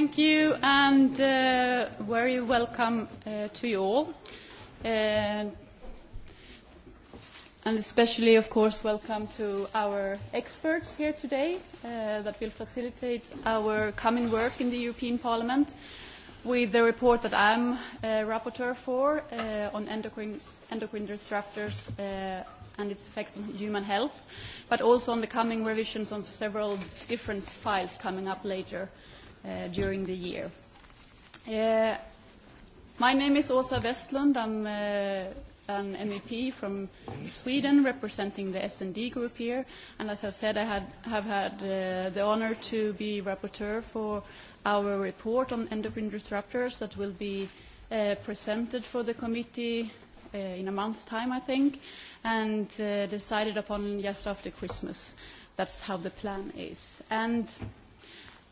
Thank you, and very welcome to you all. and especially, of course, welcome to our experts here today that will facilitate our coming work in the European Parliament with the report that I'm rapporteur for on endocrine, disruptors and its effects on human health, but also on the coming revisions of several different files coming up later during the year. My name is Åsa Westlund. I'm an MEP from Sweden representing the S&D group here. And as I said, I had, have had uh, the honor to be rapporteur for our report on endocrine disruptors that will be uh, presented for the committee uh, in a month's time, I think, and uh, decided upon just after Christmas. That's how the plan is. And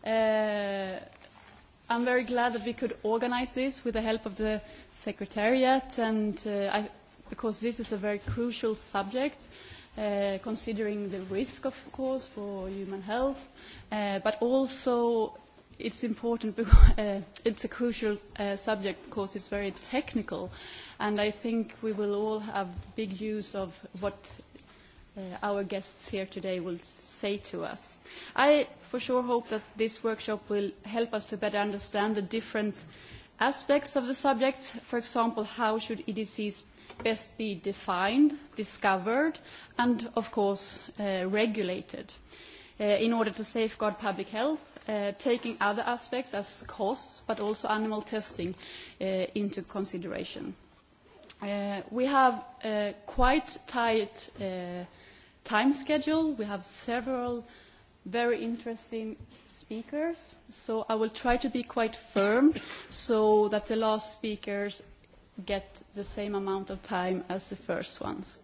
Uh, I'm very glad that we could organize this with the help of the Secretariat, and uh, I, because this is a very crucial subject, uh, considering the risk, of course, for human health, uh, but also it's important because uh, it's a crucial uh, subject because it's very technical, and I think we will all have big use of what uh, our guests here today will say to us. I for sure hope that this workshop will help us to better understand the different aspects of the subject. For example, how should EDCs best be defined, discovered, and of course regulated in order to safeguard public health, taking other aspects as costs, but also animal testing into consideration. we have quite tight time schedule. We have several very interesting speakers, so I will try to be quite firm so that the last speakers get the same amount of time as the first ones.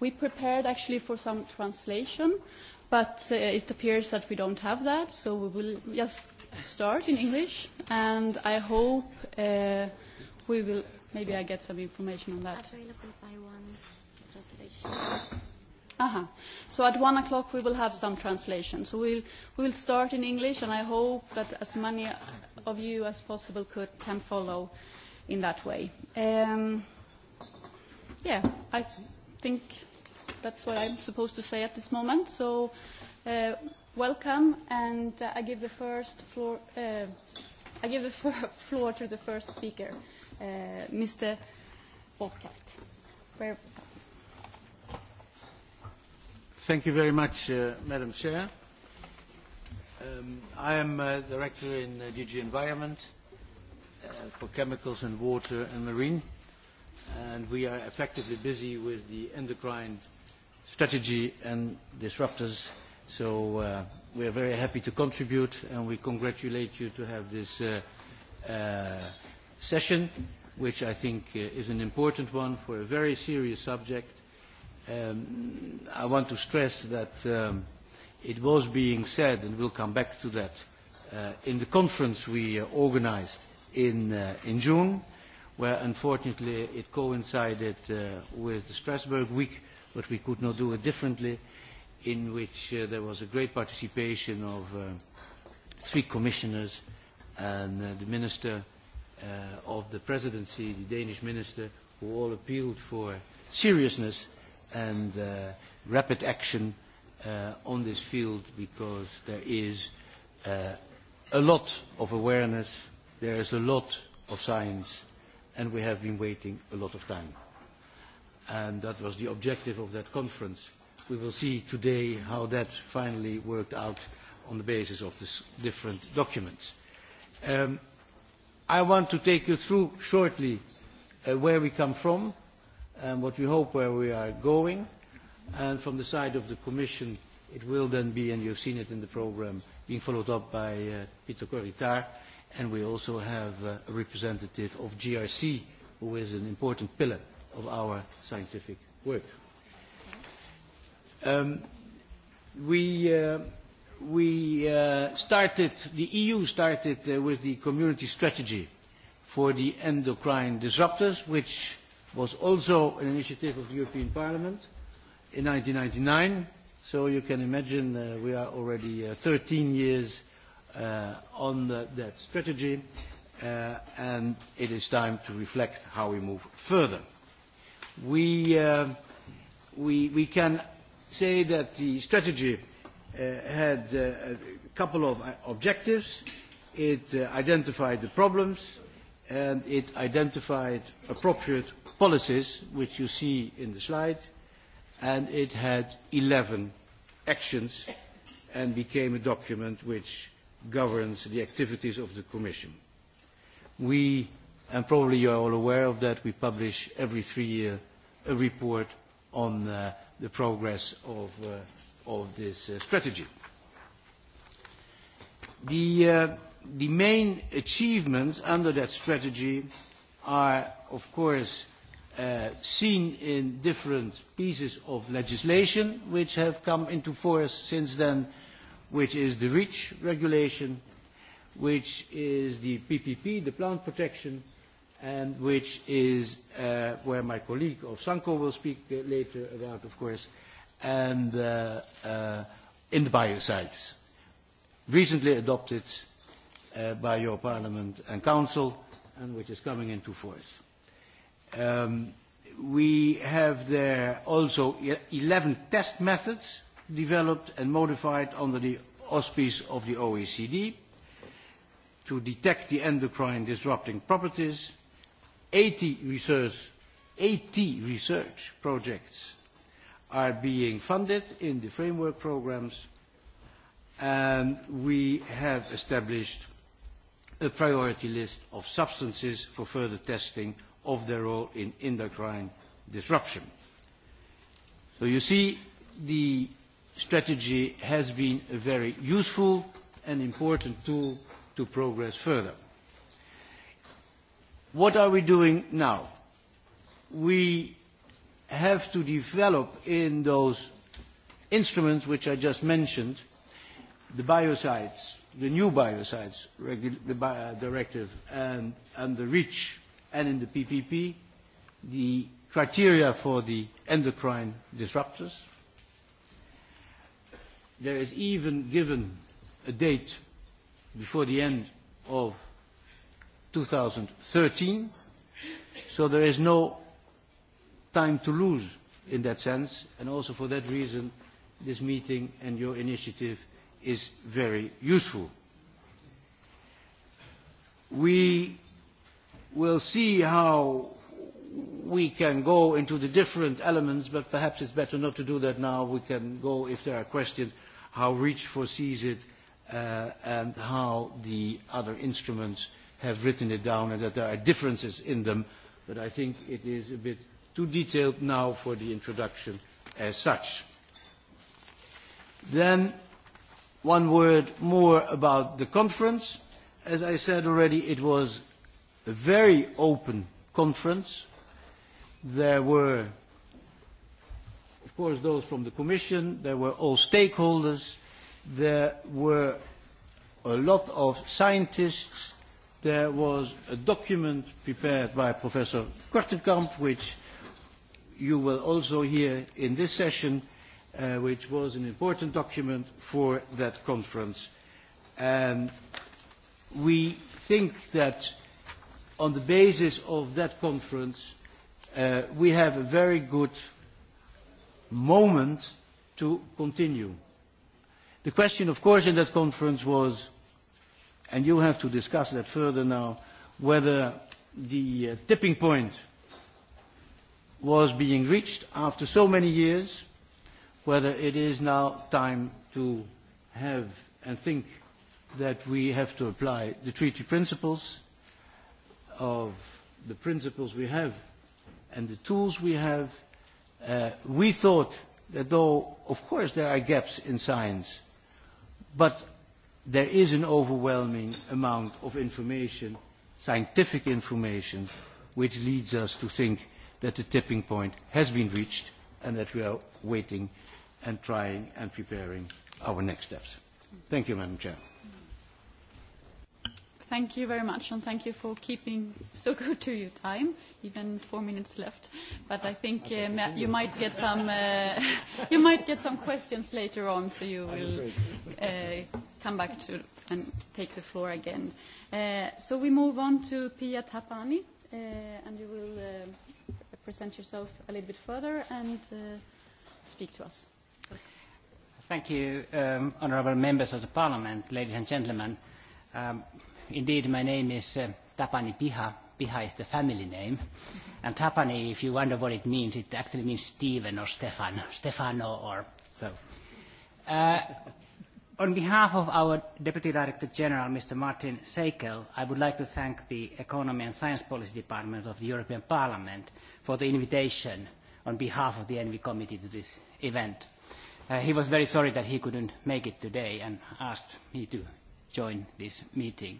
We prepared actually for some translation, but uh, it appears that we don't have that, so we will just start in English, and I hope uh, we will, maybe I get some information on that. Available by one translation huh. So at one o'clock we will have some translation. So we'll, we'll start in English, and I hope that as many of you as possible could can follow in that way. Um, yeah, I think that's what I'm supposed to say at this moment. So uh, welcome, and uh, I give the first floor. Uh, I give the floor to the first speaker, uh, Mr. Borkart. Thank you very much, uh, Madam Chair. Um, I am uh, Director in uh, DG Environment uh, for Chemicals and Water and Marine, and we are effectively busy with the endocrine strategy and disruptors, so uh, we are very happy to contribute, and we congratulate you to have this uh, uh, session, which I think uh, is an important one for a very serious subject, I want to stress that it was being said, and we'll come back to that, in the conference we organised in, June, where unfortunately it coincided with the Strasbourg week, but we could not do it differently, in which there was a great participation of three commissioners and the minister of the presidency, the Danish minister, who all appealed for seriousness and uh, rapid action uh, on this field because there is uh, a lot of awareness, there is a lot of science, and we have been waiting a lot of time. And that was the objective of that conference. We will see today how that finally worked out on the basis of the different documents. Um, I want to take you through shortly uh, where we come from, and what we hope where we are going. And from the side of the Commission, it will then be, and you've seen it in the program, being followed up by uh, Peter Coritar. And we also have uh, a representative of GRC, who is an important pillar of our scientific work. Um, we uh, we uh, started, the EU started uh, with the community strategy for the endocrine disruptors, which was also an initiative of the European Parliament in 1999. So you can imagine uh, we are already uh, 13 years uh, on the, that strategy, uh, and it is time to reflect how we move further. We, uh, we, we can say that the strategy uh, had uh, a couple of objectives. It uh, identified the problems, and it identified appropriate policies, which you see in the slide, and it had eleven actions and became a document which governs the activities of the Commission. We, and probably you are all aware of that, we publish every three years a report on uh, the progress of, uh, of this uh, strategy. The, uh, the main achievements under that strategy are, of course, seen in different pieces of legislation which have come into force since then, which is the REACH regulation, which is the PPP, the plant protection, and which is uh, where my colleague of Sanko will speak uh, later about, of course, and uh, uh, in the biocides, recently adopted uh, by your parliament and council, and which is coming into force we have there also 11 test methods developed and modified under the auspice of the OECD to detect the endocrine disrupting properties, 80 research, 80 research projects are being funded in the framework programs, and we have established a priority list of substances for further testing of their role in endocrine disruption. So you see, the strategy has been a very useful and important tool to progress further. What are we doing now? We have to develop in those instruments which I just mentioned, the biocides, the new biocides directive and, and the REACH and in the PPP, the criteria for the endocrine disruptors. There is even given a date before the end of 2013, so there is no time to lose in that sense, and also for that reason, this meeting and your initiative is very useful. We We'll see how we can go into the different elements, but perhaps it's better not to do that now. We can go, if there are questions, how REACH foresees it uh, and how the other instruments have written it down and that there are differences in them. But I think it is a bit too detailed now for the introduction as such. Then one word more about the conference. As I said already, it was a very open conference. There were, of course, those from the Commission, there were all stakeholders, there were a lot of scientists, there was a document prepared by Professor Kortenkamp, which you will also hear in this session, which was an important document for that conference. And we think that on the basis of that conference, uh, we have a very good moment to continue. The question, of course, in that conference was, and you have to discuss that further now, whether the uh, tipping point was being reached after so many years, whether it is now time to have and think that we have to apply the treaty principles of the principles we have and the tools we have, uh, we thought that though, of course, there are gaps in science, but there is an overwhelming amount of information, scientific information, which leads us to think that the tipping point has been reached and that we are waiting and trying and preparing our next steps. Thank you, Madam Chair. Thank you very much, and thank you for keeping so good to your time, even four minutes left. But I think uh, you might get some uh, you might get some questions later on, so you will uh, come back to and take the floor again. Uh, so we move on to Pia Tapani, uh, and you will uh, present yourself a little bit further and uh, speak to us. Thank you, um, honourable members of the Parliament, ladies and gentlemen. Um, Indeed, my name is uh, Tapani Piha. Piha is the family name. And Tapani, if you wonder what it means, it actually means Stephen or Stefan, Stefano or so. Uh, on behalf of our Deputy Director General, Mr. Martin Seikel, I would like to thank the Economy and Science Policy Department of the European Parliament for the invitation on behalf of the Envi Committee to this event. Uh, he was very sorry that he couldn't make it today and asked me to join this meeting.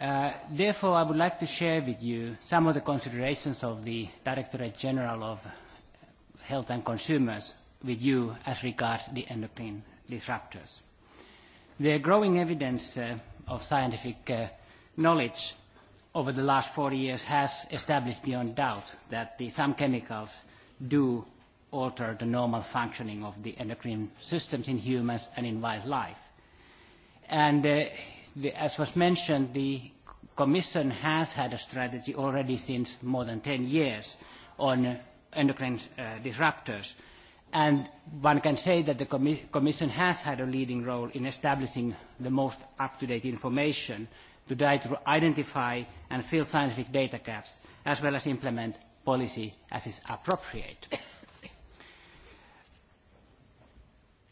Therefore, I would like to share with you some of the considerations of the Directorate General of Health and Consumers with you as regards the endocrine disruptors. The growing evidence of scientific knowledge over the last 40 years has established beyond doubt that some chemicals do alter the normal functioning of the endocrine systems in humans and in wildlife. And the, as was mentioned, the Commission has had a strategy already since more than 10 years on endocrine uh, disruptors. And one can say that the commi Commission has had a leading role in establishing the most up-to-date information to try to identify and fill scientific data gaps, as well as implement policy as is appropriate.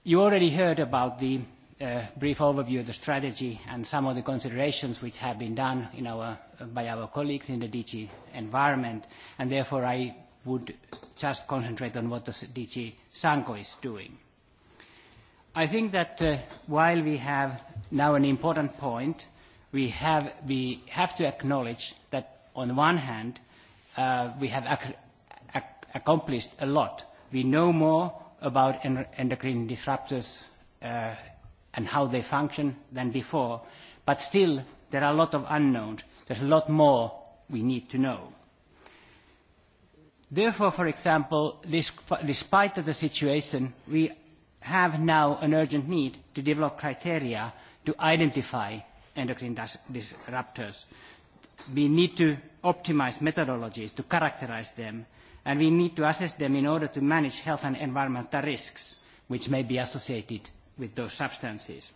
You already heard about the a brief overview of the strategy and some of the considerations which have been done in our, by our colleagues in the DG environment, and therefore I would just concentrate on what the DG Sanko is doing. I think that uh, while we have now an important point, we have, we have to acknowledge that on the one hand, uh, we have ac- ac- accomplished a lot. We know more about endocrine disruptors uh, and how they function than before, but still there are a lot of unknowns. There's a lot more we need to know. Therefore, for example, despite the situation, we have now an urgent need to develop criteria to identify endocrine disruptors. We need to optimize methodologies to characterize them, and we need to assess them in order to manage health and environmental risks which may be associated with those substances.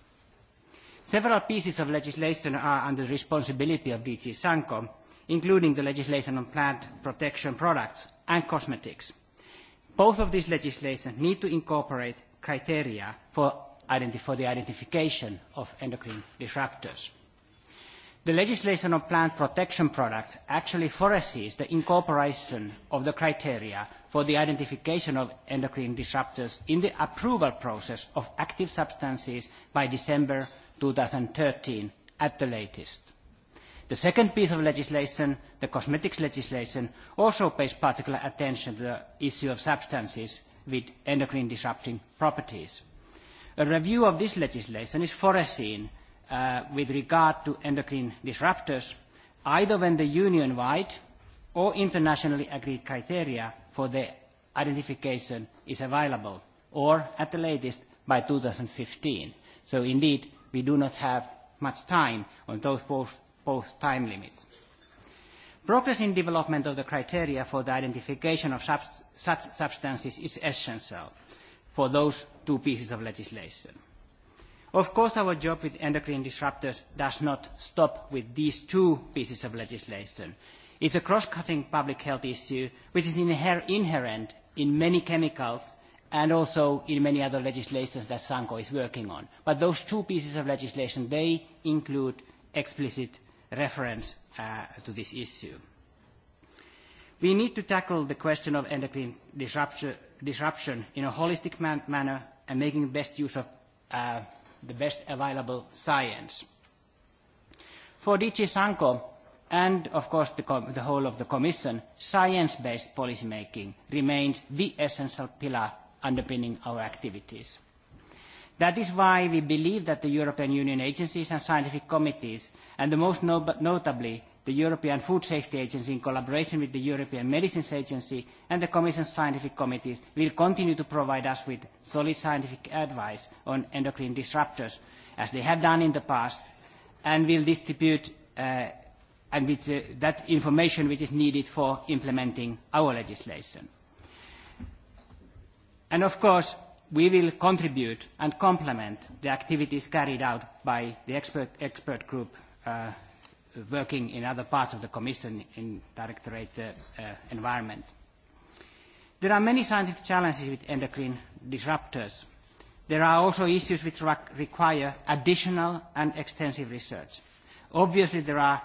Several pieces of legislation are under the responsibility of DG Sanco, including the legislation on plant protection products and cosmetics. Both of these legislations need to incorporate criteria for, for the identification of endocrine disruptors. The legislation on plant protection products actually foresees the incorporation of the criteria for the identification of endocrine disruptors in the approval process of active substances by December thirteen at the latest. The second piece of legislation, the cosmetics legislation, also pays particular attention to the issue of substances with endocrine disrupting properties. A review of this legislation is foreseen with regard to endocrine disruptors, either when the union-wide or internationally agreed criteria for the identification is available, or at the latest by 2015. So indeed, we do not have much time on those both, both time limits. Progress in development of the criteria for the identification of such substances is essential for those two pieces of legislation. Of course, our job with endocrine disruptors does not stop with these two pieces of legislation is a cross-cutting public health issue which is inher- inherent in many chemicals and also in many other legislations that Sanko is working on. But those two pieces of legislation, they include explicit reference uh, to this issue. We need to tackle the question of endocrine disruption, disruption in a holistic man- manner and making best use of uh, the best available science. For DG Sanko, and of course the, com- the whole of the Commission, science-based policymaking remains the essential pillar underpinning our activities. That is why we believe that the European Union agencies and scientific committees, and the most notably the European Food Safety Agency in collaboration with the European Medicines Agency and the Commission's scientific committees, will continue to provide us with solid scientific advice on endocrine disruptors, as they have done in the past, and will distribute and with uh, that information which is needed for implementing our legislation. And of course, we will contribute and complement the activities carried out by the expert, expert group uh, working in other parts of the Commission in Directorate uh, uh, Environment. There are many scientific challenges with endocrine disruptors. There are also issues which require additional and extensive research. Obviously, there are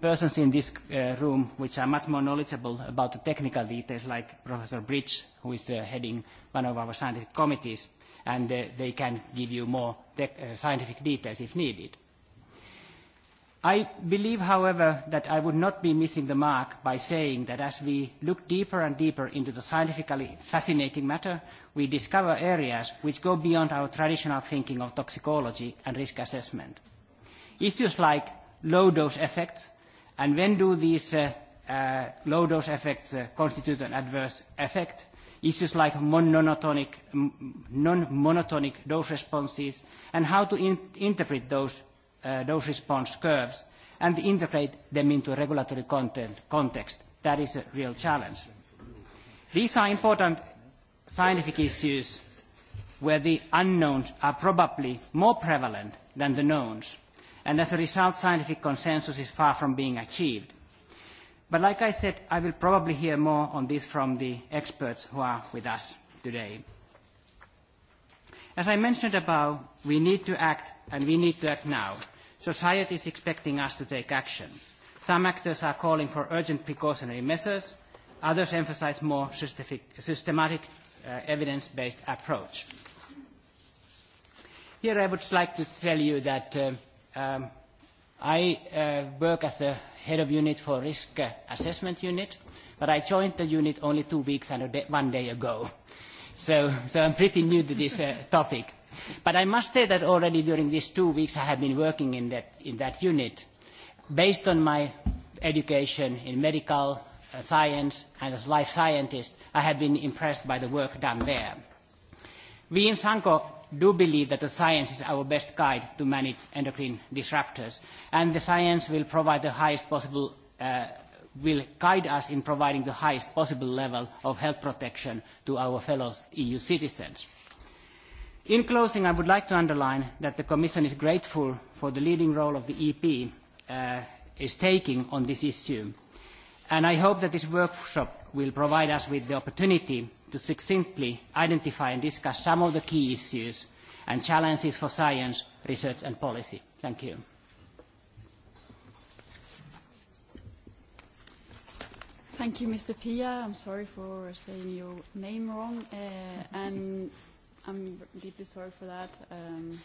persons in this uh, room which are much more knowledgeable about the technical details, like Professor Bridge, who is uh, heading one of our scientific committees, and uh, they can give you more uh, scientific details if needed. I believe, however, that I would not be missing the mark by saying that as we look deeper and deeper into the scientifically fascinating matter, we discover areas which go beyond our traditional thinking of toxicology and risk assessment. Issues like low-dose effects, and when do these low-dose effects constitute an adverse effect? Issues like non-monotonic dose responses, and how to interpret those dose response curves, and integrate them into a regulatory content, context. That is a real challenge. These are important scientific issues where the unknowns are probably more prevalent than the knowns and as a result, scientific consensus is far from being achieved. But like I said, I will probably hear more on this from the experts who are with us today. As I mentioned above, we need to act, and we need to act now. Society is expecting us to take action. Some actors are calling for urgent precautionary measures. Others emphasize more systematic, evidence-based approach. Here I would like to tell you that Um, I uh, work as a head of unit for risk assessment unit, but I joined the unit only two weeks and a day, one day ago. So, so I'm pretty new to this uh, topic. But I must say that already during these two weeks I have been working in that, in that unit based on my education in medical science and as a life scientist, I have been impressed by the work done there. We in Sanko do believe that the science is our best guide to manage endocrine disruptors. And the science will provide the highest possible, uh, will guide us in providing the highest possible level of health protection to our fellow EU citizens. In closing, I would like to underline that the Commission is grateful for the leading role of the EP uh, is taking on this issue. And I hope that this workshop will provide us with the opportunity to succinctly identify and discuss some of the key issues and challenges for science, research and policy. Thank you. Thank you, Mr. Pia. I'm sorry for saying your name wrong, uh, and I'm deeply sorry for that. Um,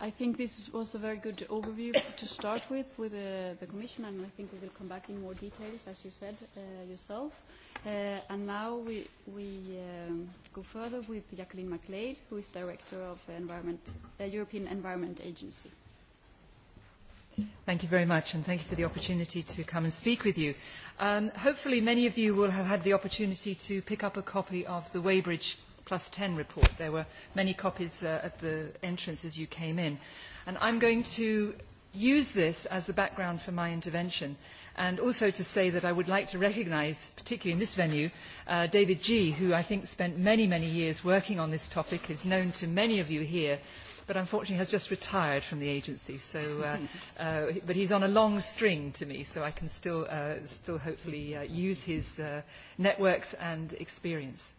I think this was a very good overview to start with, with the, the Commission, and I think we will come back in more details, as you said uh, yourself. Uh, and now we, we um, go further with Jacqueline MacLeod, who is Director of the Environment, uh, European Environment Agency. Thank you very much, and thank you for the opportunity to come and speak with you. Um, hopefully many of you will have had the opportunity to pick up a copy of the Weybridge plus 10 report. There were many copies uh, at the entrance as you came in. And I'm going to use this as the background for my intervention and also to say that I would like to recognise, particularly in this venue, David G, who I think spent many, many years working on this topic, is known to many of you here, but unfortunately has just retired from the agency. So, uh, uh, but he's on a long string to me, so I can still, uh, still hopefully uh, use his uh, networks and experience.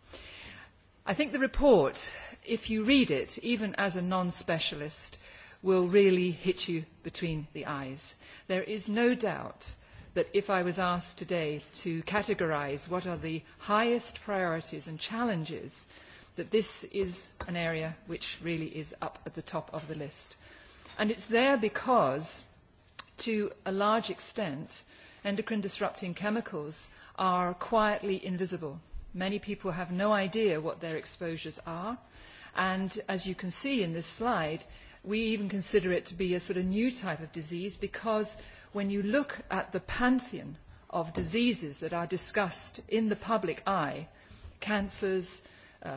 I think the report, if you read it, even as a non-specialist, will really hit you between the eyes. There is no doubt that if I was asked today to categorise what are the highest priorities and challenges, that this is an area which really is up at the top of the list. And it's there because, to a large extent, endocrine disrupting chemicals are quietly invisible Many people have no idea what their exposures are. And as you can see in this slide, we even consider it to be a sort of new type of disease because when you look at the pantheon of diseases that are discussed in the public eye, cancers,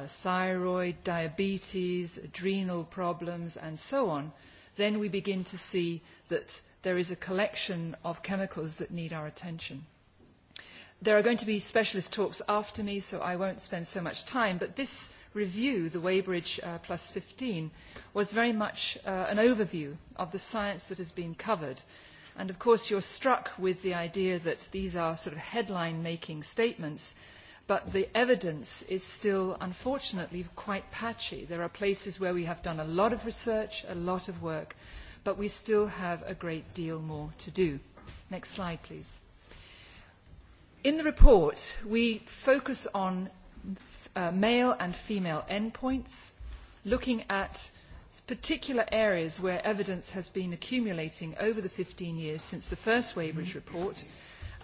thyroid, diabetes, adrenal problems, and so on, then we begin to see that there is a collection of chemicals that need our attention. There are going to be specialist talks after me, so I won't spend so much time, but this review, the Weybridge uh, Plus 15, was very much uh, an overview of the science that has been covered. And of course, you're struck with the idea that these are sort of headline-making statements, but the evidence is still, unfortunately, quite patchy. There are places where we have done a lot of research, a lot of work, but we still have a great deal more to do. Next slide, please. In the report, we focus on male and female endpoints, looking at particular areas where evidence has been accumulating over the fifteen years since the first Weybridge report.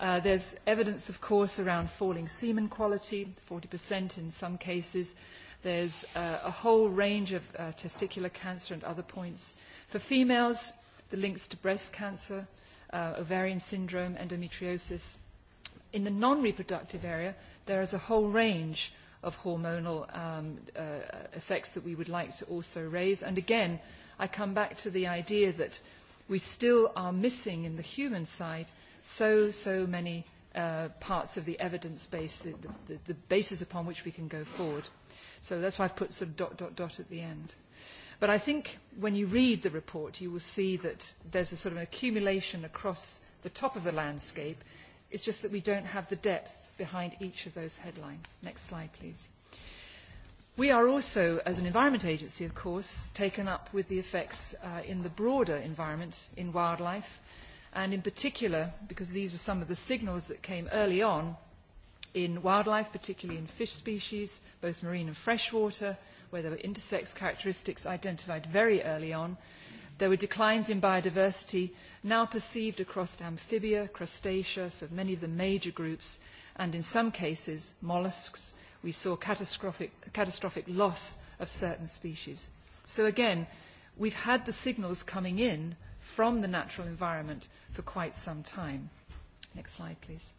There is evidence, of course, around falling semen quality, 40% in some cases. There is a whole range of testicular cancer and other points. For females, the links to breast cancer, ovarian syndrome, endometriosis In the non-reproductive area, there is a whole range of hormonal um, uh, effects that we would like to also raise. And again, I come back to the idea that we still are missing in the human side so, so many uh, parts of the evidence base, the, the, the basis upon which we can go forward. So that's why I've put sort of dot, dot, dot at the end. But I think when you read the report, you will see that there's a sort of accumulation across the top of the landscape It's just that we don't have the depth behind each of those headlines. Next slide, please. We are also, as an environment agency, of course, taken up with the effects in the broader environment, in wildlife, and in particular, because these were some of the signals that came early on in wildlife, particularly in fish species, both marine and freshwater, where there were intersex characteristics identified very early on. There were declines in biodiversity now perceived across amphibia, crustacea, so many of the major groups, and in some cases, molluscs, we saw catastrophic, loss of certain species. So again, we've had the signals coming in from the natural environment for quite some time. Next slide, please.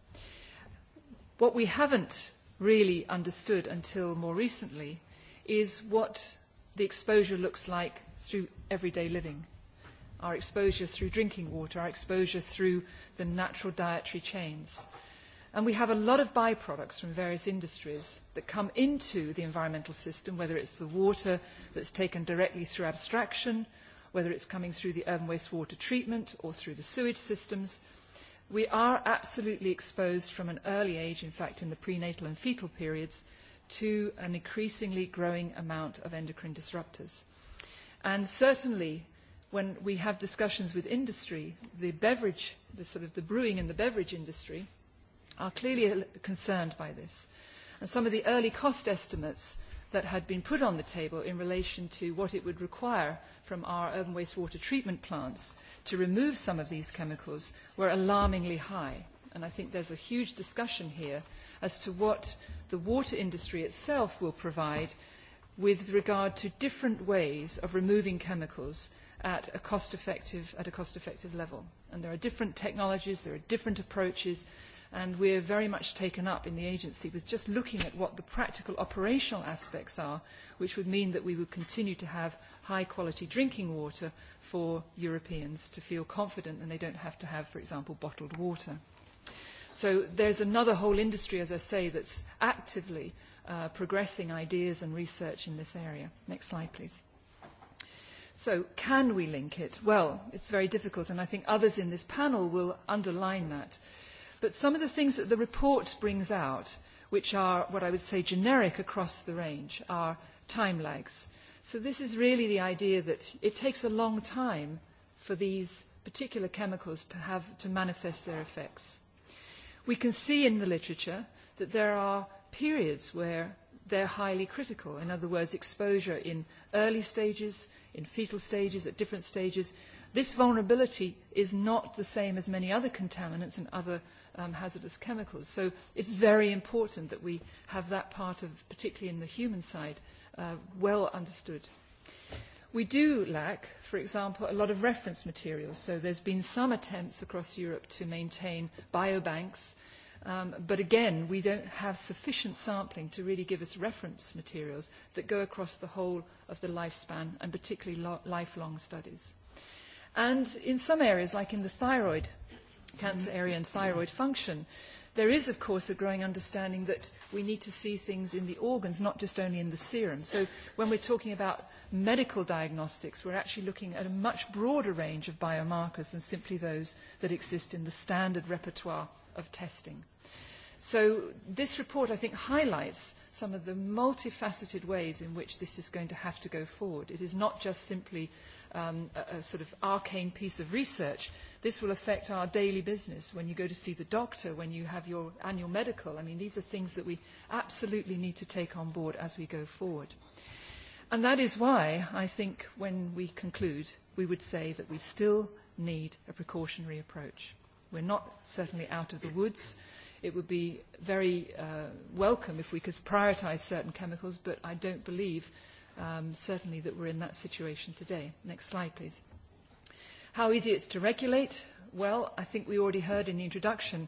What we haven't really understood until more recently is what the exposure looks like through everyday living our exposure through drinking water, our exposure through the natural dietary chains. And we have a lot of byproducts from various industries that come into the environmental system, whether it's the water that's taken directly through abstraction, whether it's coming through the urban wastewater treatment or through the sewage systems. We are absolutely exposed from an early age, in fact in the prenatal and fetal periods, to an increasingly growing amount of endocrine disruptors. And certainly when we have discussions with industry, the beverage, the sort of the brewing and the beverage industry are clearly concerned by this. And some of the early cost estimates that had been put on the table in relation to what it would require from our urban wastewater treatment plants to remove some of these chemicals were alarmingly high. And I think there's a huge discussion here as to what the water industry itself will provide with regard to different ways of removing chemicals at a cost effective at a cost effective level and there are different technologies there are different approaches and we are very much taken up in the agency with just looking at what the practical operational aspects are which would mean that we would continue to have high quality drinking water for Europeans to feel confident and they don't have to have for example bottled water so there's another whole industry as i say that's actively progressing ideas and research in this area next slide please So can we link it? Well, it's very difficult, and I think others in this panel will underline that. But some of the things that the report brings out, which are what I would say generic across the range, are time lags. So this is really the idea that it takes a long time for these particular chemicals to, have, to manifest their effects. We can see in the literature that there are periods where they're highly critical. In other words, exposure in early stages, in fetal stages, at different stages. This vulnerability is not the same as many other contaminants and other um, hazardous chemicals. So it's very important that we have that part of, particularly in the human side, uh, well understood. We do lack, for example, a lot of reference materials. So there's been some attempts across Europe to maintain biobanks, but again, we don't have sufficient sampling to really give us reference materials that go across the whole of the lifespan and particularly lifelong studies. And in some areas, like in the thyroid cancer area and thyroid function, there is, of course, a growing understanding that we need to see things in the organs, not just only in the serum. So when we're talking about medical diagnostics, we're actually looking at a much broader range of biomarkers than simply those that exist in the standard repertoire of testing. So this report, I think, highlights some of the multifaceted ways in which this is going to have to go forward. It is not just simply um, a, a sort of arcane piece of research. This will affect our daily business when you go to see the doctor, when you have your annual medical. I mean, these are things that we absolutely need to take on board as we go forward. And that is why I think when we conclude, we would say that we still need a precautionary approach We're not certainly out of the woods. It would be very uh, welcome if we could prioritise certain chemicals, but I don't believe um, certainly that we're in that situation today. Next slide, please. How easy it's to regulate? Well, I think we already heard in the introduction,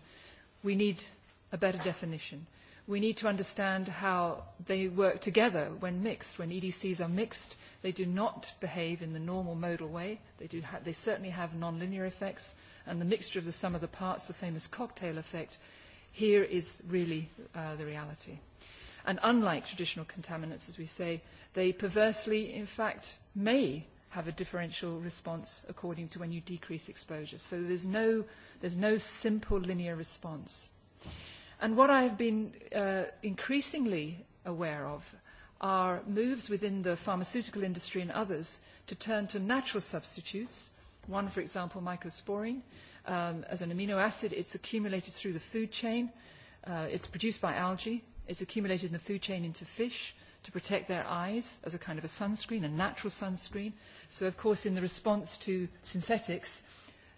we need a better definition. We need to understand how they work together when mixed. When EDCs are mixed, they do not behave in the normal modal way. They, do ha- they certainly have nonlinear effects and the mixture of the sum of the parts, the famous cocktail effect, here is really uh, the reality. And unlike traditional contaminants, as we say, they perversely, in fact, may have a differential response according to when you decrease exposure. So there's no, there's no simple linear response. And what I have been uh, increasingly aware of are moves within the pharmaceutical industry and others to turn to natural substitutes One, for example, mycosporine. Um, as an amino acid, it's accumulated through the food chain. Uh, it's produced by algae. It's accumulated in the food chain into fish to protect their eyes as a kind of a sunscreen, a natural sunscreen. So, of course, in the response to synthetics,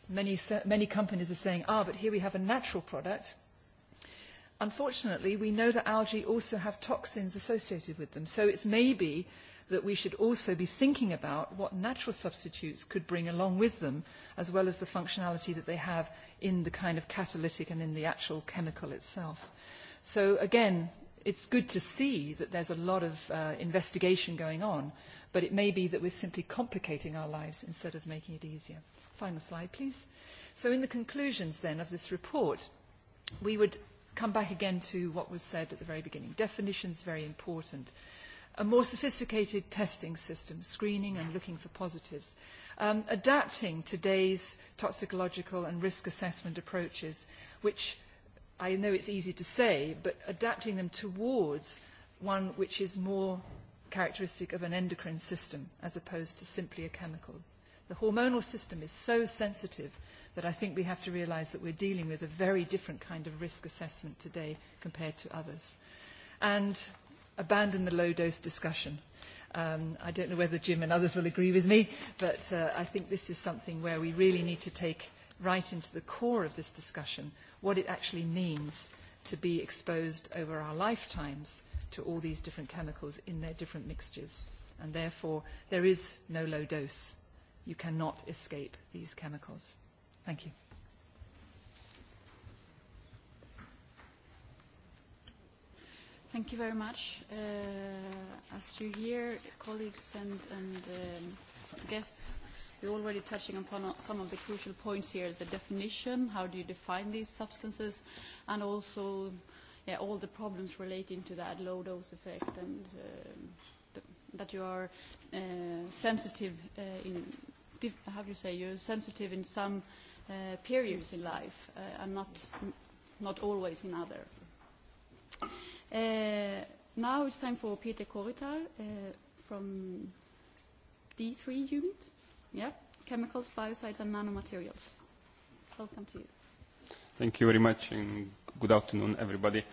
many, many companies are saying, ah, but here we have a natural product. Unfortunately, we know that algae also have toxins associated with them. So it's maybe that we should also be thinking about what natural substitutes could bring along with them, as well as the functionality that they have in the kind of catalytic and in the actual chemical itself. So again, it's good to see that there's a lot of uh, investigation going on, but it may be that we're simply complicating our lives instead of making it easier. Final slide, please. So in the conclusions then of this report, we would come back again to what was said at the very beginning. Definitions, very important a more sophisticated testing system, screening and looking for positives, um, adapting today's toxicological and risk assessment approaches, which I know it's easy to say, but adapting them towards one which is more characteristic of an endocrine system as opposed to simply a chemical. The hormonal system is so sensitive that I think we have to realise that we're dealing with a very different kind of risk assessment today compared to others. And abandon the low-dose discussion. Um, I don't know whether Jim and others will agree with me, but uh, I think this is something where we really need to take right into the core of this discussion what it actually means to be exposed over our lifetimes to all these different chemicals in their different mixtures. And therefore, there is no low dose. You cannot escape these chemicals. Thank you. Thank you very much. Uh, as you hear, colleagues and, and um, guests, you're already touching upon some of the crucial points here, the definition, how do you define these substances, and also yeah, all the problems relating to that low dose effect and uh, that you are uh, sensitive uh, in, how do you say, you're sensitive in some uh, periods in life uh, and not, not always in other. Uh, now it's time for Peter Koritar uh, from D3 unit. Yeah, chemicals, biocides, and nanomaterials. Welcome to you. Thank you very much, and good afternoon, everybody.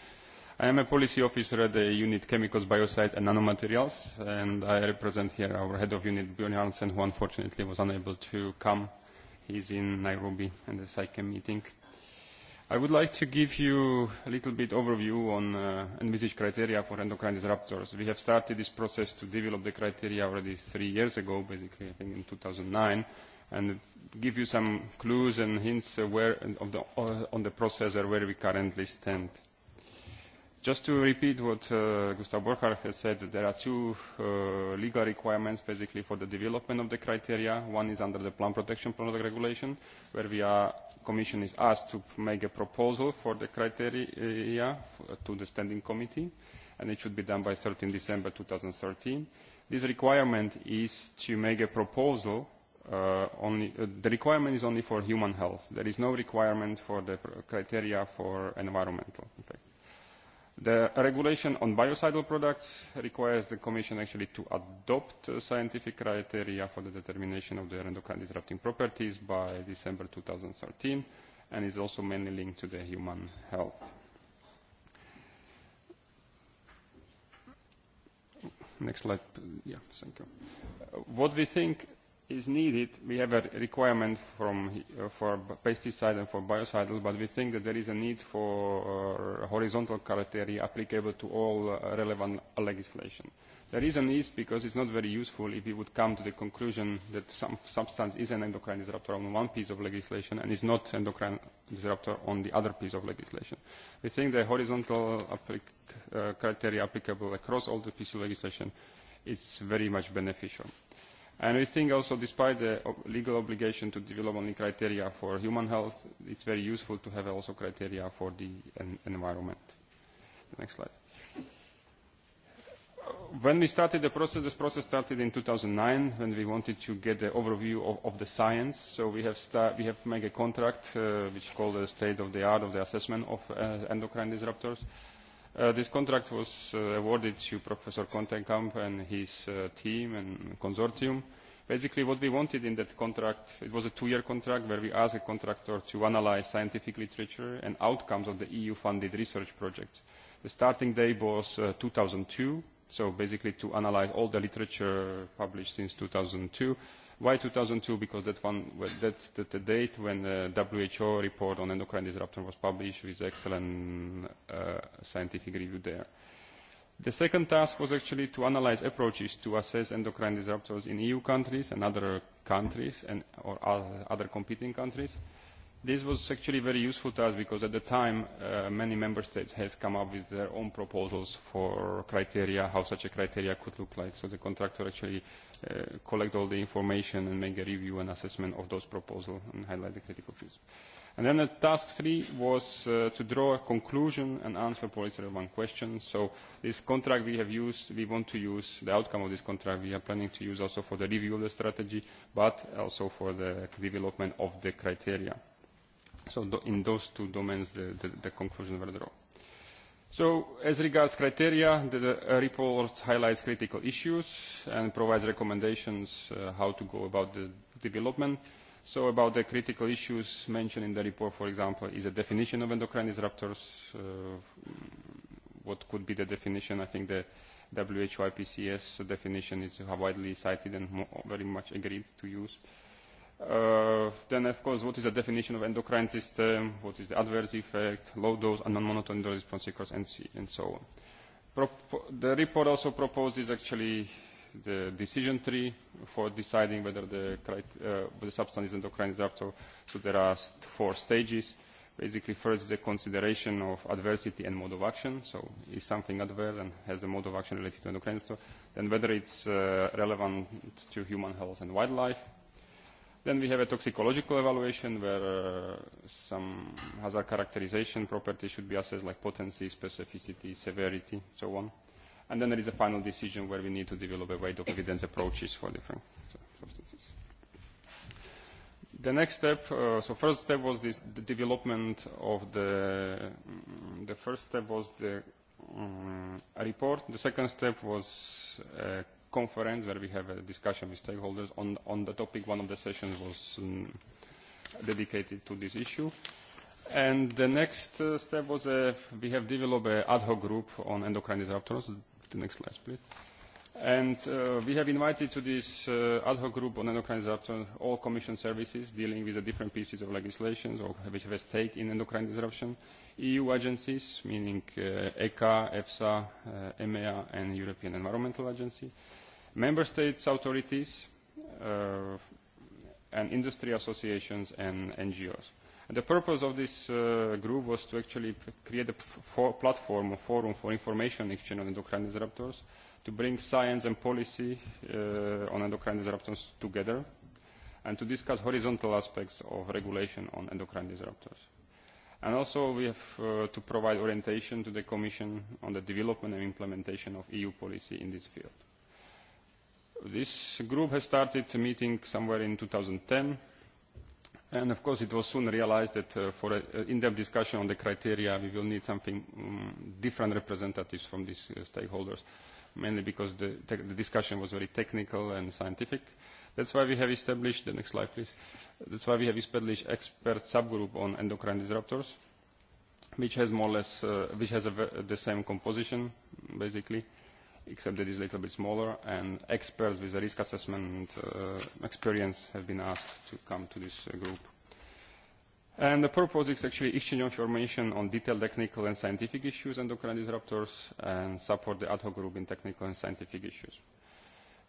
I am a policy officer at the unit Chemicals, Biocides and Nanomaterials, and I represent here our head of unit, Björn Janssen, who unfortunately was unable to come. He's in Nairobi and the SciChem meeting. I would like to give you a little bit overview on uh, envisaged criteria for endocrine disruptors. We have started this process to develop the criteria already three years ago, basically I think in 2009, and give you some clues and hints uh, where the, uh, on the process or where we currently stand. Just to repeat what uh, Gustav Borchardt has said, there are two uh, legal requirements basically for the development of the criteria. One is under the Plant Protection Product Regulation, where the Commission is asked to make a proposal for the criteria to the Standing Committee, and it should be done by 13 December 2013. This requirement is to make a proposal uh, only, uh, the requirement is only for human health. There is no requirement for the criteria for environmental effect. The regulation on biocidal products requires the Commission actually to adopt uh, scientific criteria for the determination of their endocrine disrupting properties by December 2013 and is also mainly linked to the human health. Next slide. Yeah, thank you. What we think is needed. We have a requirement from, uh, for pesticide and for biocidal, but we think that there is a need for uh, horizontal criteria applicable to all uh, relevant legislation. The reason is because it's not very useful if you would come to the conclusion that some substance is an endocrine disruptor on one piece of legislation and is not an endocrine disruptor on the other piece of legislation. We think the horizontal applic uh, criteria applicable across all the pieces of legislation is very much beneficial. And we think also despite the legal obligation to develop only criteria for human health, it's very useful to have also criteria for the en environment. Next slide. When we started the process, this process started in 2009 when we wanted to get the overview of, of the science. So we have, start, we have made a contract uh, which is called the state of the art of the assessment of uh, endocrine disruptors Uh, this contract was uh, awarded to Professor Kontenkamp and his uh, team and consortium. Basically, what we wanted in that contract, it was a two-year contract where we asked a contractor to analyze scientific literature and outcomes of the EU-funded research projects. The starting date was uh, 2002, so basically to analyze all the literature published since 2002 Why 2002? Because that one, well, that's the, the date when the WHO report on endocrine disruptor was published with excellent uh, scientific review there. The second task was actually to analyze approaches to assess endocrine disruptors in EU countries and other countries and or other competing countries This was actually very useful to us because at the time uh, many member states has come up with their own proposals for criteria, how such a criteria could look like. So the contractor actually uh, collect all the information and make a review and assessment of those proposals and highlight the critical issues. And then the task three was uh, to draw a conclusion and answer policy relevant questions. So this contract we have used, we want to use the outcome of this contract. We are planning to use also for the review of the strategy, but also for the development of the criteria. So do, in those two domains, the, the, the conclusion were drawn. So as regards criteria, the, the report highlights critical issues and provides recommendations uh, how to go about the development. So about the critical issues mentioned in the report, for example, is a definition of endocrine disruptors. Uh, what could be the definition? I think the WHO IPCS definition is widely cited and very much agreed to use. Uh, then, of course, what is the definition of endocrine system? What is the adverse effect? Low dose and non-monotone dose response sequence, and, and so on. the report also proposes actually the decision tree for deciding whether the, uh, the substance is endocrine disruptor. So there are four stages. Basically, first is the consideration of adversity and mode of action. So is something adverse and has a mode of action related to endocrine disruptor? Then whether it's uh, relevant to human health and wildlife Then we have a toxicological evaluation where uh, some hazard characterization properties should be assessed like potency, specificity, severity, so on. And then there is a final decision where we need to develop a weight of evidence approaches for different substances. The next step, uh, so first step was this, the development of the, um, the first step was the um, report. The second step was uh, conference where we have a discussion with stakeholders on, on the topic. One of the sessions was um, dedicated to this issue. And the next uh, step was uh, we have developed an ad hoc group on endocrine disruptors. The next slide, please. And uh, we have invited to this uh, ad hoc group on endocrine disruptors all commission services dealing with the different pieces of legislation or which have a stake in endocrine disruption, EU agencies, meaning uh, ECA, EFSA, uh, EMEA, and European Environmental Agency, uh, member states authorities uh, and industry associations and NGOs. And the purpose of this uh, group was to actually create a for platform, a forum for information exchange on endocrine disruptors, to bring science and policy uh, on endocrine disruptors together, and to discuss horizontal aspects of regulation on endocrine disruptors. And also we have uh, to provide orientation to the Commission on the development and implementation of EU policy in this field This group has started meeting somewhere in 2010, and of course it was soon realized that uh, for an in-depth discussion on the criteria we will need something um, different representatives from these uh, stakeholders, mainly because the, te the discussion was very technical and scientific. That's why we have established, the next slide please, that's why we have established expert subgroup on endocrine disruptors, which has more or less, uh, which has a, the same composition basically, uh, except that it's a little bit smaller, and experts with a risk assessment uh, experience have been asked to come to this uh, group. And the purpose is actually exchange information on detailed technical and scientific issues and endocrine disruptors and support the ad hoc group in technical and scientific issues.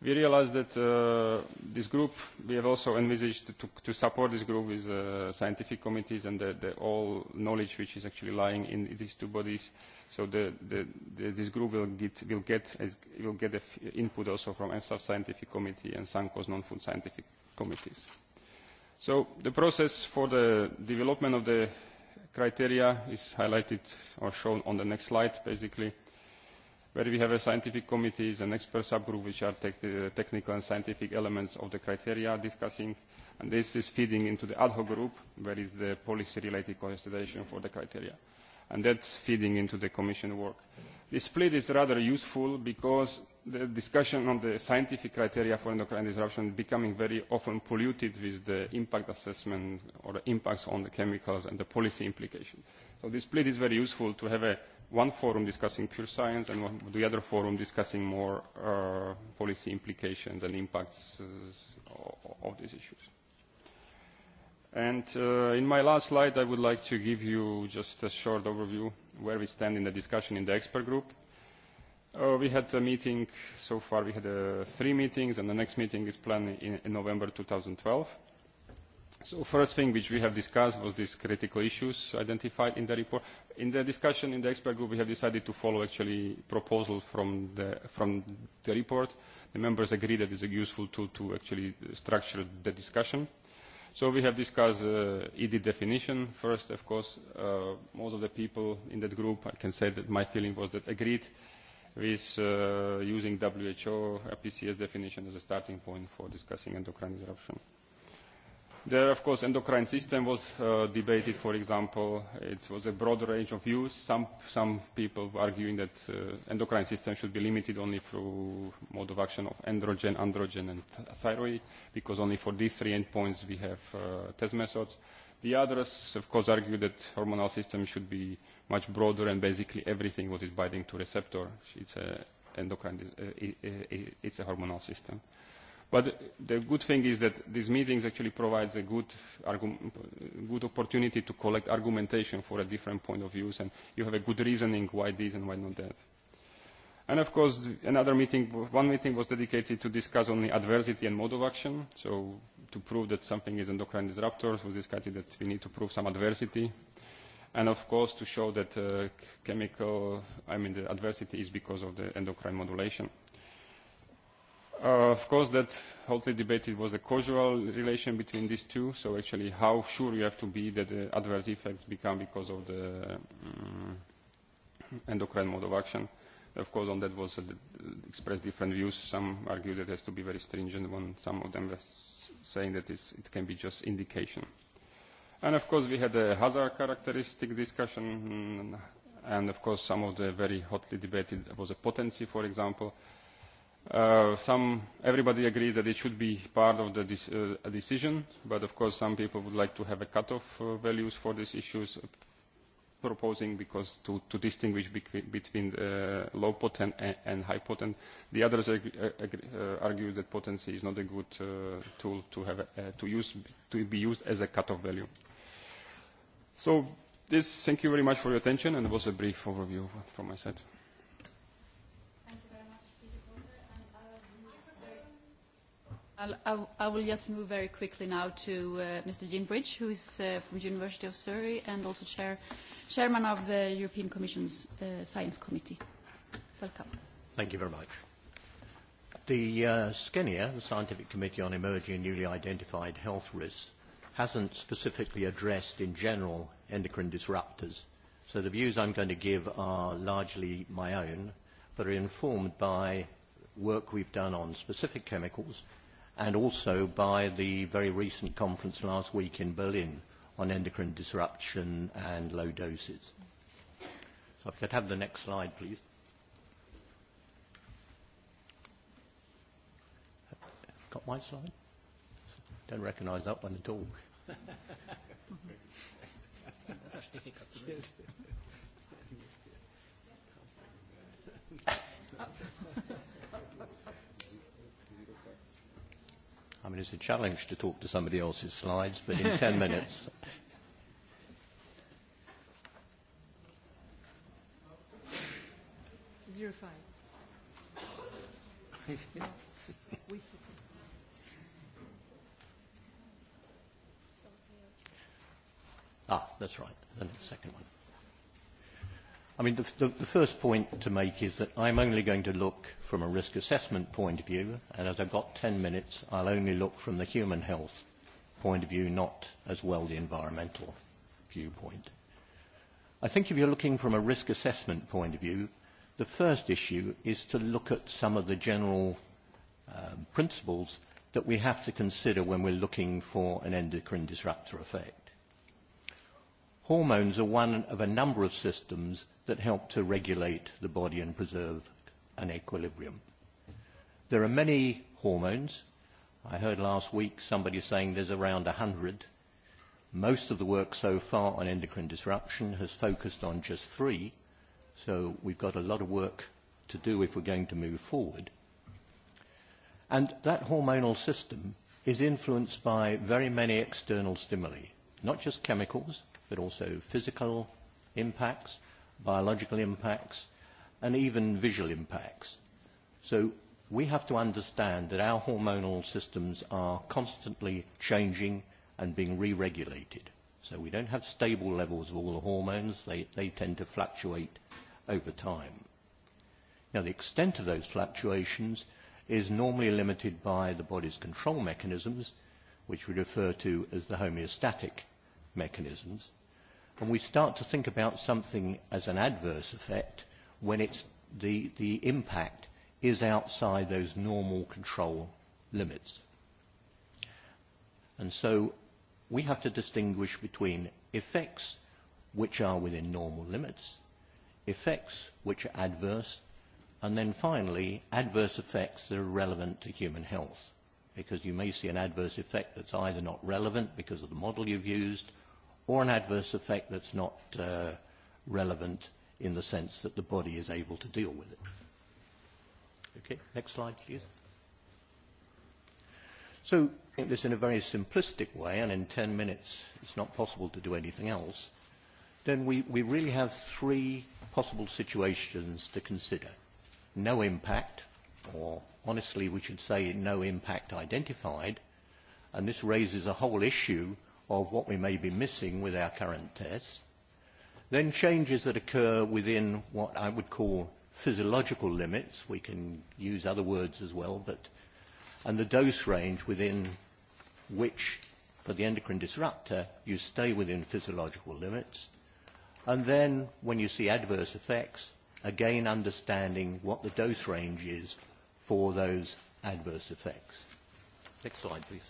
We realized that uh, this group, we have also envisaged to, to support this group with uh, scientific committees and the, the all knowledge which is actually lying in these two bodies uh, So the, the, the, this group will get, will get, will get the input also from EFSAF scientific committee and SANCO's non-food scientific committees. So the process for the development of the criteria is highlighted or shown on the next slide, basically, where we have a scientific committee and expert subgroup, which are te the technical and scientific elements of the criteria discussing, and this is feeding into the ad hoc group, where is the policy-related consideration for the criteria and that's feeding into the Commission work. This split is rather useful because the discussion on the scientific criteria for endocrine disruption is becoming very often polluted with the impact assessment or the impacts on the chemicals and the policy implications. So this split is very useful to have a, one forum discussing pure science and one, the other forum discussing more uh, policy implications and impacts uh, of these issues. And in my last slide, I would like to give you just a short overview where we stand in the discussion in the expert group. we had a meeting, so far we had three meetings, and the next meeting is planned in, in November 2012. So first thing which we have discussed was these critical issues identified in the report. In the discussion in the expert group, we have decided to follow actually proposals from the, from the report. The members agreed that it's useful tool to actually structure the discussion. So we have discussed uh, ED definition. First, of course, uh, most of the people in that group, I can say that my feeling was that agreed with uh, using WHO PCS definition as a starting point for discussing endocrine disruption. There, of course, endocrine system was uh, debated, for example. It was a broad range of views. Some, some people arguing that uh, endocrine system should be limited only through mode of action of androgen, androgen, and thyroid, because only for these three endpoints we have uh, test methods. The others, of course, argue that hormonal system should be much broader and basically everything what is binding to receptor, it's a endocrine, uh, it's a hormonal system. Uh, But the good thing is that these meetings actually provides a good, good opportunity to collect argumentation for a different point of views, and you have a good reasoning why this and why not that. And of course, another meeting, one meeting was dedicated to discuss only adversity and mode of action. So to prove that something is endocrine disruptors, we discussed that we need to prove some adversity. And of course, to show that uh, chemical, I mean, the adversity is because of the endocrine modulation of course, that hotly debated was the causal relation between these two. So actually, how sure you have to be that the adverse effects become because of the um, endocrine mode of action. Of course, on that was uh, expressed different views. Some argue that it has to be very stringent. One, some of them were saying that it's, it can be just indication. And of course, we had a hazard characteristic discussion, and of course, some of the very hotly debated was a potency, for example Uh, some, everybody agrees that it should be part of the de uh, decision, but of course some people would like to have a cut-off uh, values for these issues, proposing because to, to distinguish between uh, low potent and, and high potent. The others ag ag uh, argue that potency is not a good uh, tool to, have, uh, to, use, to be used as a cut-off value. So this, thank you very much for your attention, and it was a brief overview from my side. I will just move very quickly now to Mr. Ginbridge, who is from the University of Surrey and also chairman of the European Commission's Science Committee. Welcome. Thank you very much. The uh, Skenia, the Scientific Committee on Emerging and Newly Identified Health Risks, hasn't specifically addressed in general endocrine disruptors. So the views I'm going to give are largely my own, but are informed by work we've done on specific chemicals – and also by the very recent conference last week in Berlin on endocrine disruption and low doses. So if I could have the next slide, please. Got my slide? Don't recognise that one at all. That's difficult. Yes. I mean, it's a challenge to talk to somebody else's slides, but in 10 minutes. Zero five. ah, that's right. The second one. I mean, the, the, the first point to make is that I'm only going to look from a risk assessment point of view, and as I've got 10 minutes, I'll only look from the human health point of view, not as well the environmental viewpoint. I think if you're looking from a risk assessment point of view, the first issue is to look at some of the general uh, principles that we have to consider when we're looking for an endocrine disruptor effect. Hormones are one of a number of systems that help to regulate the body and preserve an equilibrium. There are many hormones. I heard last week somebody saying there's around 100. Most of the work so far on endocrine disruption has focused on just three, so we've got a lot of work to do if we're going to move forward. And that hormonal system is influenced by very many external stimuli, not just chemicals, but also physical impacts, biological impacts, and even visual impacts. So we have to understand that our hormonal systems are constantly changing and being re-regulated. So we don't have stable levels of all the hormones. They, they tend to fluctuate over time. Now, the extent of those fluctuations is normally limited by the body's control mechanisms, which we refer to as the homeostatic mechanisms and we start to think about something as an adverse effect when it's the, the impact is outside those normal control limits. And so we have to distinguish between effects which are within normal limits, effects which are adverse, and then finally, adverse effects that are relevant to human health. Because you may see an adverse effect that's either not relevant because of the model you've used, or an adverse effect that's not uh, relevant in the sense that the body is able to deal with it. Okay, next slide, please. So, in this in a very simplistic way, and in 10 minutes it's not possible to do anything else, then we, we really have three possible situations to consider. No impact, or honestly we should say no impact identified, and this raises a whole issue of what we may be missing with our current tests, then changes that occur within what I would call physiological limits, we can use other words as well, but, and the dose range within which, for the endocrine disruptor, you stay within physiological limits, and then when you see adverse effects, again understanding what the dose range is for those adverse effects. Next slide, please.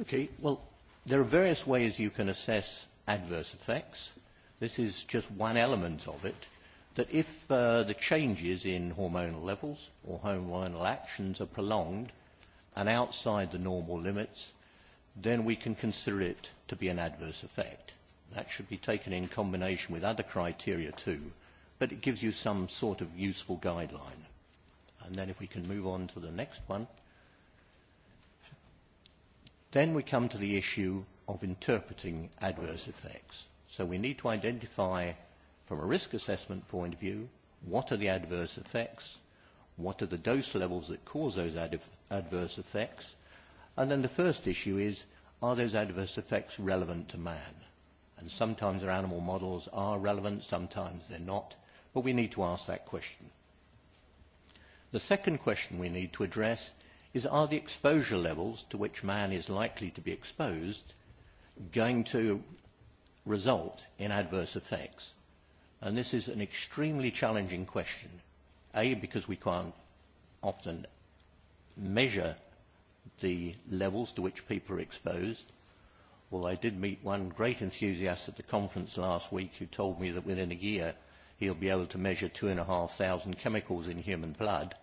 Okay, well, there are various ways you can assess adverse effects. This is just one element of it, that if uh, the changes in hormonal levels or hormonal actions are prolonged and outside the normal limits, then we can consider it to be an adverse effect. That should be taken in combination with other criteria too, but it gives you some sort of useful guideline. And then if we can move on to the next one. Then we come to the issue of interpreting adverse effects. So we need to identify, from a risk assessment point of view, what are the adverse effects, what are the dose levels that cause those ad- adverse effects, and then the first issue is, are those adverse effects relevant to man? And sometimes our animal models are relevant, sometimes they're not, but we need to ask that question. The second question we need to address is are the exposure levels to which man is likely to be exposed going to result in adverse effects? And this is an extremely challenging question. A, because we can't often measure the levels to which people are exposed. Well, I did meet one great enthusiast at the conference last week who told me that within a year he'll be able to measure two and a half thousand chemicals in human blood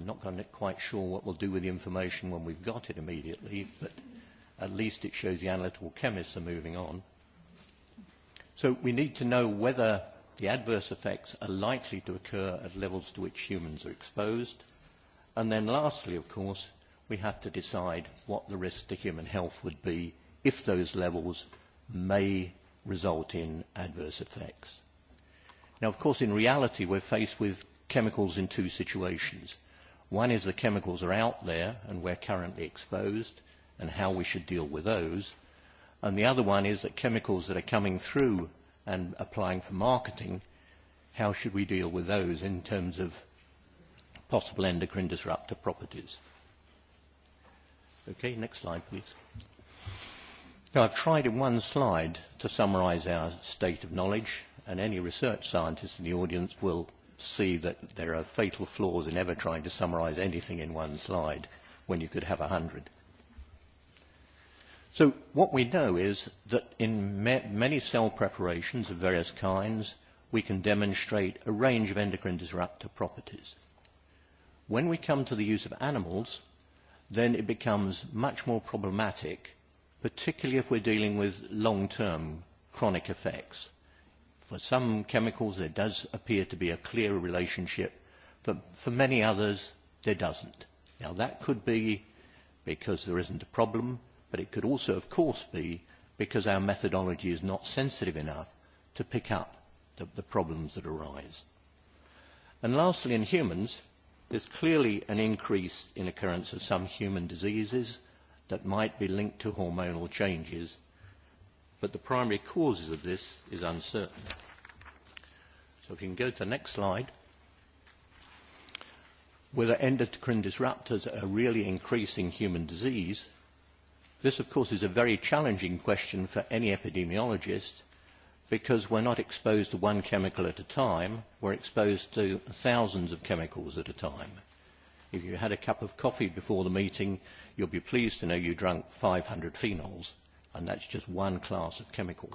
I'm not kind of quite sure what we'll do with the information when we've got it immediately, but at least it shows the analytical chemists are moving on. So we need to know whether the adverse effects are likely to occur at levels to which humans are exposed. And then lastly, of course, we have to decide what the risk to human health would be if those levels may result in adverse effects. Now, of course, in reality, we're faced with chemicals in two situations – One is the chemicals are out there and we're currently exposed and how we should deal with those. And the other one is that chemicals that are coming through and applying for marketing, how should we deal with those in terms of possible endocrine disruptor properties? Okay, next slide, please. Now, I've tried in one slide to summarise our state of knowledge, and any research scientist in the audience will see that there are fatal flaws in ever trying to summarise anything in one slide when you could have a hundred. So what we know is that in ma many cell preparations of various kinds, we can demonstrate a range of endocrine disruptor properties. When we come to the use of animals, then it becomes much more problematic, particularly if we're dealing with long-term chronic effects For some chemicals, there does appear to be a clear relationship. but for many others, there doesn't. Now, that could be because there isn't a problem, but it could also, of course, be because our methodology is not sensitive enough to pick up the, the problems that arise. And lastly, in humans, there's clearly an increase in occurrence of some human diseases that might be linked to hormonal changes but the primary causes of this is uncertain. So if you can go to the next slide, whether endocrine disruptors are really increasing human disease, this of course is a very challenging question for any epidemiologist because we're not exposed to one chemical at a time, we're exposed to thousands of chemicals at a time. If you had a cup of coffee before the meeting, you'll be pleased to know you drank 500 phenols and that's just one class of chemical.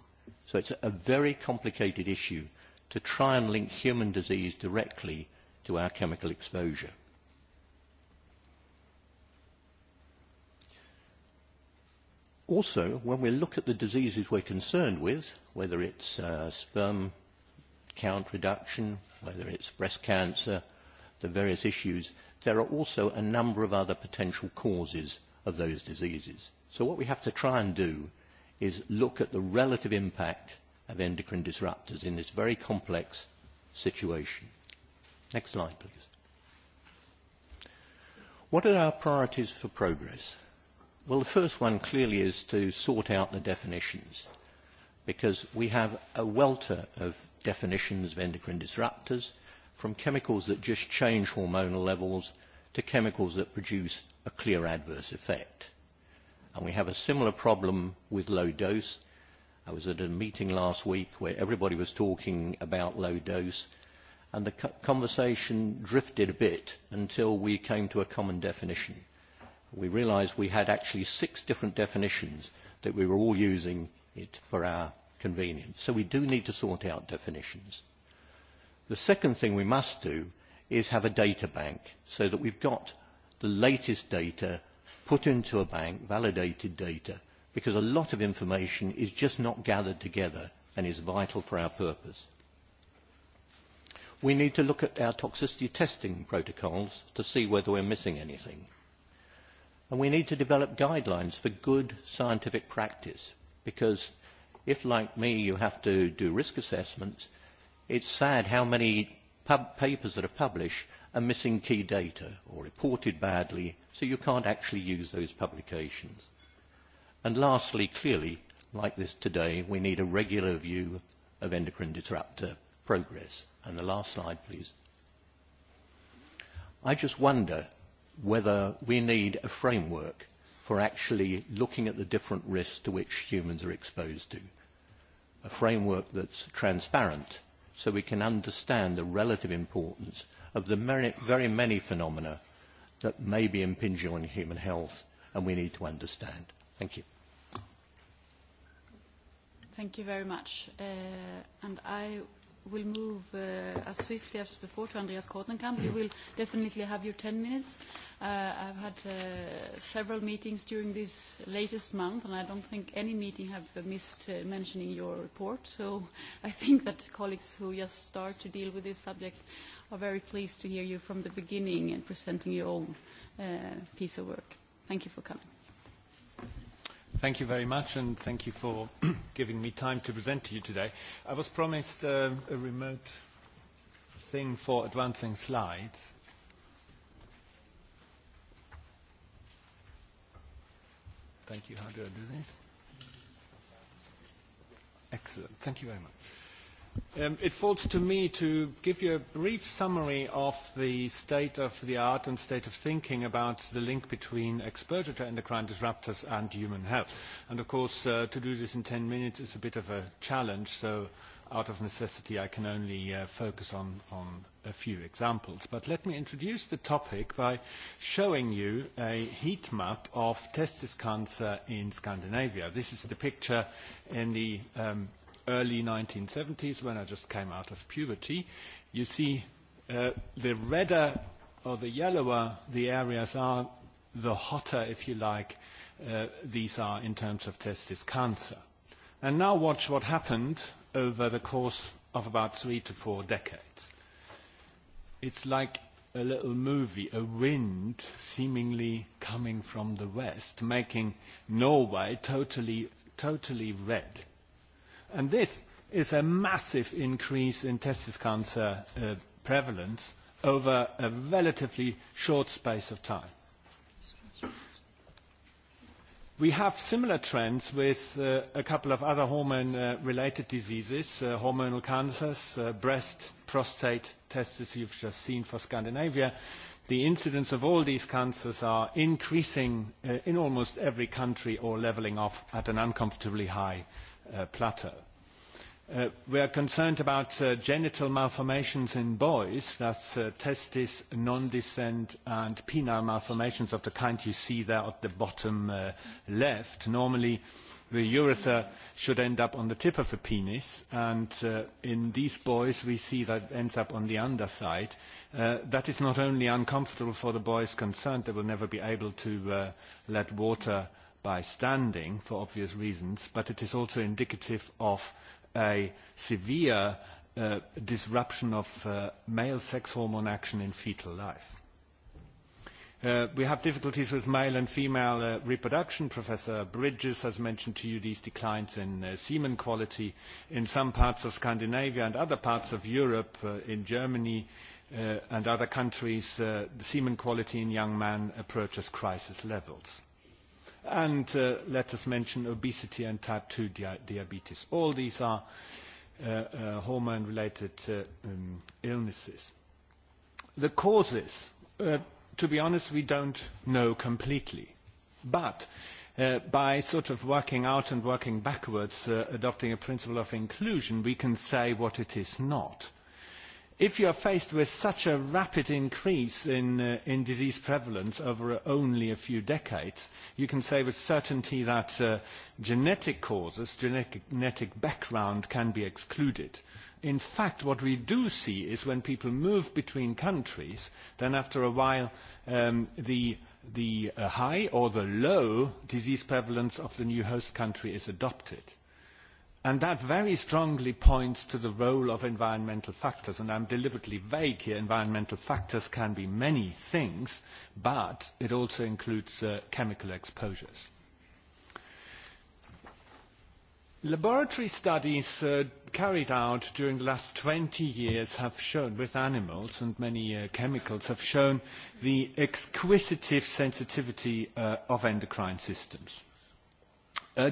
So it's a very complicated issue to try and link human disease directly to our chemical exposure. Also, when we look at the diseases we're concerned with, whether it's uh, sperm count reduction, whether it's breast cancer, the various issues, there are also a number of other potential causes of those diseases. So what we have to try and do is look at the relative impact of endocrine disruptors in this very complex situation. Next slide, please. What are our priorities for progress? Well, the first one clearly is to sort out the definitions because we have a welter of definitions of endocrine disruptors from chemicals that just change hormonal levels to chemicals that produce a clear adverse effect. And we have a similar problem with low dose. I was at a meeting last week where everybody was talking about low dose, and the conversation drifted a bit until we came to a common definition. We realised we had actually six different definitions that we were all using it for our convenience. So we do need to sort out definitions. The second thing we must do is have a data bank so that we've got the latest data put into a bank validated data because a lot of information is just not gathered together and is vital for our purpose. We need to look at our toxicity testing protocols to see whether we're missing anything. And we need to develop guidelines for good scientific practice because if, like me, you have to do risk assessments, it's sad how many pub- papers that are published and missing key data or reported badly, so you can't actually use those publications. And lastly, clearly, like this today, we need a regular view of endocrine disruptor progress. And the last slide, please. I just wonder whether we need a framework for actually looking at the different risks to which humans are exposed to. A framework that's transparent so we can understand the relative importance of the many, very many phenomena that may be impinging on human health and we need to understand. Thank you. Thank you very much. Uh, and I will move uh, as swiftly as before to Andreas Kortenkamp. You will definitely have your 10 minutes. Uh, I've had uh, several meetings during this latest month, and I don't think any meeting have missed uh, mentioning your report. So I think that colleagues who just start to deal with this subject are very pleased to hear you from the beginning and presenting your own uh, piece of work. Thank you for coming. Thank you very much, and thank you for giving me time to present to you today. I was promised uh, a remote thing for advancing slides. Thank you. How do I do this? Excellent. Thank you very much. It falls to me to give you a brief summary of the state of the art and state of thinking about the link between exposure to endocrine disruptors and human health. And of course, to do this in 10 minutes is a bit of a challenge, so out of necessity, I can only uh focus on, on a few examples. But let me introduce the topic by showing you a heat map of testis cancer in Scandinavia. This is the picture in the early 1970s, when I just came out of puberty, you see uh, the redder or the yellower the areas are, the hotter, if you like, uh, these are in terms of testis cancer. And now watch what happened over the course of about three to four decades. It's like a little movie, a wind seemingly coming from the west, making Norway totally, totally red this is a massive increase in testis cancer prevalence over a relatively short space of time. We have similar trends with a couple of other hormone-related diseases, hormonal cancers, breast, prostate, testis you've just seen for Scandinavia. The incidence of all these cancers are increasing in almost every country or leveling off at an uncomfortably high plateau. we are concerned about genital malformations in boys, that's testis, non-descent and penile malformations of the kind you see there at the bottom left. Normally the urethra should end up on the tip of the penis, and in these boys we see that it ends up on the underside. that is not only uncomfortable for the boys concerned, they will never be able to let water by standing for obvious reasons, but it is also indicative of a severe uh, disruption of uh, male sex hormone action in fetal life. Uh, we have difficulties with male and female uh, reproduction. Professor Bridges has mentioned to you these declines in uh, semen quality in some parts of Scandinavia and other parts of Europe, uh, in Germany, and other countries, the semen quality in young men approaches crisis levels. And uh, let us mention obesity and type 2 di diabetes. All these are uh, uh, hormone-related uh, um, illnesses. The causes, uh, to be honest, we don't know completely. But by sort of working out and working backwards, adopting a principle of inclusion, we can say what it is not. If you are faced with such a rapid increase in, disease prevalence over only a few decades, you can say with certainty that genetic causes, genetic background can be excluded. In fact, what we do see is when people move between countries, then after a while the, high or the low disease prevalence of the new host country is adopted And that very strongly points to the role of environmental factors, and I am deliberately vague here. Environmental factors can be many things, but it also includes chemical exposures. Laboratory studies carried out during the last twenty years have shown, with animals and many chemicals, have shown the exquisitive sensitivity of endocrine systems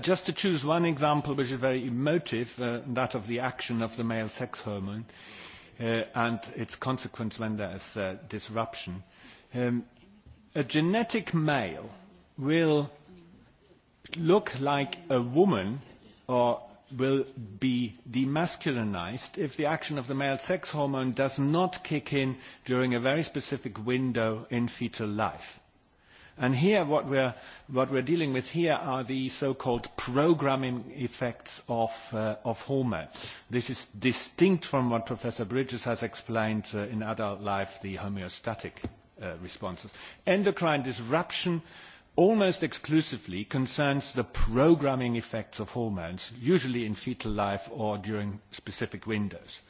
just to choose one example which is very emotive, that of the action of the male sex hormone and its consequence when there is disruption. a genetic male will look like a woman or will be demasculinized if the action of the male sex hormone does not kick in during a very specific window in fetal life And here, what we're, what we're dealing with here are the so-called programming effects of, uh, of Homer. This is distinct from what Professor Bridges has explained uh, in other life, the homeostatic uh, responses. Endocrine disruption almost exclusively concerns the programming effects of hormones, usually in fetal life or during specific windows.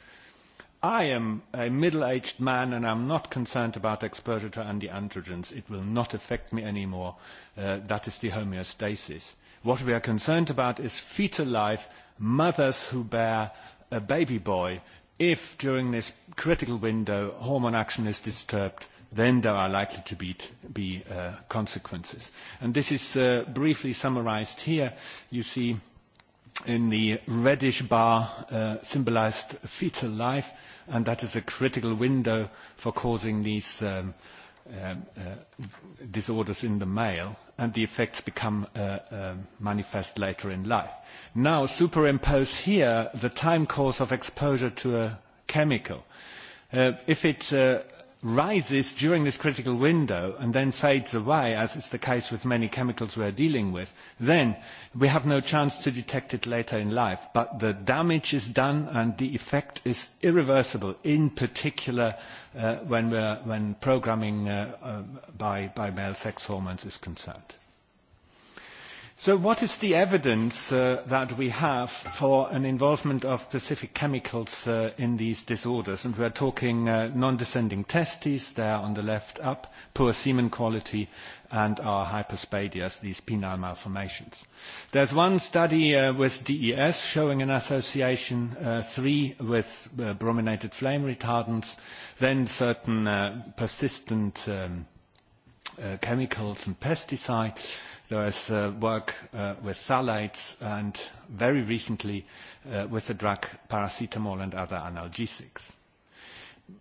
I am a middle-aged man and I am not concerned about exposure to anti-androgens. It will not affect me any Uh, that is the homeostasis. What we are concerned about is fetal life, mothers who bear a baby boy. If during this critical window hormone action is disturbed, then there are likely to be, be uh, consequences. And this is uh, briefly summarized here. You see in the reddish bar uh, symbolized fetal life, and that is a critical window for causing these um, um, uh, disorders in the male, and the effects become uh, um, manifest later in life. Now, superimpose here the time course of exposure to a chemical. Uh, if it uh, rises during this critical window and then fades away, as is the case with many chemicals we are dealing with, then we have no chance to detect it later in life. But the damage is done and the effect is irreversible, in particular when, we're, when programming by, by male sex hormones is concerned. So what is the evidence that we have for an involvement of specific chemicals in these disorders? And we are talking non-descending testes, there on the left up, poor semen quality, and our hyperspadias, these penile malformations. There's one study with DES showing an association, three with brominated flame retardants, then certain persistent chemicals and pesticides, There is uh, work uh, with phthalates and very recently uh, with the drug paracetamol and other analgesics.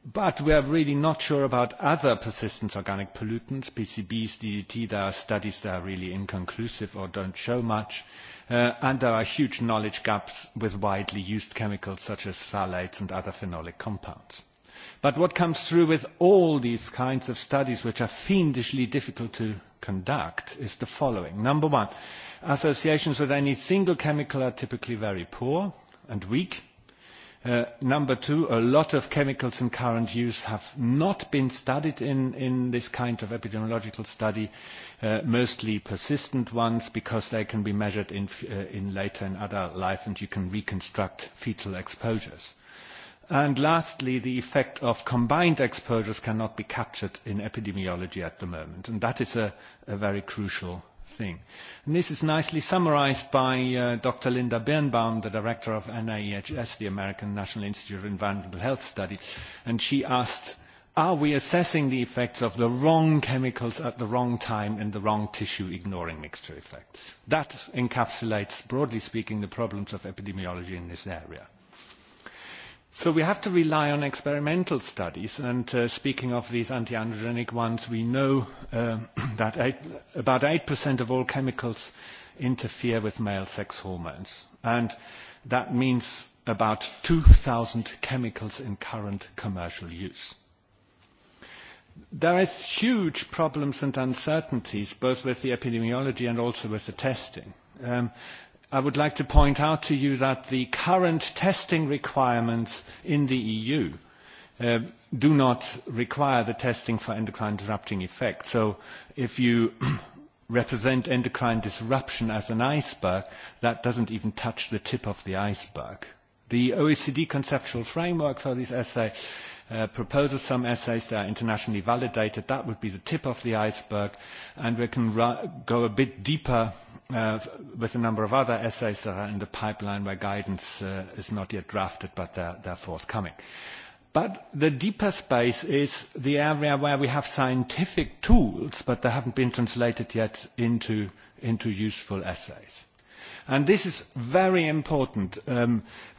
But we are really not sure about other persistent organic pollutants, PCBs, DDT. There are studies that are really inconclusive or don't show much. Uh, and there are huge knowledge gaps with widely used chemicals such as phthalates and other phenolic compounds. But what comes through with all these kinds of studies, which are fiendishly difficult to conduct, is the following. Number one, associations with any single chemical are typically very poor and weak. Number two, a lot of chemicals in current use have not been studied in this kind of epidemiological study, mostly persistent ones, because they can be measured in later in adult life, and you can reconstruct fetal exposures. And lastly, the effect of combined exposures cannot be captured in epidemiology at the moment, and that is a, a very crucial thing. And this is nicely summarized by uh, Dr. Linda Birnbaum, the director of NIEHS, the American National Institute of Environmental Health Studies, and she asked, are we assessing the effects of the wrong chemicals at the wrong time in the wrong tissue, ignoring mixture effects? That encapsulates, broadly speaking, the problems of epidemiology in this area. So we have to rely on experimental studies, and uh, speaking of these anti-androgenic ones, we know uh, that eight, about 8% of all chemicals interfere with male sex hormones, and that means about 2,000 chemicals in current commercial use. There is huge problems and uncertainties, both with the epidemiology and also with the testing. Um, I would like to point out to you that the current testing requirements in the EU do not require the testing for endocrine disrupting effects. So if you represent endocrine disruption as an iceberg, that doesn't even touch the tip of the iceberg. The OECD conceptual framework for these essays proposes some essays that are internationally validated. That would be the tip of the iceberg, and we can go a bit deeper with a number of other essays that are in the pipeline where guidance is not yet drafted, but they're forthcoming. But the deeper space is the area where we have scientific tools, but they haven't been translated yet into useful essays. And this is very important.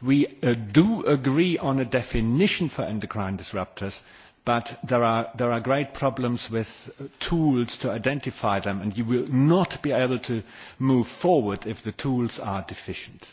we do agree on a definition for endocrine disruptors, but there are, great problems with tools to identify them, and you will not be able to move forward if the tools are deficient.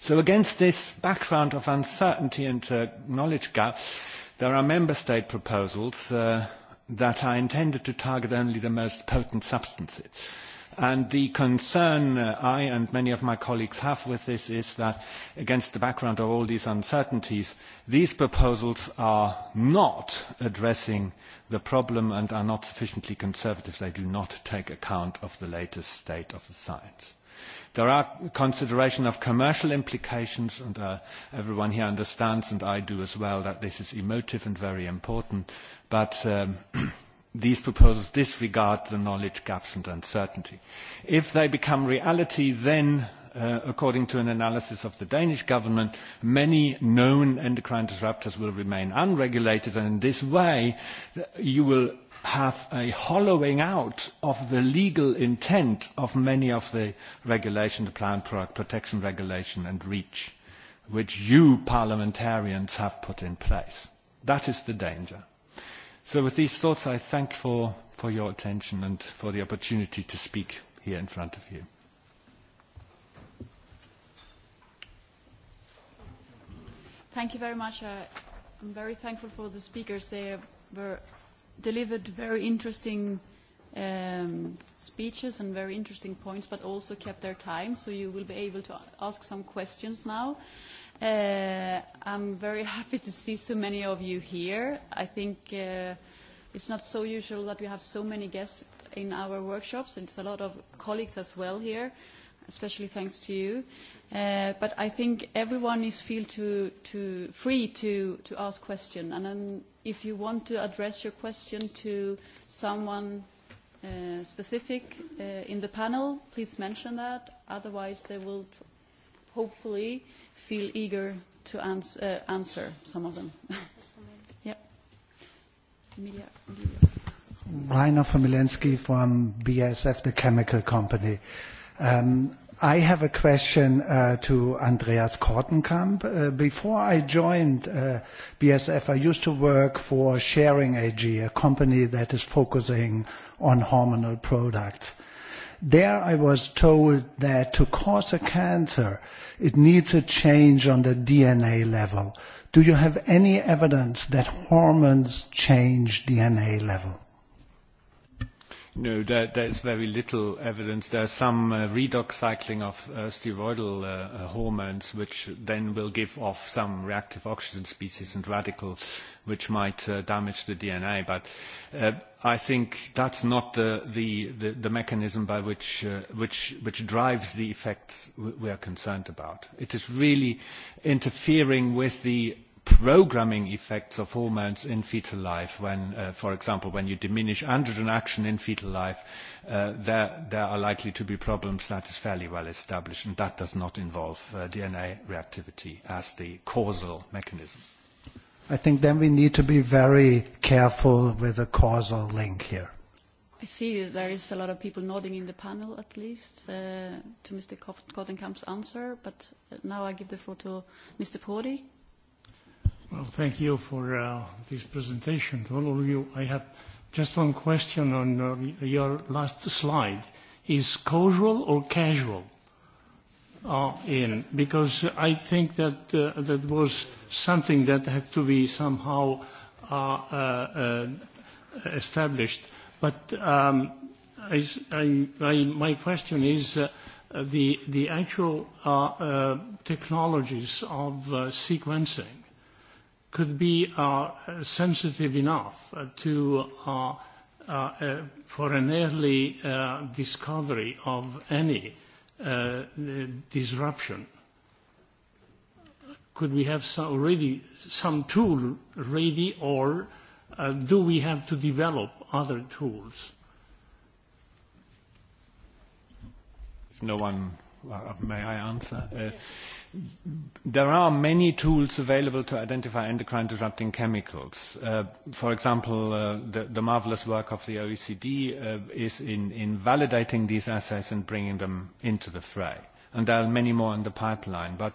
So against this background of uncertainty and knowledge gaps, there are member state proposals that are intended to target only the most potent substances And the concern I and many of my colleagues have with this is that against the background of all these uncertainties, these proposals are not addressing the problem and are not sufficiently conservative. They do not take account of the latest state of the science. There are consideration of commercial implications, and uh, everyone here understands, and I do as well, that this is emotive and very important. But um, these proposals disregard the knowledge gaps and uncertainty. If they become reality, then according to an analysis of the Danish government, many known endocrine disruptors will remain unregulated, and in this way, you will have a hollowing out of the legal intent of many of the regulation, the plant product protection regulation and REACH, which you parliamentarians have put in place. That is the danger. So with these thoughts, I thank for, for your attention and for the opportunity to speak here in front of you. Thank you very much. I I'm very thankful for the speakers. They were delivered very interesting um, speeches and very interesting points, but also kept their time, so you will be able to ask some questions now. Uh, I'm very happy to see so many of you here. I think uh, it's not so usual that we have so many guests in our workshops. It's a lot of colleagues as well here, especially thanks to you. Uh, but I think everyone is feel to, to free to, to ask questions. And then if you want to address your question to someone uh, specific uh, in the panel, please mention that. Otherwise, they will hopefully feel eager to ans uh, answer some of them. yeah. Rainer Familensky from BASF, the chemical company. Um, I have a question uh, to Andreas Kortenkamp. Uh, before I joined uh, BSF, I used to work for Sharing AG, a company that is focusing on hormonal products. There I was told that to cause a cancer, it needs a change on the DNA level. Do you have any evidence that hormones change DNA level? No, there is very little evidence. There's some redox cycling of steroidal hormones, which then will give off some reactive oxygen species and radicals, which might damage the DNA. But I think that's not the mechanism by which drives the effects we are concerned about. It is really interfering with the programming effects of hormones in fetal life when, uh, for example, when you diminish androgen action in fetal life, uh, there, there are likely to be problems that is fairly well established, and that does not involve uh, DNA reactivity as the causal mechanism. I think then we need to be very careful with the causal link here. I see there is a lot of people nodding in the panel, at least, uh, to Mr. Kottenkamp's answer, but now I give the floor to Mr. Pori Well, thank you for uh, this presentation to all of you. I have just one question on uh, your last slide. Is causal or casual uh, in? Because I think that uh, that was something that had to be somehow uh, uh, uh, established. But um, I, I, my question is. Uh, the, the actual uh, uh, technologies of uh, sequencing could be uh, sensitive enough to, uh, uh, for an early uh, discovery of any uh, disruption? Could we have some, already some tool ready, or uh, do we have to develop other tools? If no one, may I answer? Uh, there are many tools available to identify endocrine disrupting chemicals. Uh, for example, uh, the, the marvelous work of the OECD uh, is in, in validating these assays and bringing them into the fray. And there are many more in the pipeline. But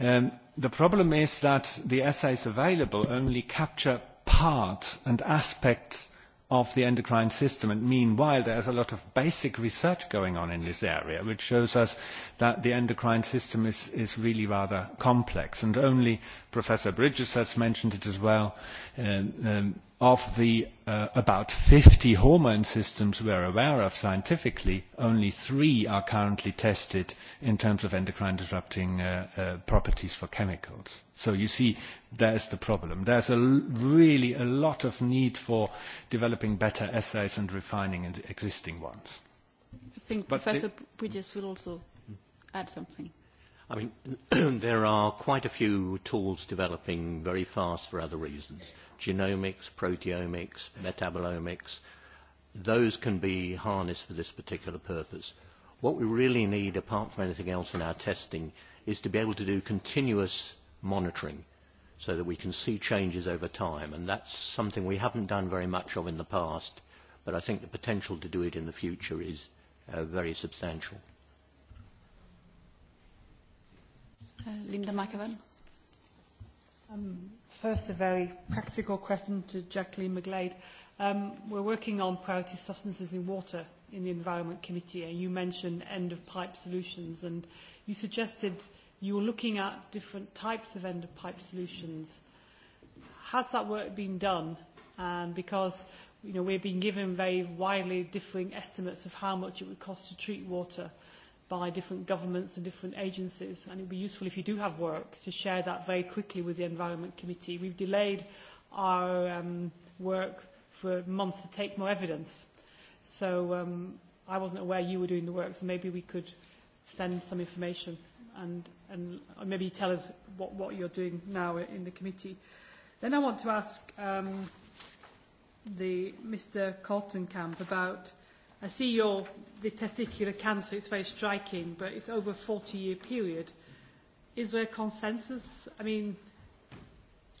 um, the problem is that the assays available only capture parts and aspects of the endocrine system. And meanwhile, there's a lot of basic research going on in this area, which shows us that the endocrine system is, is really rather complex. And only Professor Bridges has mentioned it as well. Um, um, Of the uh, about 50 hormone systems we're aware of scientifically, only three are currently tested in terms of endocrine disrupting uh, uh, properties for chemicals. So you see, there's the problem. There's a, really a lot of need for developing better assays and refining existing ones. I think but Professor Bridges will also add something. I mean, there are quite a few tools developing very fast for other reasons genomics, proteomics, metabolomics, those can be harnessed for this particular purpose. What we really need, apart from anything else in our testing, is to be able to do continuous monitoring so that we can see changes over time. And that's something we haven't done very much of in the past, but I think the potential to do it in the future is uh, very substantial. Linda McEwan. Um, First, a very practical question to Jacqueline McGlade. Um, we're working on priority substances in water in the Environment Committee, and you mentioned end-of-pipe solutions, and you suggested you were looking at different types of end-of-pipe solutions. Has that work been done? Um, because you know, we've been given very widely differing estimates of how much it would cost to treat water by different governments and different agencies. And it would be useful if you do have work to share that very quickly with the Environment Committee. We've delayed our um, work for months to take more evidence. So um, I wasn't aware you were doing the work, so maybe we could send some information and, and maybe tell us what, what you're doing now in the committee. Then I want to ask um, the, Mr. Colton Camp about I see your, the testicular cancer, it's very striking, but it's over a 40-year period. Is there consensus? I mean,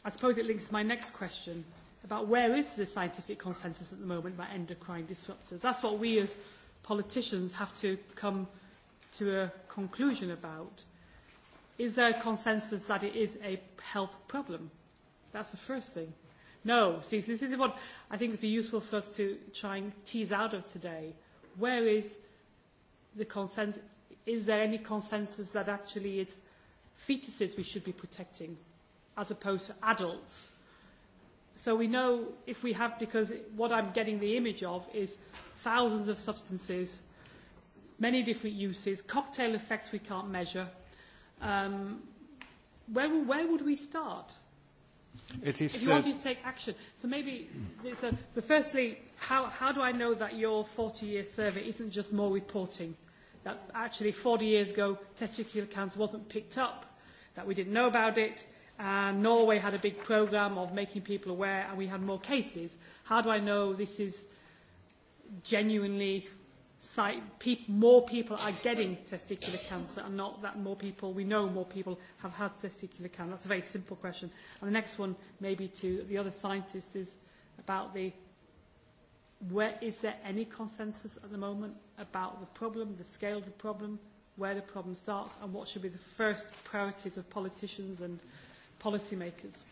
I suppose it links to my next question about where is the scientific consensus at the moment about endocrine disruptors? That's what we as politicians have to come to a conclusion about. Is there a consensus that it is a health problem? That's the first thing. No, see, this is what I think would be useful for us to try and tease out of today. Where is the consensus? Is there any consensus that actually it's fetuses we should be protecting as opposed to adults? So we know if we have, because what I'm getting the image of is thousands of substances, many different uses, cocktail effects we can't measure. Um, where, where would we start? It is, if you wanted to take action, so maybe, so, so firstly, how, how do I know that your 40-year survey isn't just more reporting? That actually 40 years ago, testicular cancer wasn't picked up, that we didn't know about it, and Norway had a big programme of making people aware, and we had more cases. How do I know this is genuinely site, more people are getting testicular cancer and not that more people, we know more people have had testicular cancer. That's a very simple question. And the next one, maybe to the other scientists, is about the where is there any consensus at the moment about the problem, the scale of the problem, where the problem starts, and what should be the first priorities of politicians and policymakers?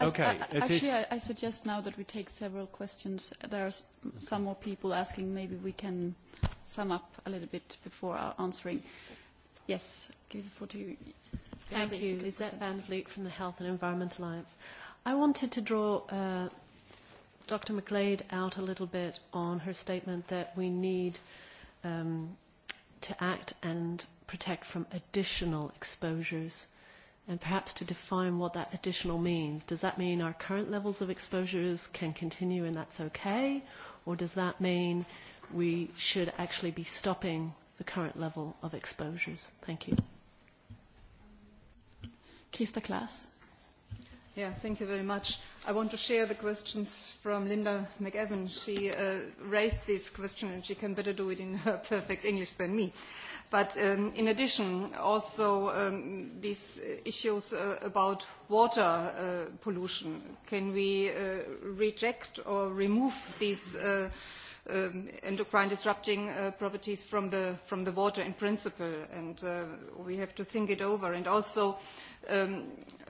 Okay. Actually, I suggest now that we take several questions. There are some more people asking. Maybe we can sum up a little bit before answering. Yes, give the floor to you. Thank you. Lisette Van Vliet from the Health and Environment Alliance. I wanted to draw uh, Dr. McGlade out a little bit on her statement that we need um, to act and protect from additional exposures and perhaps to define what that additional means. Does that mean our current levels of exposures can continue and that's okay? Or does that mean we should actually be stopping the current level of exposures? Thank you. Krista Klaas. Yeah, thank you very much. I want to share the questions from Linda McEvan. She uh, raised this question and she can better do it in her perfect English than me. But um, in addition, also um, these issues uh, about water uh, pollution. Can we uh, reject or remove these uh, um, endocrine disrupting uh, properties from the, from the water in principle? And uh, we have to think it over. And also, um,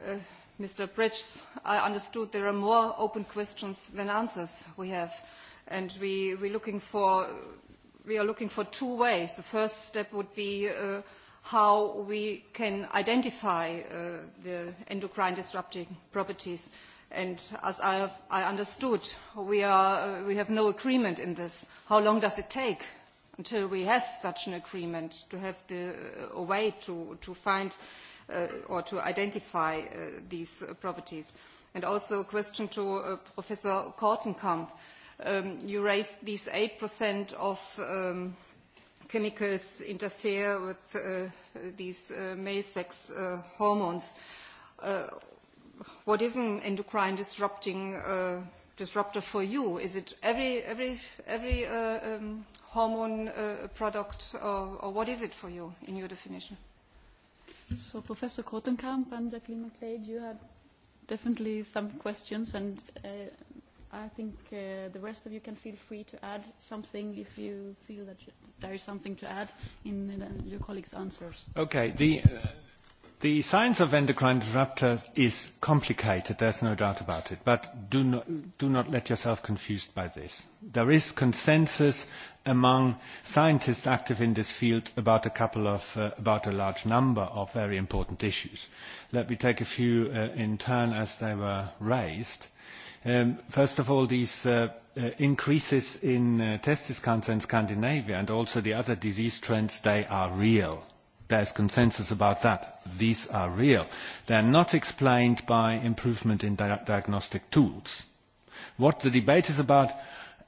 uh, Mr. Bridges, I understood there are more open questions than answers we have. And we, we're looking for, we are looking for two ways. The first step would be uh, how we can identify uh, the endocrine disrupting properties. And as I, have, I understood, we, are, uh, we have no agreement in this. How long does it take until we have such an agreement to have the, a way to, to find or to identify these properties. And also a question to Professor Kortenkamp. you raised these 8% of chemicals interfere with these male sex hormones. what is an endocrine disrupting disruptor for you? Is it every, every, every hormone product or, or what is it for you in your definition? So Professor Kotenkamp and Jacqueline McLeod, you had definitely some questions, and uh, I think uh, the rest of you can feel free to add something if you feel that you, there is something to add in uh, your colleagues' answers. Okay. The, uh, The science of endocrine disruptors is complicated, there is no doubt about it, but do not, do not let yourself confused by this. There is consensus among scientists active in this field about a couple of, uh, about a large number of very important issues. Let me take a few uh, in turn as they were raised. Um, first of all, these uh, uh, increases in uh, testis cancer in Scandinavia and also the other disease trends, they are real There's consensus about that. These are real. They're not explained by improvement in di- diagnostic tools. What the debate is about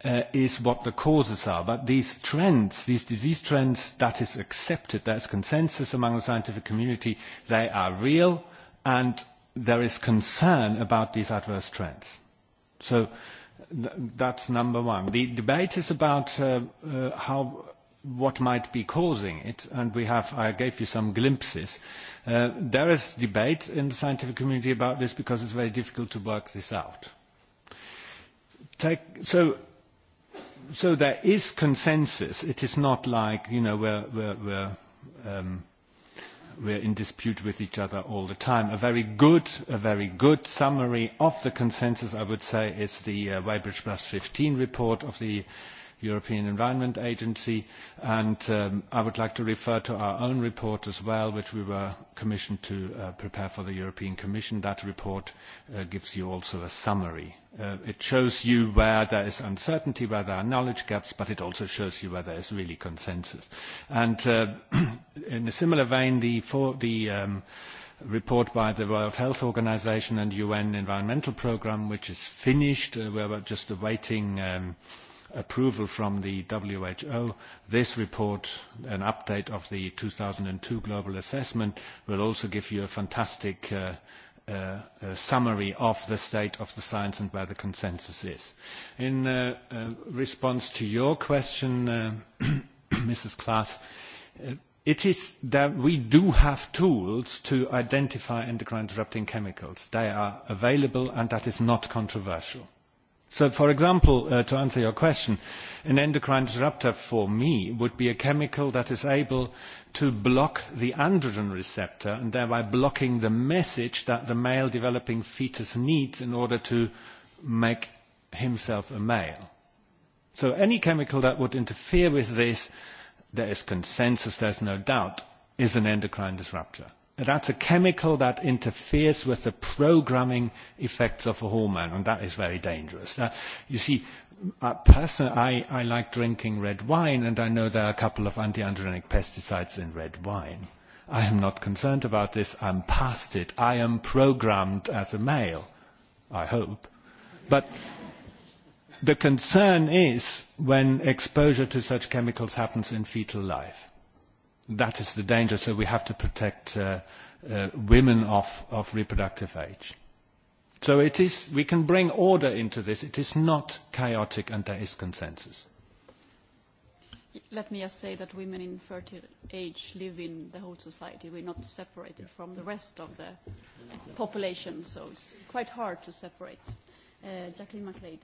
uh, is what the causes are. But these trends, these disease trends, that is accepted. There's consensus among the scientific community. They are real, and there is concern about these adverse trends. So th- that's number one. The debate is about uh, uh, how what might be causing it, and we have, I gave you some glimpses. there is debate in the scientific community about this because it's very difficult to work this out. so, so there is consensus. It is not like, you know, we're, we're, we're, um, we're in dispute with each other all the time. A very good, a very good summary of the consensus, I would say, is the uh, Weybridge Plus 15 report of the European Environment Agency, and um, I would like to refer to our own report as well, which we were commissioned to uh, prepare for the European Commission. That report uh, gives you also a summary. Uh, it shows you where there is uncertainty, where there are knowledge gaps, but it also shows you where there is really consensus. And uh, in a similar vein, the, for, the um, report by the World Health Organization and UN Environmental Programme, which is finished, uh, we are just awaiting um, uh, approval from the WHO. This report, an update of the 2002 global assessment, will also give you a fantastic uh, a summary of the state of the science and where the consensus is. In uh, uh, response to your question, uh, Mrs. Klaas, uh, it is that we do have tools to identify endocrine disrupting chemicals. They are available and that is not controversial So, for example, uh, to answer your question, an endocrine disruptor for me would be a chemical that is able to block the androgen receptor and thereby blocking the message that the male developing fetus needs in order to make himself a male. So any chemical that would interfere with this, there is consensus, there's no doubt, is an endocrine disruptor. That's a chemical that interferes with the programming effects of a hormone, and that is very dangerous. you see, uh, personally, I, I like drinking red wine, and I know there are a couple of anti-androgenic pesticides in red wine. I am not concerned about this. I'm past it. I am programmed as a male, I hope. But the concern is when exposure to such chemicals happens in fetal life that is the danger, so we have to protect uh, uh, women of, of reproductive age. So it is, we can bring order into this. It is not chaotic and there is consensus. Let me just say that women in fertile age live in the whole society. We're not separated from the rest of the population, so it's quite hard to separate. Uh, Jacqueline MacLeod.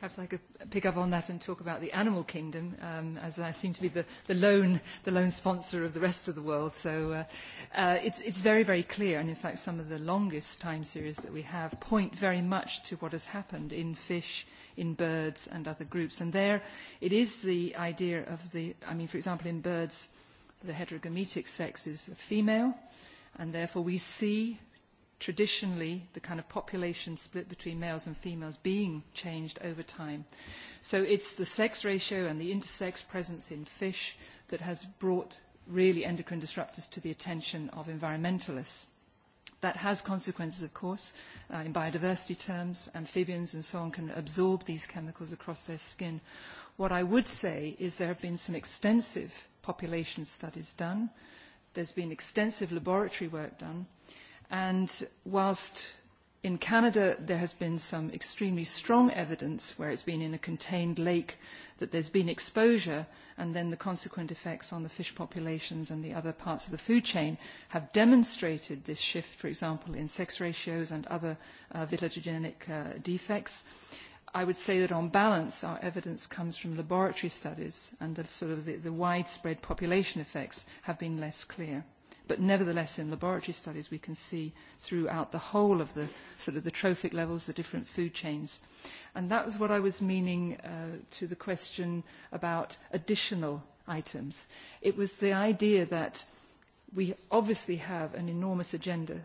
Perhaps I could pick up on that and talk about the animal kingdom, um, as I seem to be the, the, lone, the lone sponsor of the rest of the world. So uh, uh, it's, it's very, very clear, and in fact, some of the longest time series that we have point very much to what has happened in fish, in birds, and other groups. And there it is the idea of the, I mean, for example, in birds, the heterogametic sex is a female, and therefore we see traditionally the kind of population split between males and females being changed over time. So it's the sex ratio and the intersex presence in fish that has brought really endocrine disruptors to the attention of environmentalists. That has consequences, of course, uh, in biodiversity terms. Amphibians and so on can absorb these chemicals across their skin. What I would say is there have been some extensive population studies done. There's been extensive laboratory work done And whilst in Canada there has been some extremely strong evidence where it's been in a contained lake that there's been exposure and then the consequent effects on the fish populations and the other parts of the food chain have demonstrated this shift, for example, in sex ratios and other uh, uh, defects. I would say that on balance, our evidence comes from laboratory studies and the, sort of the, the widespread population effects have been less clear. But nevertheless, in laboratory studies, we can see throughout the whole of the sort of the trophic levels, the different food chains. And that was what I was meaning uh, to the question about additional items. It was the idea that we obviously have an enormous agenda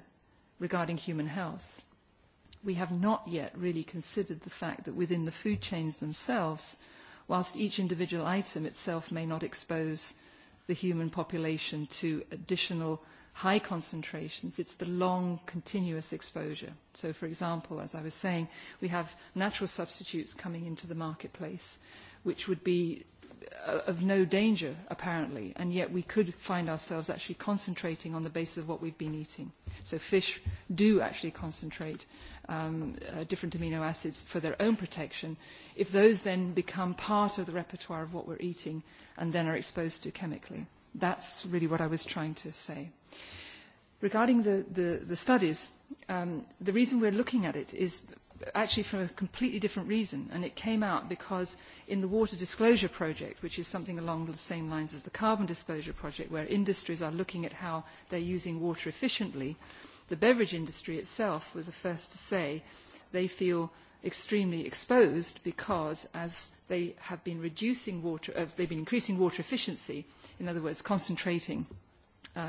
regarding human health. We have not yet really considered the fact that within the food chains themselves, whilst each individual item itself may not expose the human population to additional high concentrations, it's the long continuous exposure. So for example, as I was saying, we have natural substitutes coming into the marketplace, which would be of no danger, apparently, and yet we could find ourselves actually concentrating on the basis of what we've been eating. So fish do actually concentrate um, uh, different amino acids for their own protection. If those then become part of the repertoire of what we're eating and then are exposed to chemically, that's really what I was trying to say. Regarding the, the, the studies, um, the reason we're looking at it is actually for a completely different reason, and it came out because in the Water Disclosure Project, which is something along the same lines as the Carbon Disclosure Project, where industries are looking at how they're using water efficiently, the beverage industry itself was the first to say they feel extremely exposed because as they have been reducing water, uh, they've been increasing water efficiency, in other words, concentrating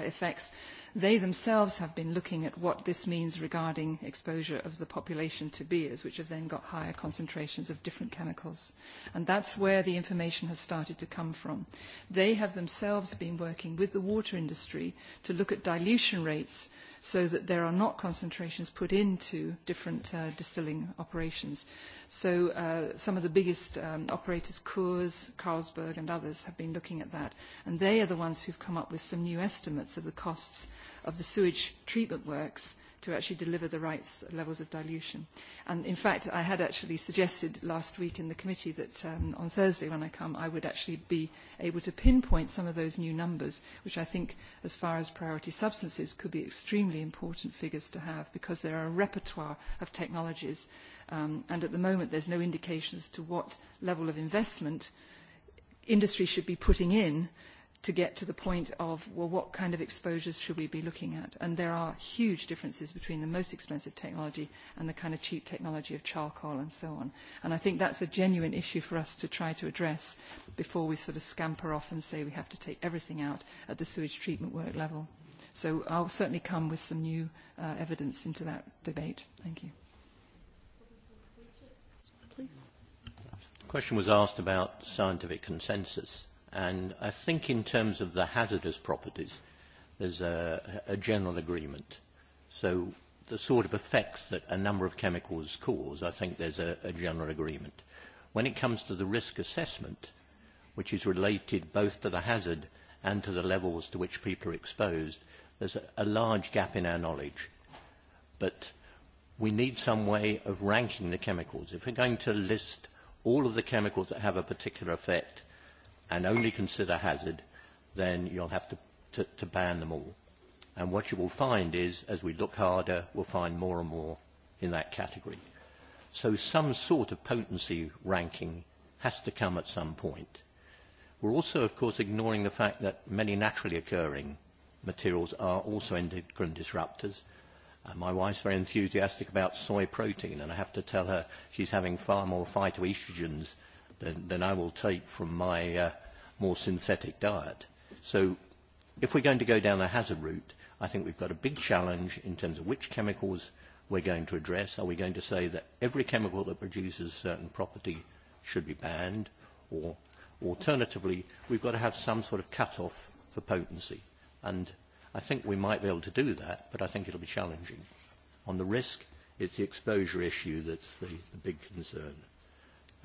effects, they themselves have been looking at what this means regarding exposure of the population to beers, which have then got higher concentrations of different chemicals. And that's where the information has started to come from. They have themselves been working with the water industry to look at dilution rates so that there are not concentrations put into different distilling operations. So some of the biggest operators, Coors, Carlsberg and others, have been looking at that. And they are the ones who have come up with some new estimates of the costs of the sewage treatment works to actually deliver the right levels of dilution. And in fact, I had actually suggested last week in the committee that um, on Thursday when I come, I would actually be able to pinpoint some of those new numbers, which I think, as far as priority substances, could be extremely important figures to have because there are a repertoire of technologies. Um, and at the moment, there's no indication as to what level of investment industry should be putting in to get to the point of, well, what kind of exposures should we be looking at? And there are huge differences between the most expensive technology and the kind of cheap technology of charcoal and so on. And I think that's a genuine issue for us to try to address before we sort of scamper off and say we have to take everything out at the sewage treatment work level. So I'll certainly come with some new uh, evidence into that debate. Thank you. Please. The question was asked about scientific consensus And I think in terms of the hazardous properties, there's a, a general agreement. So the sort of effects that a number of chemicals cause, I think there's a, a general agreement. When it comes to the risk assessment, which is related both to the hazard and to the levels to which people are exposed, there's a, a large gap in our knowledge. But we need some way of ranking the chemicals. If we're going to list all of the chemicals that have a particular effect, and only consider hazard, then you'll have to, to, to ban them all. And what you will find is, as we look harder, we'll find more and more in that category. So some sort of potency ranking has to come at some point. We're also, of course, ignoring the fact that many naturally occurring materials are also endocrine disruptors. Uh, my wife's very enthusiastic about soy protein, and I have to tell her she's having far more phytoestrogens than, than I will take from my uh, more synthetic diet. So if we're going to go down the hazard route, I think we've got a big challenge in terms of which chemicals we're going to address. Are we going to say that every chemical that produces certain property should be banned? Or alternatively, we've got to have some sort of cut-off for potency. And I think we might be able to do that, but I think it'll be challenging. On the risk, it's the exposure issue that's the, the big concern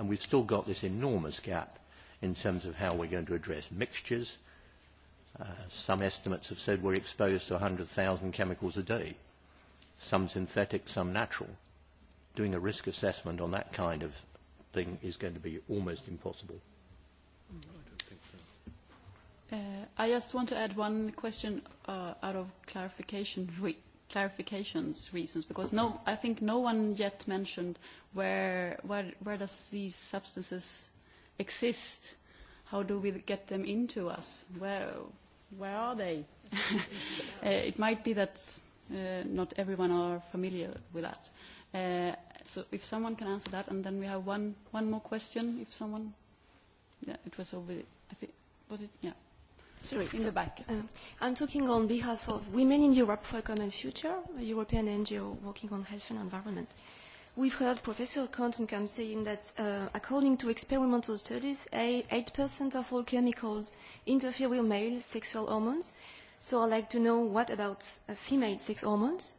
and we've still got this enormous gap in terms of how we're going to address mixtures. Uh, some estimates have said we're exposed to 100,000 chemicals a day, some synthetic, some natural. Doing a risk assessment on that kind of thing is going to be almost impossible. Uh, I just want to add one question uh, out of clarification clarifications reasons? Because no, I think no one yet mentioned where, where, where does these substances exist? How do we get them into us? Where, where are they? uh, it might be that uh, not everyone are familiar with that. Uh, so if someone can answer that, and then we have one, one more question, if someone... Yeah, it was over... I think, was it? Yeah. Sorry, in the back. Uh, I'm talking on behalf of Women in Europe for a Common Future, a European NGO working on health and environment. We've heard Professor Kontenkamp saying that uh, according to experimental studies, 8% of all chemicals interfere with male sexual hormones. So I'd like to know what about uh, female sex hormones?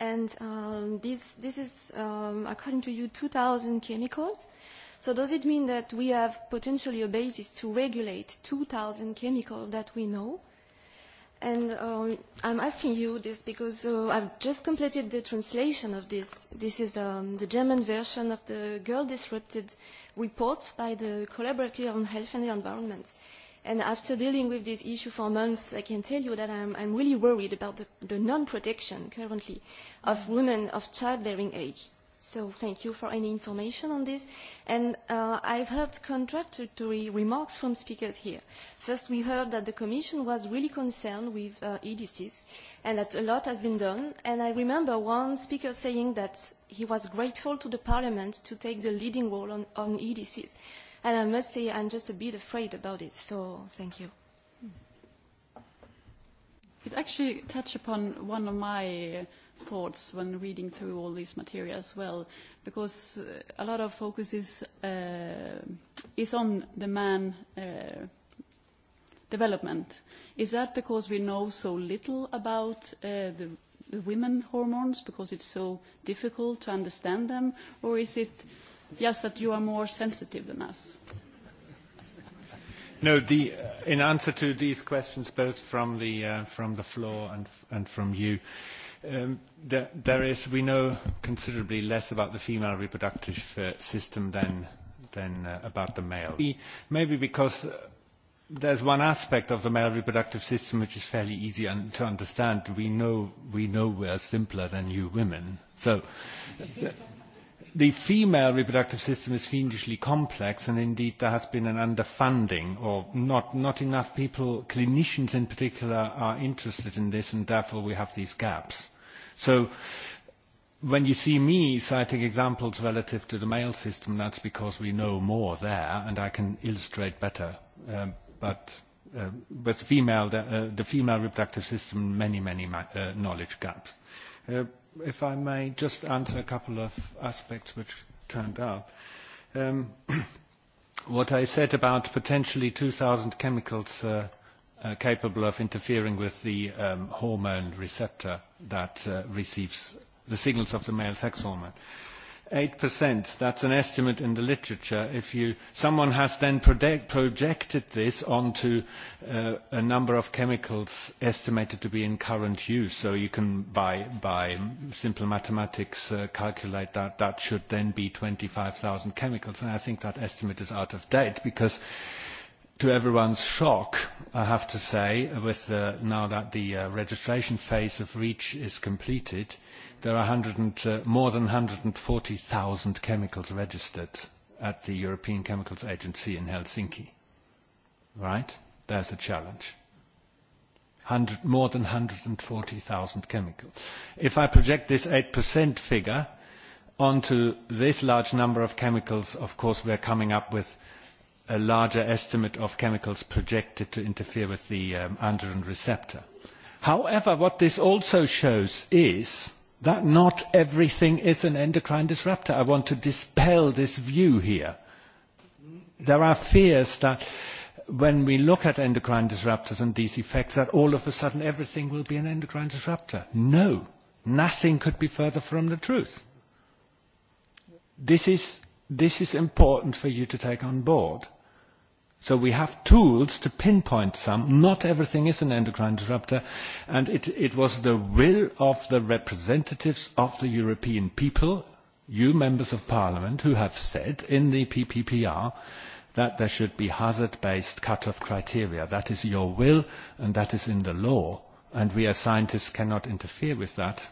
And um, this, this is, um, according to you, 2,000 chemicals. Uh, So does it mean that we have potentially a basis to regulate 2,000 chemicals that we know? And um, I'm asking you this because uh, I've just completed the translation of this. This is um, the German version of the Girl Disrupted report by the Collaborative on Health and the Environment. And after dealing with this issue for months, I can tell you that I'm, I'm really worried about the, the non-protection currently of women of childbearing age So thank you for any information on this. And uh, I've heard contradictory remarks from speakers here. First, we heard that the Commission was really concerned with uh, EDCs and that a lot has been done. And I remember one speaker saying that he was grateful to the Parliament to take the leading role on, on EDCs. And I must say I'm just a bit afraid about it. So thank you. It actually touched upon one of my... Uh, thoughts when reading through all these material as well, because a lot of focus is, uh, is on the man uh, development. Is that because we know so little about uh, the, the women hormones, because it's so difficult to understand them, or is it just that you are more sensitive than us? No, the, in answer to these questions, both from the, uh, from the floor and, and from you, uh, there is, we know considerably less about the female reproductive system than, than uh, about the male. Maybe because there's one aspect of the male reproductive system which is fairly easy un- to understand. We know, we know we are simpler than you women. So the female reproductive system is fiendishly complex, and indeed there has been an underfunding, or not, not enough people, clinicians in particular, are interested in this, and therefore we have these gaps. So when you see me citing examples relative to the male system, that's because we know more there, and I can illustrate better. Um, but uh, with female, the, uh, the female reproductive system, many, many uh, knowledge gaps. Uh, if I may just answer a couple of aspects which turned up. Um, what I said about potentially 2,000 chemicals uh, uh, capable of interfering with the um, hormone receptor that uh, receives the signals of the male sex hormone. Uh, 8%, that's an estimate in the literature. If you, someone has then projected this onto a number of chemicals estimated to be in current use, so you can, by, by simple mathematics, calculate that that should then be twenty five 25,000 chemicals. And I think that estimate is out of date because to everyone's shock, I have to say, with now that the registration phase of REACH is completed, uh, there are hundred and, more than 140,000 chemicals registered at the European Chemicals Agency in Helsinki. Right? There's a challenge. more than 140,000 chemicals. If I project this 8% figure onto this large number of chemicals, of course, we're coming up with a larger estimate of chemicals projected to interfere with the androgen receptor. However, what this also shows is that not everything is an endocrine disruptor. I want to dispel this view here. There are fears that when we look at endocrine disruptors and these effects, that all of a sudden everything will be an endocrine disruptor. No, nothing could be further from the truth. This is, this is important for you to take on board So we have tools to pinpoint some. Not everything is an endocrine disruptor, and it, it was the will of the representatives of the European people, you members of parliament, who have said in the PPPR that there should be hazard-based cut-off criteria. That is your will, and that is in the law, and we as scientists cannot interfere with that.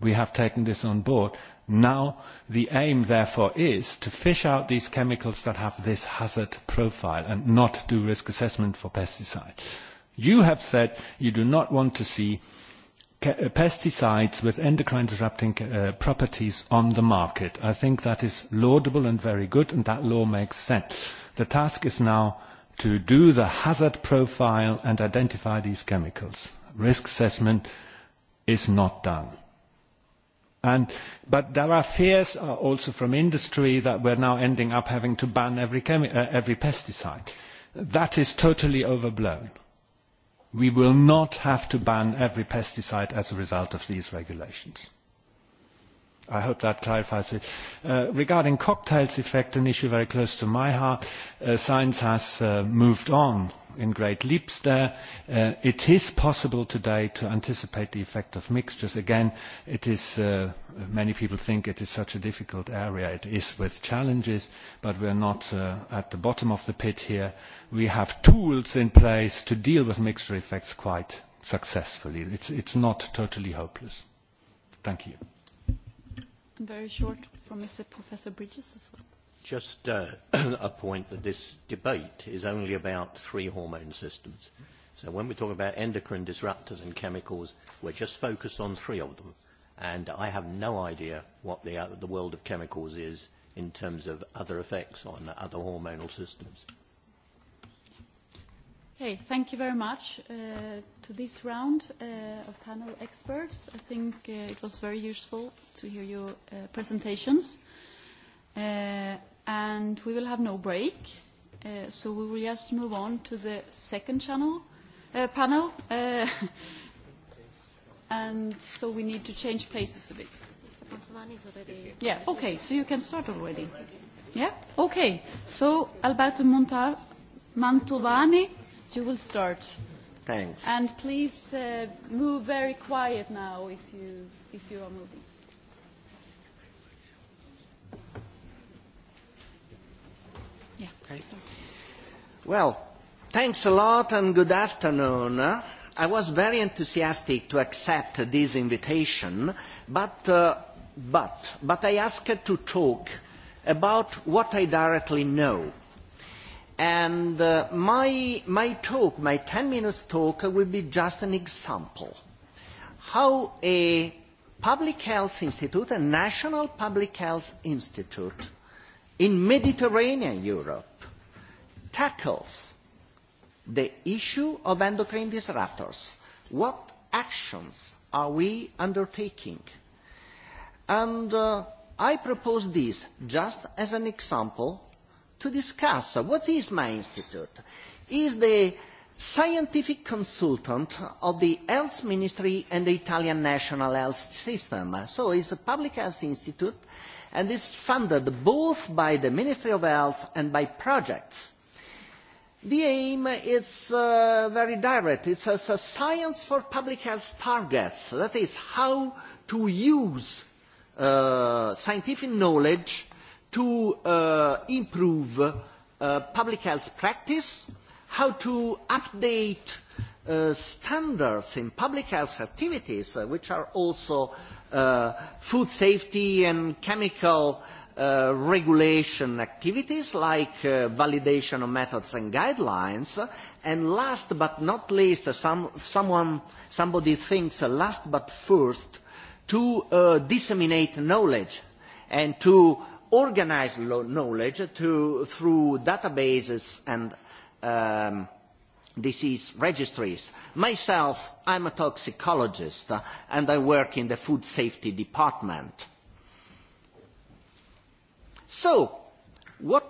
We have taken this on board, Now, the aim, therefore, is to fish out these chemicals that have this hazard profile and not do risk assessment for pesticides. You have said you do not want to see pesticides with endocrine disrupting properties on the market. I think that is laudable and very good, and that law makes sense. The task is now to do the hazard profile and identify these chemicals. Risk assessment is not done But there are fears also from industry that we are now ending up having to ban every pesticide. That is totally overblown. We will not have to ban every pesticide as a result of these regulations. I hope that clarifies it. Regarding cocktails effect, an issue very close to my heart, science has moved on in great leaps there. It is possible today to anticipate the effect of mixtures. Again, it is many people think it is such a difficult area. It is with challenges, but we are not at the bottom of the pit here. We have tools in place to deal with mixture effects quite successfully. It's not totally hopeless. Thank you. Very short from Mr. Professor Bridges as well. Just uh, a point that this debate is only about three hormone systems. So when we talk about endocrine disruptors and chemicals, we're just focused on three of them. And I have no idea what the, uh, the world of chemicals is in terms of other effects on other hormonal systems. Okay, thank you very much to this round of panel experts. I think it was very useful to hear your presentations. And we will have no break, so we will just move on to the second channel panel. And so we need to change places a bit. Yeah, okay, so you can start already. Yeah? Okay. So Alberto Montovani You will start. Thanks. And please uh, move very quiet now if you, if you are moving. Yeah. Okay. Well, thanks a lot and good afternoon. I was very enthusiastic to accept this invitation, but, uh, but, but I asked to talk about what I directly know And my, my talk, my ten minutes talk, will be just an example how a public health institute, a national public health institute in Mediterranean Europe tackles the issue of endocrine disruptors. What actions are we undertaking? And I propose this just as an example to discuss what is my institute. Is the scientific consultant of the health ministry and the Italian national health system. So it's a public health institute and is funded both by the Ministry of Health and by projects. The aim is uh, very direct. It's a, a science for public health targets. That is how to use uh, scientific knowledge to improve public health practice, how to update standards in public health activities, which are also food safety and chemical regulation activities like validation of methods and guidelines. And last but not least, somebody thinks last but first, to disseminate knowledge and to organise knowledge through databases and disease registries. Myself, I am a toxicologist and I work in the food safety department. So, what,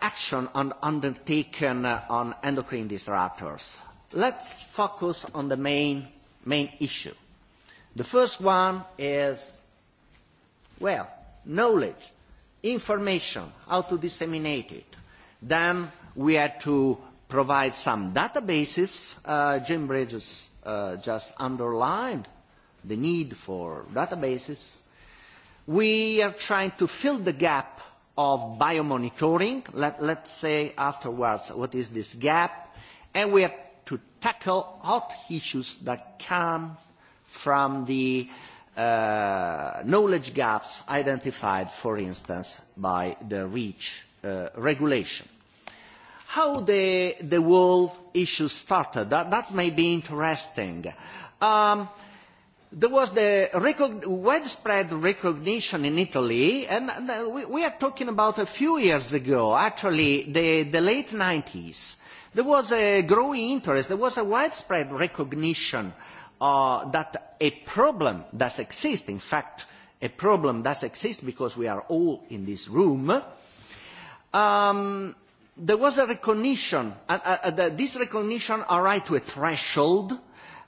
action are undertaken on endocrine disruptors? Let's focus on the main, main issue. The first one is Well, knowledge, information, how to disseminate it. Then we had to provide some databases. Uh, Jim Bridges uh, just underlined the need for databases. We are trying to fill the gap of biomonitoring. Let, let's say afterwards what is this gap. And we have to tackle hot issues that come from the uh, knowledge gaps identified, for instance, by the REACH regulation. How the, the whole issue started, that, that may be interesting. there was the widespread recognition in Italy, and we, we are talking about a few years ago, actually, the, the late 90s. There was a growing interest, there was a widespread recognition uh, that a problem does exist, in fact, a problem does exist because we are all in this room, there was a recognition, and this recognition arrived to a threshold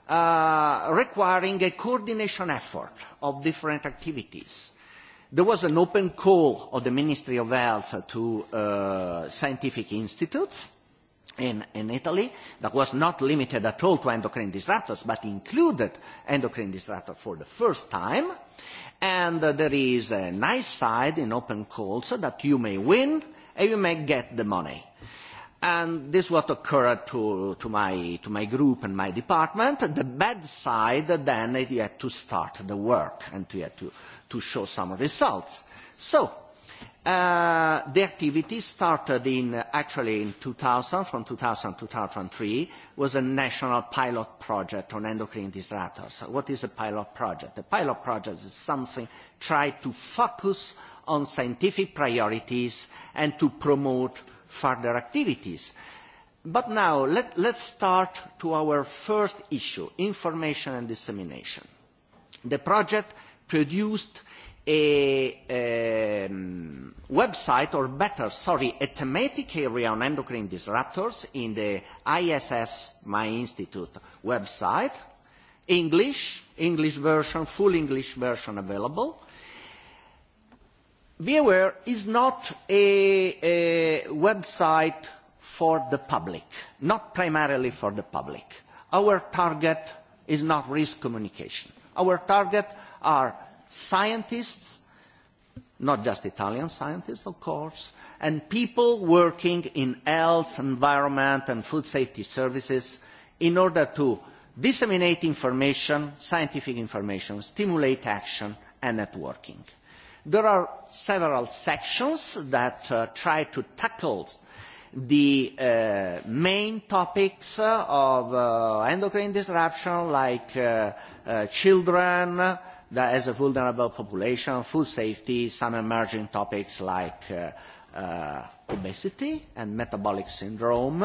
requiring a coordination effort of different activities. There was an open call of the Ministry of Health to scientific institutes, in, in Italy that was not limited at all to endocrine disruptors, but included endocrine disruptors for the first time. And uh, there is a nice side in open calls that you may win and you may get the money. And this is what occurred to, to, my, to my group and my department. The bad side, then, you had to start the work and you had to, to show some results. So the activity started in actually in 2000, from 2000 to 2003, was a national pilot project on endocrine disruptors. What is a pilot project? A pilot project is something tried to focus on scientific priorities and to promote further activities. But now let, let's start to our first issue, information and dissemination. The project produced a website, or better, sorry, a thematic area on endocrine disruptors in the ISS, my institute, website. English, English version, full English version available. aware, is not a, a website for the public, not primarily for the public. Our target is not risk communication. Our target are scientists, not just Italian scientists, of course, and people working in health, environment, and food safety services in order to disseminate information, scientific information, stimulate action, and networking. There are several sections that try to tackle the main topics of endocrine disruption like children, that as a vulnerable population, food safety, some emerging topics like obesity and metabolic syndrome.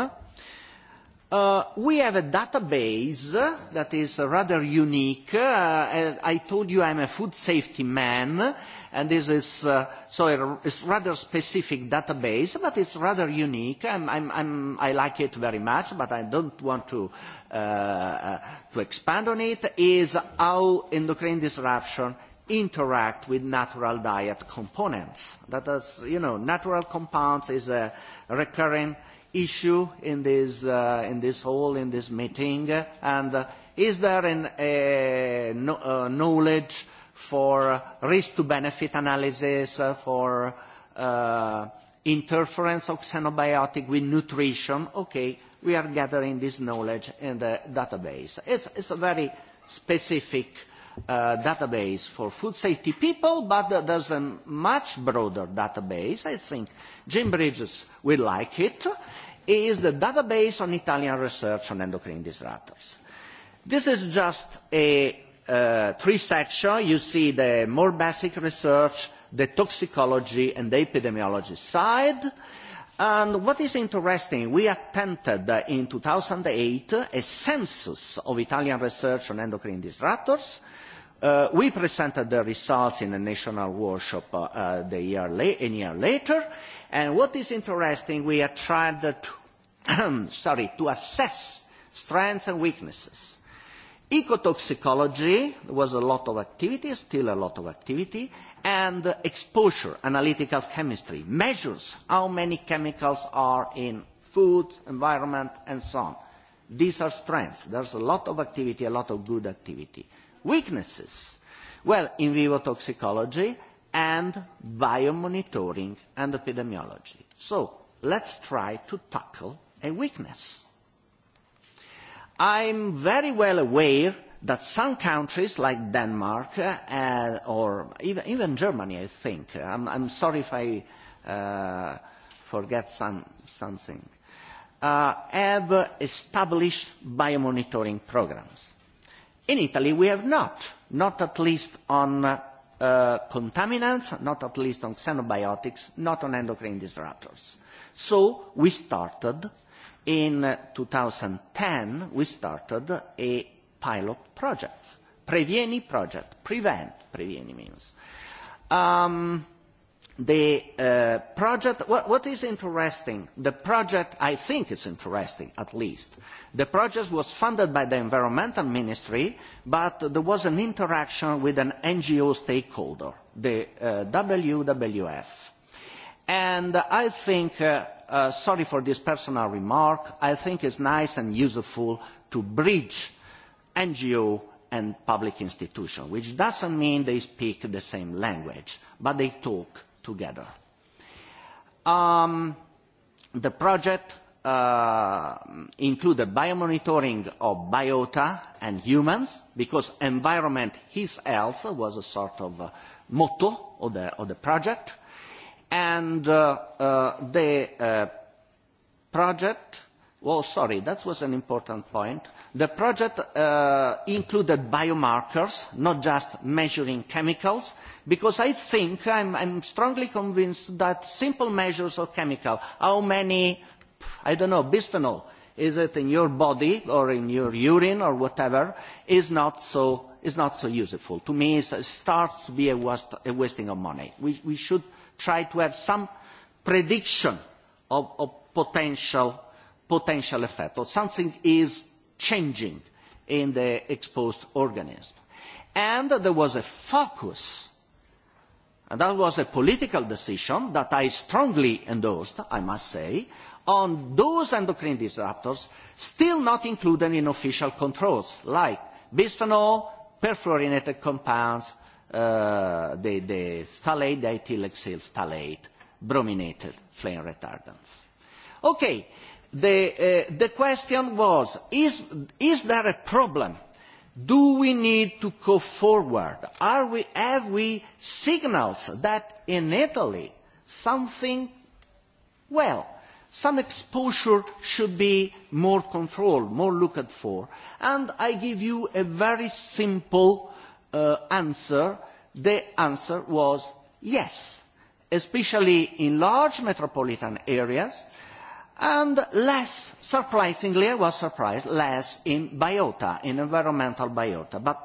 we have a database that is rather unique. I told you I'm a food safety man, and this is uh, so it's rather specific database, but it's rather unique. I'm, I'm, I'm, I like it very much, but I don't want to uh, to expand on it. Is how endocrine disruption interact with natural diet components. That is, you know, natural compounds is a recurring issue in this uh, in this hall in this meeting, and is there an, a knowledge for risk-to-benefit analysis, for interference of xenobiotic with nutrition. Okay, we are gathering this knowledge in the database. It's, it's a very specific database for food safety people, but there's a much broader database. I think Jim Bridges will like it. It is the database on Italian research on endocrine disruptors. This is just a three sections you see the more basic research the toxicology and the epidemiology side and what is interesting we attempted in two thousand and eight a census of italian research on endocrine disruptors we presented the results in a national workshop a year later and what is interesting we have tried to assess strengths and weaknesses Ecotoxicology, there was a lot of activity, still a lot of activity, and exposure, analytical chemistry, measures how many chemicals are in food, environment, and so on. These are strengths. There's a lot of activity, a lot of good activity. Weaknesses, well, in vivo toxicology and biomonitoring and epidemiology. So let's try to tackle a weakness I am very well aware that some countries like Denmark or even, Germany, I think, I am sorry if I forget something, have established biomonitoring programmes. In Italy, we have not, not at least on contaminants, not at least on xenobiotics, not on endocrine disruptors. So we started uh, In ten we started a pilot project, Previeni project, prevent, Previeni means. the project, what, is interesting, the project, I think it's interesting at least, the project was funded by the Environmental Ministry, but there was an interaction with an NGO stakeholder, the WWF. And I think sorry for this personal remark, I think it is nice and useful to bridge NGO and public institution, which does not mean they speak the same language, but they talk together. the project included biomonitoring of biota and humans, because environment is health was a sort of motto of the, project, and the project well sorry that was an important point the project included biomarkers not just measuring chemicals because i think i am strongly convinced that simple measures of chemical how many i don't know bisphenol is it in your body or in your urine or whatever is not so is not so useful to me it starts to be a, waste, a wasting of money we, we should try to have some prediction of, of potential, potential effect, or something is changing in the exposed organism. And there was a focus, and that was a political decision that I strongly endorsed, I must say, on those endocrine disruptors still not included in official controls, like bisphenol, perfluorinated compounds, the, the phthalate, the ethyloxyl phthalate, brominated flame retardants. Okay, the, uh, the question was, is, is there a problem? Do we need to go forward? Are we, have we signals that in Italy something, well, some exposure should be more controlled, more looked for? And I give you a very simple uh, answer, the answer was yes, especially in large metropolitan areas, and less, surprisingly, I was surprised, less in biota, in environmental biota. But,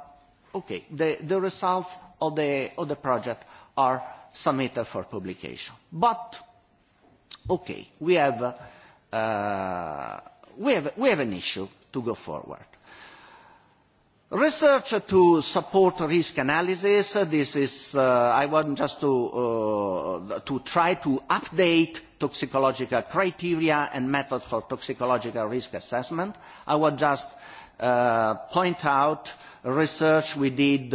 okay, the, the results of the, of the project are submitted for publication. But, okay, we have, uh, we have, we have an issue to go forward Research to support risk analysis, this is, I want just to, try to update toxicological criteria and methods for toxicological risk assessment. I would just point out research we did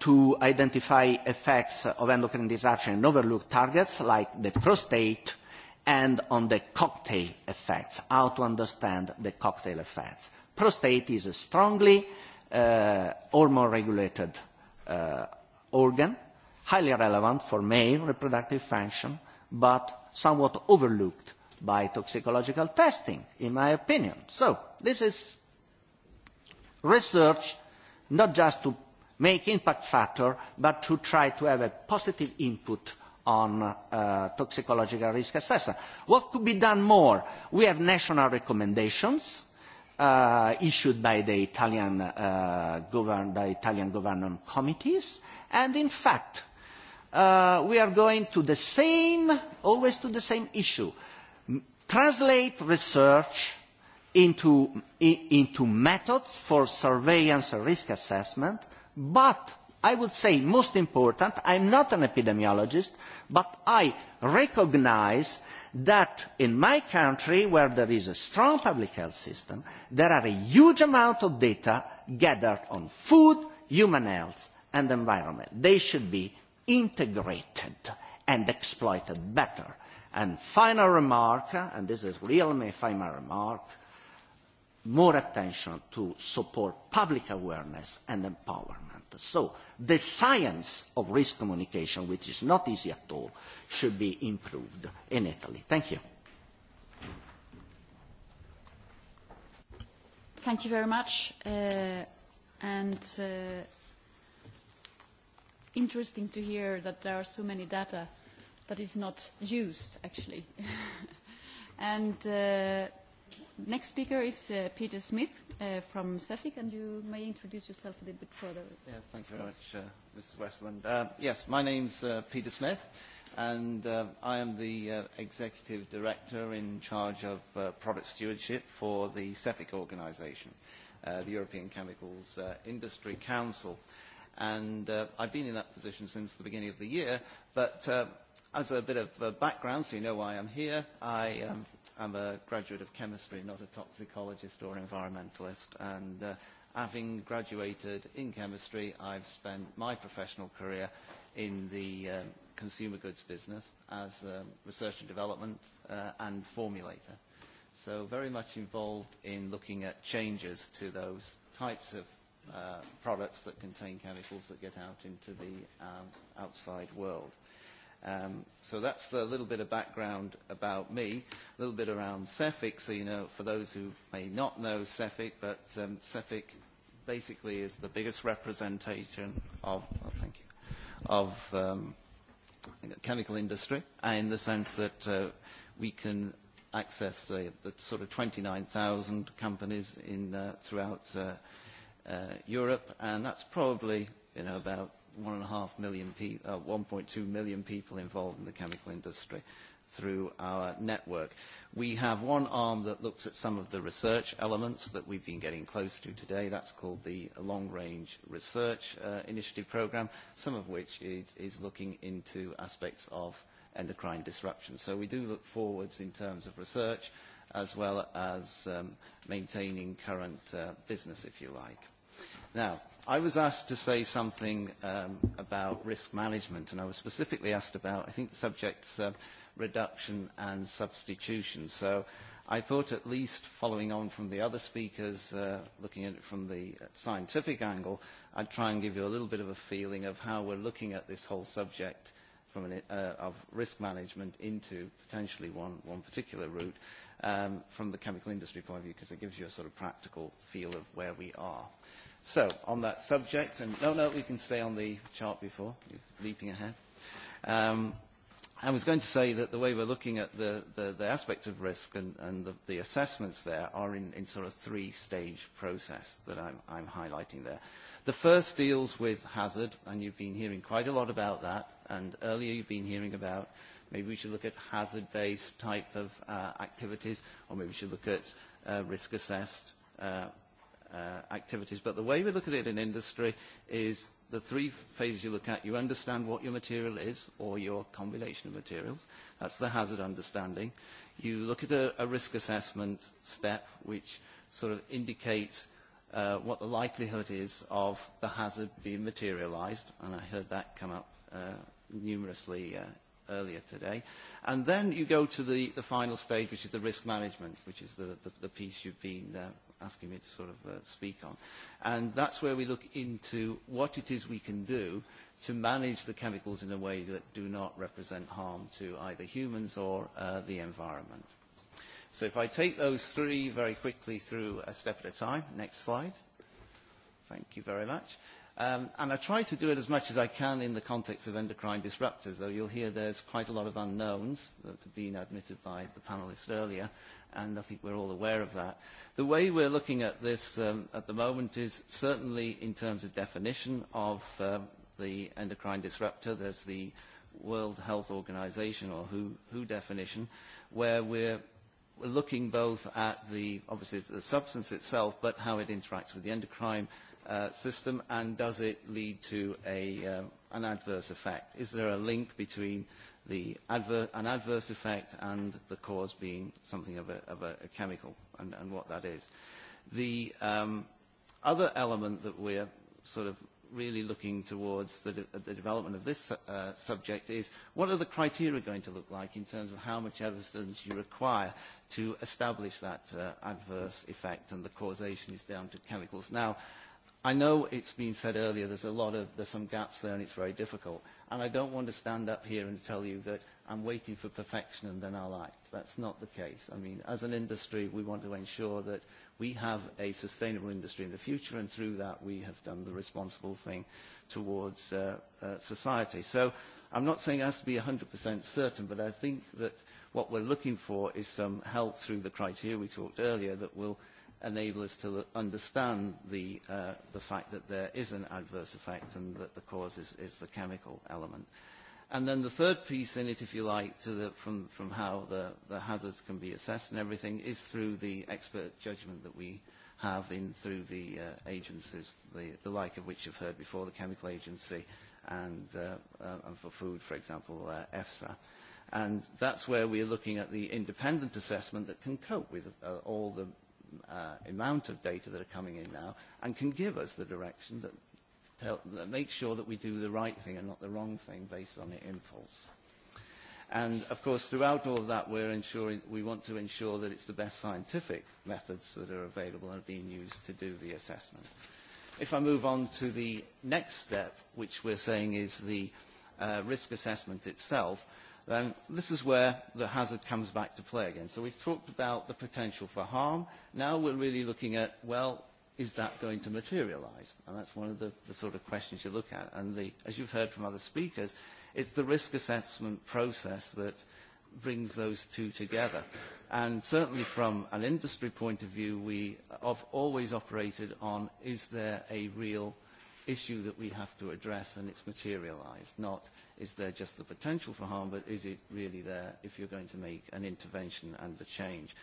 to identify effects of endocrine disruption in overlooked targets like the prostate and on the cocktail effects, how to understand the cocktail effects. Prostate is a strongly uh, hormone-regulated uh, organ, highly relevant for male reproductive function, but somewhat overlooked by toxicological testing, in my opinion. So this is research not just to make impact factor, but to try to have a positive input on uh, toxicological risk assessment. What could be done more? We have national recommendations uh, issued by the Italian, uh, govern, by Italian government committees. And in fact, uh, we are going to the same, always to the same issue. Translate research into, into methods for surveillance and risk assessment, but I would say most important, I am not an epidemiologist, but I recognise that in my country, where there is a strong public health system, there are a huge amount of data gathered on food, human health and environment. They should be integrated and exploited better. And final remark, and this is really my final remark, more attention to support public awareness and empowerment So the science of risk communication, which is not easy at all, should be improved in Italy. Thank you. Thank you very much. Uh, and uh, interesting to hear that there are so many data that is not used, actually. and uh, Next speaker is uh, Peter Smith uh, from CEFIC, and you may introduce yourself a little bit further. Yeah, thank you very much, uh, Mrs. Westland. Uh, yes, my name's uh, Peter Smith, and uh, I am the uh, Executive Director in charge of uh, product stewardship for the CEFIC organization, uh, the European Chemicals uh, Industry Council. And uh, I've been in that position since the beginning of the year, but uh, as a bit of uh, background, so you know why I'm here, I um, I'm a graduate of chemistry, not a toxicologist or environmentalist. And uh, having graduated in chemistry, I've spent my professional career in the um, consumer goods business as a research and development uh, and formulator. So very much involved in looking at changes to those types of uh, products that contain chemicals that get out into the um, outside world. Uh, Um, so that's the little bit of background about me, a little bit around Cefic. So, you know, for those who may not know Cefic, but um, Cefic basically is the biggest representation of, well, thank you, of um, chemical industry in the sense that uh, we can access the, the sort of 29,000 companies in, uh, throughout uh, uh, Europe, and that's probably you know, about one and a half million pe uh, 1.2 million people involved in the chemical industry through our network. We have one arm that looks at some of the research elements that we've been getting close to today. That's called the Long Range Research uh, Initiative Programme, some of which is, is looking into aspects of endocrine disruption. So we do look forwards in terms of research as well as um, maintaining current uh, business, if you like. Now, I was asked to say something um, about risk management, and I was specifically asked about, I think the subject's uh, reduction and substitution. So I thought at least following on from the other speakers, uh, looking at it from the scientific angle, I'd try and give you a little bit of a feeling of how we're looking at this whole subject from an, uh, of risk management into potentially one, one particular route um, from the chemical industry point of view because it gives you a sort of practical feel of where we are. So on that subject, and no, no, we can stay on the chart before, leaping ahead. Um, I was going to say that the way we're looking at the, the, the aspect of risk and, and the, the assessments there are in, in sort of three-stage process that I'm, I'm highlighting there. The first deals with hazard, and you've been hearing quite a lot about that, and earlier you've been hearing about Maybe we should look at hazard-based type of uh, activities, or maybe we should look at uh, risk-assessed uh, uh, activities. But the way we look at it in industry is the three phases you look at, you understand what your material is or your combination of materials. That's the hazard understanding. You look at a, a risk assessment step, which sort of indicates uh, what the likelihood is of the hazard being materialized. And I heard that come up uh, numerously uh, earlier today. And then you go to the, the final stage, which is the risk management, which is the, the, the piece you've been uh, asking me to sort of uh, speak on. And that's where we look into what it is we can do to manage the chemicals in a way that do not represent harm to either humans or uh, the environment. So if I take those three very quickly through a step at a time, next slide. Thank you very much. Um, and I try to do it as much as I can in the context of endocrine disruptors, though you'll hear there's quite a lot of unknowns that have been admitted by the panelists earlier, and I think we're all aware of that. The way we're looking at this um, at the moment is certainly in terms of definition of um, the endocrine disruptor. There's the World Health Organization, or WHO, WHO definition, where we're looking both at the, obviously, the substance itself, but how it interacts with the endocrine system and does it lead to a, um, an adverse effect? Is there a link between the adver an adverse effect and the cause being something of a, of a, a chemical and, and what that is? The um, other element that we're sort of really looking towards the, de the development of this uh, subject is what are the criteria going to look like in terms of how much evidence you require to establish that uh, adverse effect and the causation is down to chemicals. Now, uh, I know it's been said earlier, there's a lot of, there's some gaps there and it's very difficult. And I don't want to stand up here and tell you that I'm waiting for perfection and then I'll act. That's not the case. I mean, as an industry, we want to ensure that we have a sustainable industry in the future and through that we have done the responsible thing towards uh, uh, society. So I'm not saying it has to be 100% certain, but I think that what we're looking for is some help through the criteria we talked earlier that will – enable us to understand the, uh, the fact that there is an adverse effect and that the cause is, is the chemical element. And then the third piece in it, if you like, to the, from, from how the, the hazards can be assessed and everything is through the expert judgment that we have in through the uh, agencies, the, the like of which you've heard before, the Chemical Agency and, uh, uh, and for food, for example, uh, EFSA. And that's where we're looking at the independent assessment that can cope with uh, all the uh, amount of data that are coming in now and can give us the direction that, tell, that makes sure that we do the right thing and not the wrong thing based on the impulse. And of course, throughout all of that, we're ensuring, we want to ensure that it's the best scientific methods that are available and are being used to do the assessment. If I move on to the next step, which we're saying is the uh, risk assessment itself, then this is where the hazard comes back to play again. So we've talked about the potential for harm. Now we're really looking at, well, is that going to materialise? And that's one of the, the sort of questions you look at. And the, as you've heard from other speakers, it's the risk assessment process that brings those two together. And certainly from an industry point of view, we have always operated on is there a real issue that we have to address and it's materialised, not is there just the potential for harm, but is it really there if you're going to make an intervention and a change.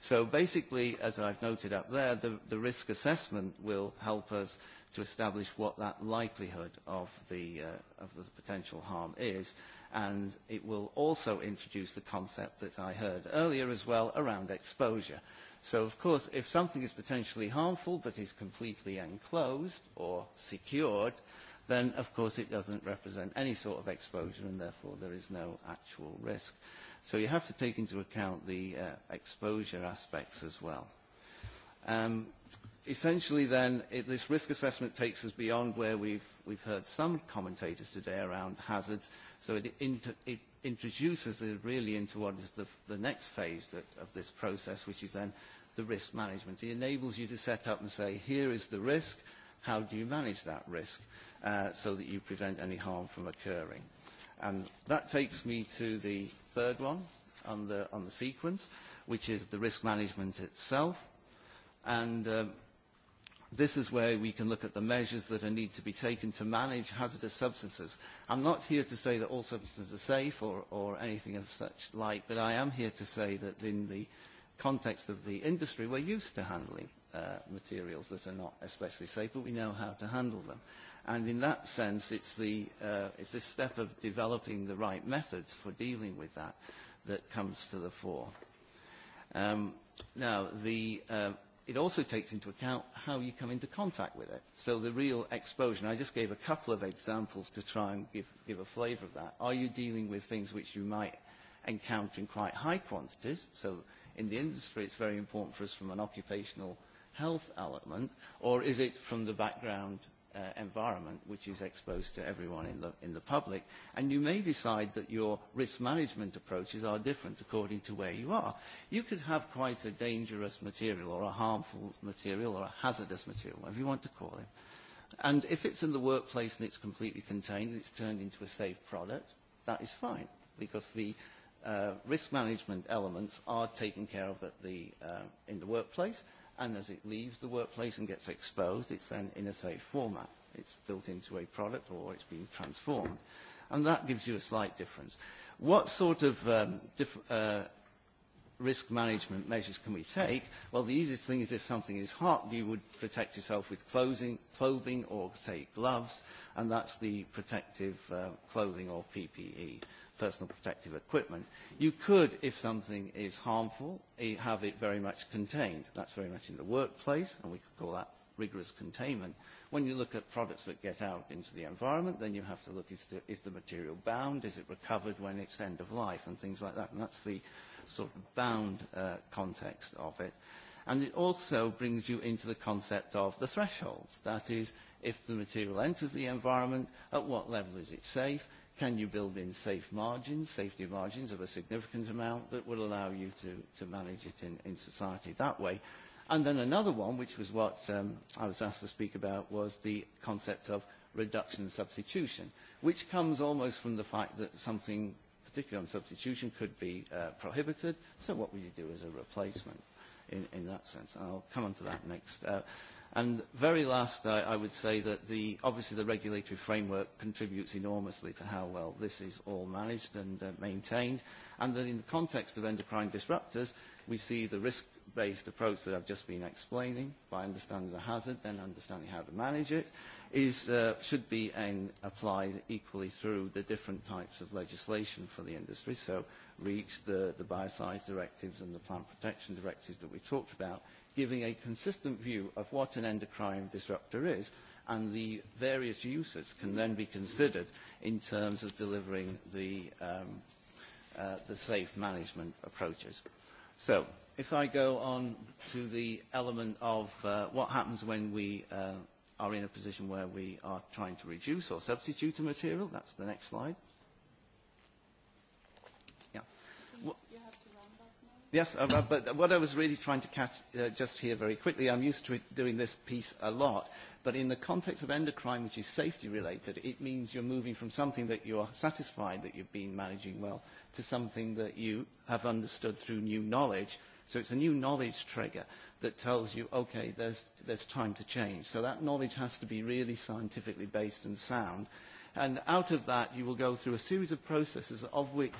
So basically, as I've noted up there, the, the risk assessment will help us to establish what that likelihood of the, uh, of the potential harm is and it will also introduce the concept that I heard earlier as well around exposure. So of course, if something is potentially harmful but is completely enclosed or secured, then of course it doesn't represent any sort of exposure and therefore there is no actual risk. So you have to take into account the uh, exposure aspects as well. Um, essentially then, it, this risk assessment takes us beyond where we've, we've heard some commentators today around hazards So it, inter, it introduces it really into what is the, the next phase that, of this process, which is then the risk management. It enables you to set up and say, here is the risk, how do you manage that risk uh, so that you prevent any harm from occurring? And that takes me to the third one on the, on the sequence, which is the risk management itself. And um, this is where we can look at the measures that are need to be taken to manage hazardous substances. I'm not here to say that all substances are safe or, or anything of such like, but I am here to say that in the context of the industry, we're used to handling uh, materials that are not especially safe, but we know how to handle them. And in that sense, it's, the, uh, it's this step of developing the right methods for dealing with that that comes to the fore. Um, now, the... Uh, it also takes into account how you come into contact with it. So the real exposure, and I just gave a couple of examples to try and give, give a flavour of that. Are you dealing with things which you might encounter in quite high quantities? So in the industry, it's very important for us from an occupational health element, or is it from the background uh, environment which is exposed to everyone in the, in the public. And you may decide that your risk management approaches are different according to where you are. You could have quite a dangerous material or a harmful material or a hazardous material, whatever you want to call it. And if it's in the workplace and it's completely contained and it's turned into a safe product, that is fine because the uh, risk management elements are taken care of at the, uh, in the workplace and as it leaves the workplace and gets exposed, it's then in a safe format. It's built into a product or it's being transformed. And that gives you a slight difference. What sort of um, diff- uh, risk management measures can we take? Well, the easiest thing is if something is hot, you would protect yourself with clothing, clothing or, say, gloves, and that's the protective uh, clothing or PPE personal protective equipment. You could, if something is harmful, have it very much contained. That's very much in the workplace, and we could call that rigorous containment. When you look at products that get out into the environment, then you have to look, is the, is the material bound? Is it recovered when it's end of life? And things like that. And that's the sort of bound uh, context of it. And it also brings you into the concept of the thresholds. That is, if the material enters the environment, at what level is it safe? Can you build in safe margins, safety margins of a significant amount that will allow you to, to manage it in, in society that way? And then another one, which was what um, I was asked to speak about, was the concept of reduction substitution, which comes almost from the fact that something, particularly on substitution, could be uh, prohibited. So what would you do as a replacement in, in that sense? And I'll come on to that next. Uh, And very last, I, I would say that the, obviously the regulatory framework contributes enormously to how well this is all managed and uh, maintained, and that in the context of endocrine disruptors, we see the risk-based approach that I've just been explaining, by understanding the hazard, then understanding how to manage it, is, uh, should be applied equally through the different types of legislation for the industry, so REACH, the, the biocides directives and the plant protection directives that we talked about, giving a consistent view of what an endocrine disruptor is, and the various uses can then be considered in terms of delivering the, um, uh, the safe management approaches. So if I go on to the element of uh, what happens when we uh, are in a position where we are trying to reduce or substitute a material, that's the next slide. Yes, uh, but what I was really trying to catch uh, just here very quickly, I'm used to it doing this piece a lot, but in the context of endocrine, which is safety related, it means you're moving from something that you are satisfied that you've been managing well to something that you have understood through new knowledge. So it's a new knowledge trigger that tells you, okay, there's, there's time to change. So that knowledge has to be really scientifically based and sound. And out of that, you will go through a series of processes of which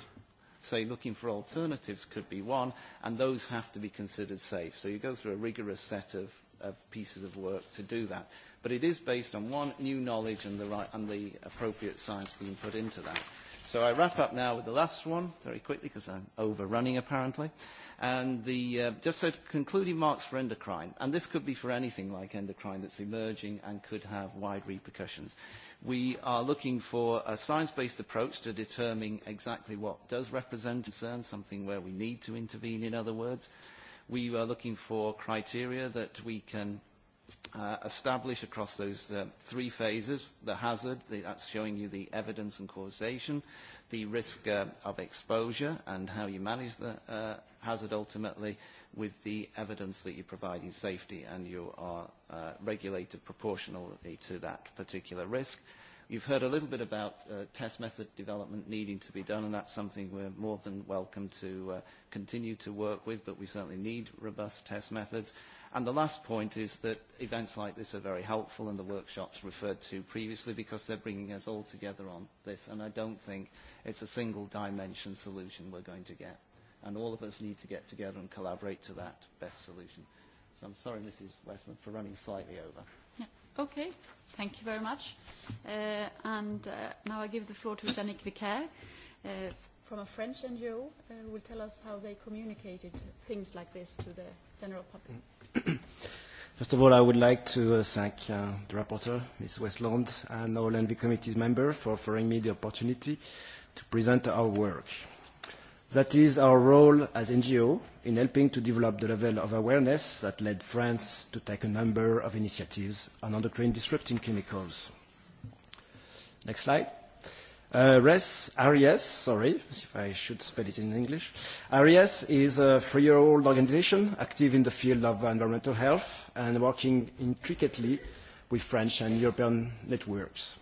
say looking for alternatives could be one, and those have to be considered safe. So you go through a rigorous set of, of pieces of work to do that. But it is based on one, new knowledge and the, right, and the appropriate science being put into that. So I wrap up now with the last one, very quickly, because I'm overrunning apparently. And the, uh, just so concluding marks for endocrine, and this could be for anything like endocrine that's emerging and could have wide repercussions. We are looking for a science-based approach to determining exactly what does represent concern, something where we need to intervene, in other words. We are looking for criteria that we can uh, establish across those uh, three phases, the hazard, the, that's showing you the evidence and causation, the risk uh, of exposure and how you manage the uh, hazard ultimately with the evidence that you're providing safety and you are uh, regulated proportionally to that particular risk. You've heard a little bit about uh, test method development needing to be done, and that's something we're more than welcome to uh, continue to work with, but we certainly need robust test methods. And the last point is that events like this are very helpful, and the workshops referred to previously, because they're bringing us all together on this, and I don't think it's a single dimension solution we're going to get. And all of us need to get together and collaborate to that best solution. So I'm sorry, Mrs. Westland, for running slightly over. Yeah. Okay. Thank you very much. Uh, and uh, now I give the floor to Janik Vicaire uh, from a French NGO uh, who will tell us how they communicated things like this to the general public. First of all, I would like to uh, thank uh, the rapporteur, Ms. Westland, and all Envy Committee's members for offering me the opportunity to present our work. That is our role as NGO in helping to develop the level of awareness that led France to take a number of initiatives on endocrine disrupting chemicals. Next slide. RES, RES, sorry, if I should spell it in English. RES is a three-year-old organization active in the field of environmental health and working intricately with French and European networks.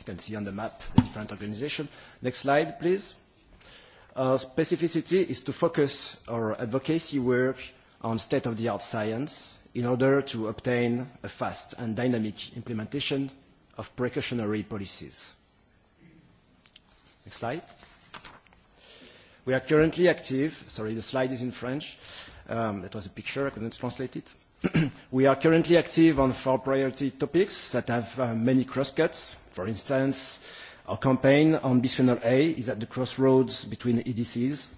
You can see on the map the different organizations. Next slide, please. Our specificity is to focus our advocacy work on state-of-the-art science in order to obtain a fast and dynamic implementation of precautionary policies. Next slide. We are currently active. Sorry, the slide is in French. Um, that was a picture. I couldn't translate it. we are currently active on four priority topics that have uh, many crosscuts. For instance, Our campaign on bisphenol A is at the crossroads between EDCs,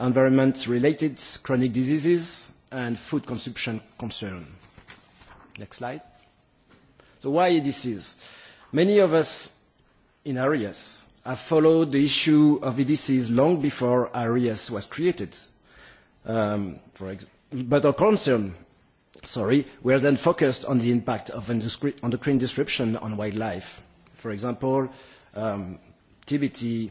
environment-related chronic diseases, and food consumption concern. Next slide. So why EDCs? Many of us in ARIAS have followed the issue of EDCs long before ARIAS was created. but our concern sorry, were then focused on the impact of endocrine disruption on wildlife. For example, um, TBT,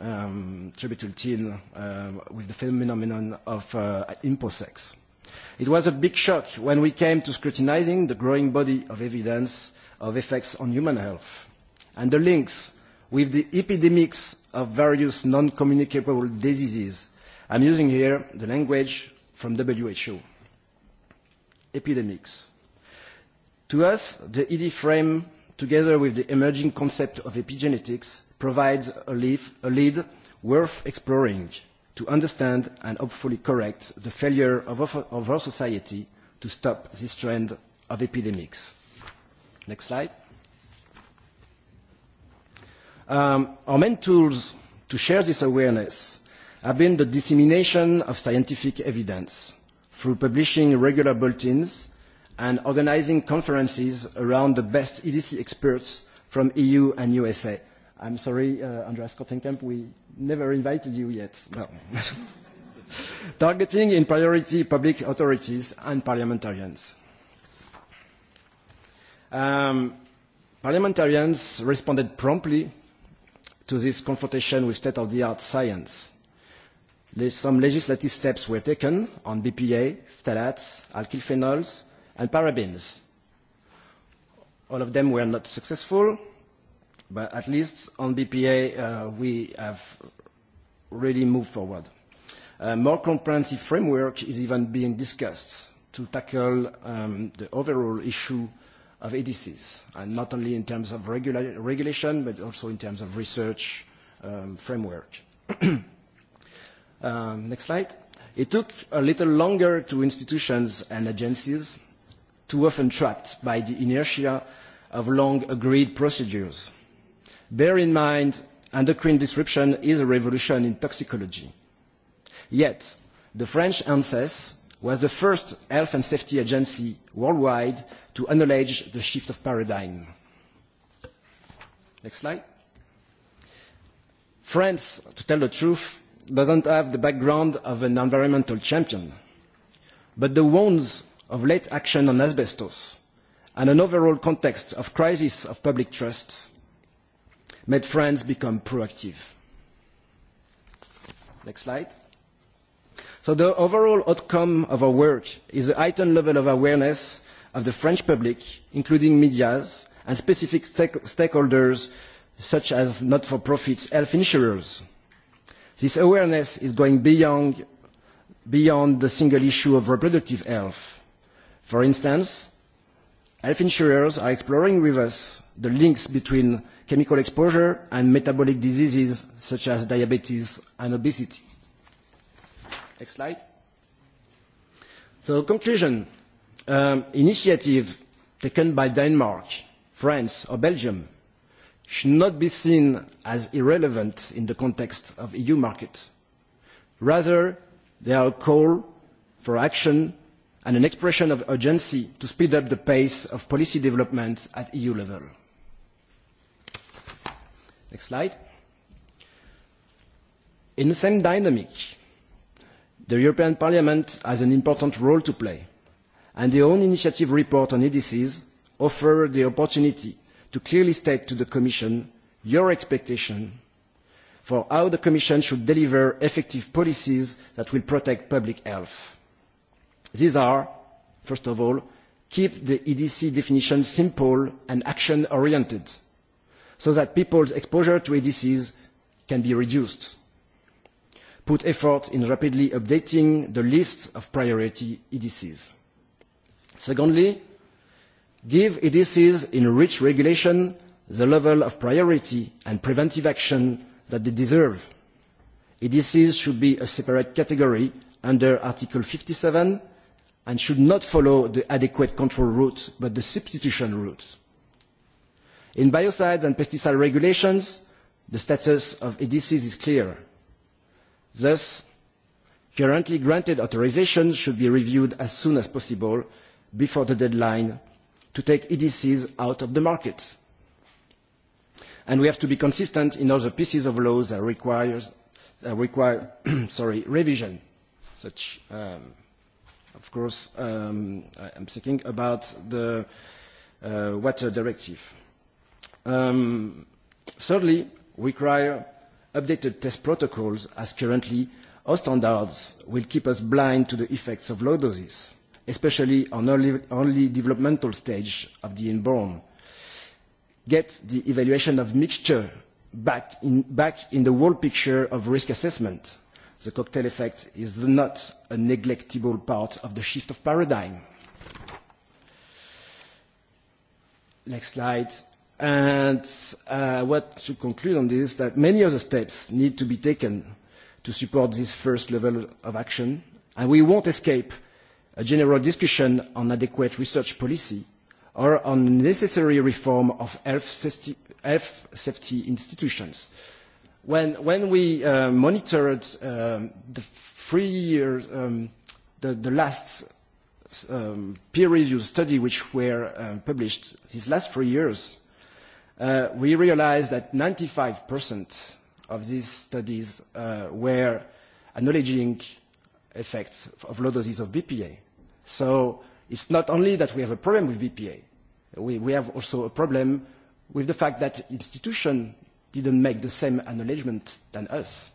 um, tributyl teen, uh, with the phenomenon of uh, imposex. It was a big shock when we came to scrutinizing the growing body of evidence of effects on human health and the links with the epidemics of various non-communicable diseases. I'm using here the language from WHO. Epidemics. To us, the ED frame together with the emerging concept of epigenetics, provides a lead worth exploring to understand and hopefully correct the failure of our society to stop this trend of epidemics. Next slide. our main tools to share this awareness have been the dissemination of scientific evidence through publishing regular bulletins and organising conferences around the best EDC experts from EU and USA. I'm sorry, uh, Andreas Kottenkamp, we never invited you yet. No. Targeting in priority public authorities and parliamentarians. Um, parliamentarians responded promptly to this confrontation with state-of-the-art science. Some legislative steps were taken on BPA, phthalates, alkyl phenols, and parabens. All of them were not successful, but at least on BPA uh, we have really moved forward. A more comprehensive framework is even being discussed to tackle um, the overall issue of EDCs, and not only in terms of regula regulation, but also in terms of research um, framework. um, next slide. It took a little longer to institutions and agencies too often trapped by the inertia of long agreed procedures. Bear in mind, endocrine disruption is a revolution in toxicology. Yet, the French ANSES was the first health and safety agency worldwide to acknowledge the shift of paradigm. Next slide. France, to tell the truth, doesn't have the background of an environmental champion, but the wounds of late action on asbestos and an overall context of crisis of public trust made France become proactive. Next slide. So the overall outcome of our work is a heightened level of awareness of the French public, including medias and specific stakeholders such as not-for-profits health insurers. This awareness is going beyond, the single issue of reproductive health. For instance, health insurers are exploring with us the links between chemical exposure and metabolic diseases such as diabetes and obesity. Next slide. So conclusion, um, initiative taken by Denmark, France or Belgium should not be seen as irrelevant in the context of EU market. Rather, they are a call for action and an expression of urgency to speed up the pace of policy development at EU level. Next slide. In the same dynamic, the European Parliament has an important role to play, and the own initiative report on EDCs offers the opportunity to clearly state to the Commission your expectation for how the Commission should deliver effective policies that will protect public health These are, first of all, keep the EDC definition simple and action-oriented so that people's exposure to EDCs can be reduced. Put effort in rapidly updating the list of priority EDCs. Secondly, give EDCs in rich regulation the level of priority and preventive action that they deserve. EDCs should be a separate category under Article fifty seven and should not follow the adequate control route, but the substitution route. In biocides and pesticide regulations, the status of EDCs is clear. Thus, currently granted authorizations should be reviewed as soon as possible before the deadline to take EDCs out of the market. And we have to be consistent in other pieces of laws that require revision, such um, Of course, um, I'm thinking about the uh, water directive. Um, thirdly, require updated test protocols as currently our standards will keep us blind to the effects of low doses, especially on early, early developmental stage of the inborn. Get the evaluation of mixture back in, back in the whole picture of risk assessment The cocktail effect is not a neglectable part of the shift of paradigm. Next slide. And uh, what to conclude on this is that many other steps need to be taken to support this first level of action, and we won't escape a general discussion on adequate research policy or on necessary reform of health safety institutions When, when we uh, monitored um, the three years, um, the, the last um, peer-reviewed study which were uh, published these last three years, uh, we realized that 95% of these studies uh, were acknowledging effects of low doses of BPA. So it's not only that we have a problem with BPA, we, we have also a problem with the fact that institutions didn't make the same acknowledgement than us.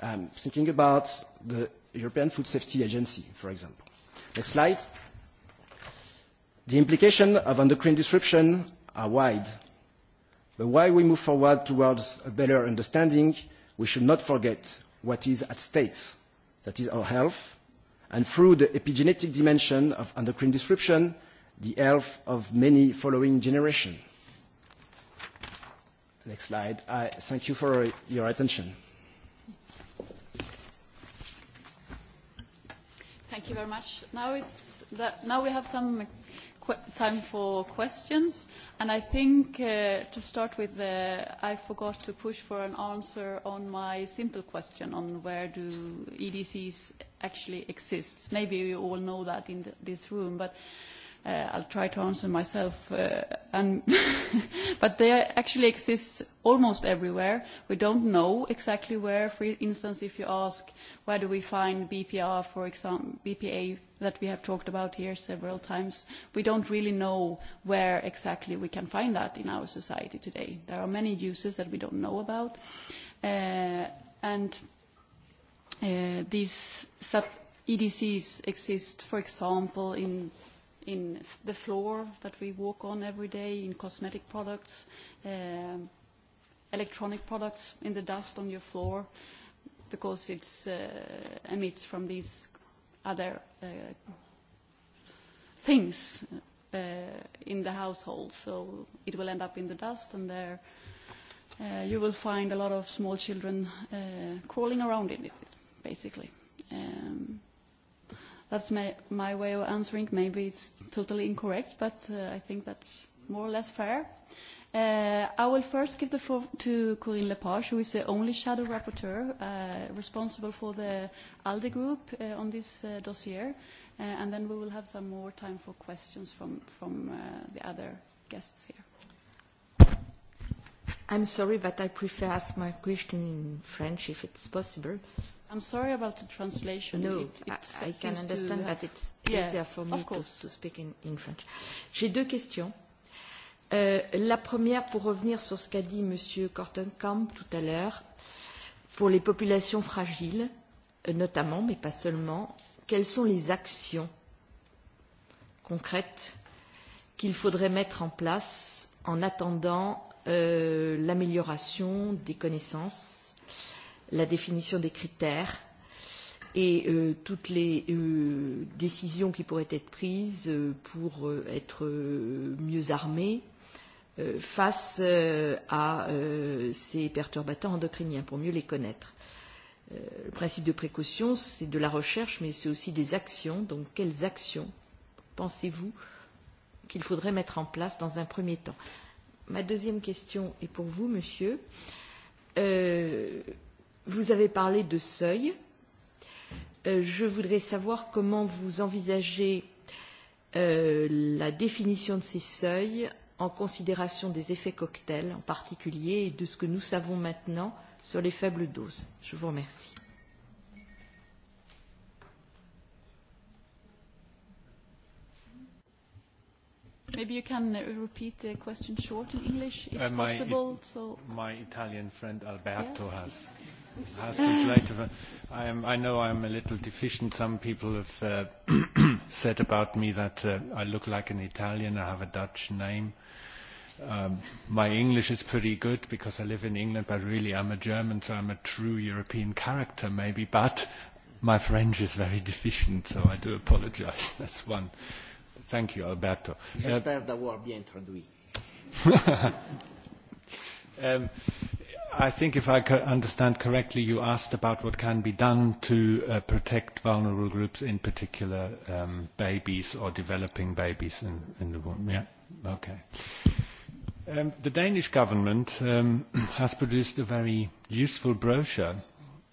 Um, thinking about the European Food Safety Agency, for example. Next slide. The implications of endocrine disruption are wide. But while we move forward towards a better understanding, we should not forget what is at stake, that is our health, and through the epigenetic dimension of endocrine disruption, the health of many following generations. Next slide. I thank you for your attention. Thank you very much. Now, is that, now we have some qu time for questions, and I think uh, to start with, uh, I forgot to push for an answer on my simple question on where do EDCs actually exist. Maybe you all know that in the, this room, but uh, uh, I'll try to answer myself. Uh, and but they actually exist almost everywhere. We don't know exactly where. For instance, if you ask where do we find BPR, for example, BPA that we have talked about here several times, we don't really know where exactly we can find that in our society today. There are many uses that we don't know about. Uh, and uh, these sub EDCs exist, for example, in in the floor that we walk on every day, in cosmetic products, electronic products, in the dust on your floor, because it emits from these other things in the household. So it will end up in the dust, and there you will find a lot of small children crawling around in it, basically. Um, That's my, my way of answering. Maybe it's totally incorrect, but uh, I think that's more or less fair. Uh, I will first give the floor to Corinne Lepage, who is the only shadow rapporteur uh, responsible for the ALDE group uh, on this uh, dossier, uh, and then we will have some more time for questions from, from uh, the other guests here. I'm sorry, but I prefer ask my question in French if it's possible. I'm sorry about the translation. No, it, it, I, I can understand, to, but it's yeah, easier for me to, to speak in, in French. J'ai deux questions. Euh, la première, pour revenir sur ce qu'a dit M. Kortenkamp tout à l'heure, pour les populations fragiles, notamment, mais pas seulement, quelles sont les actions concrètes qu'il faudrait mettre en place en attendant euh, l'amélioration des connaissances la définition des critères et euh, toutes les euh, décisions qui pourraient être prises euh, pour euh, être mieux armés euh, face euh, à euh, ces perturbateurs endocriniens, pour mieux les connaître. Euh, le principe de précaution, c'est de la recherche, mais c'est aussi des actions. Donc, quelles actions pensez-vous qu'il faudrait mettre en place dans un premier temps Ma deuxième question est pour vous, monsieur. Euh, Vous avez parlé de seuil. Je voudrais savoir comment vous envisagez la définition de ces seuils en considération des effets cocktails en particulier et de ce que nous savons maintenant sur les faibles doses. Je vous remercie. Maybe you can repeat the question short in English, if possible. My Italian friend Alberto has has to I, am, I know I'm a little deficient. Some people have uh, said about me that uh, I look like an Italian. I have a Dutch name. Um, my English is pretty good because I live in England, but really I'm a German, so I'm a true European character maybe. But my French is very deficient, so I do apologize. That's one. Thank you, Alberto. J'espère d'avoir bien traduit. um, I think if I understand correctly, you asked about what can be done to protect vulnerable groups, in particular babies or developing babies in, in the womb. Yeah, okay. the Danish government has produced a very useful brochure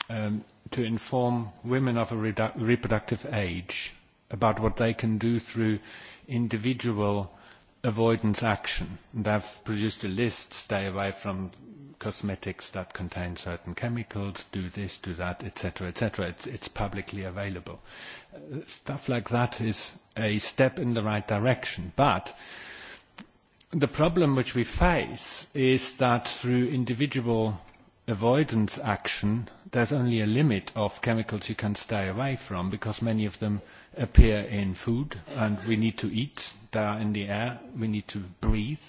to inform women of a reproductive age about what they can do through individual avoidance action. And I've produced a list, stay away from cosmetics that contain certain chemicals, do this, do that, etc., etc. It's, it's publicly available. Stuff like that is a step in the right direction, but the problem which we face is that through individual avoidance action, there's only a limit of chemicals you can stay away from because many of them appear in food and we need to eat, they are in the air, we need to breathe.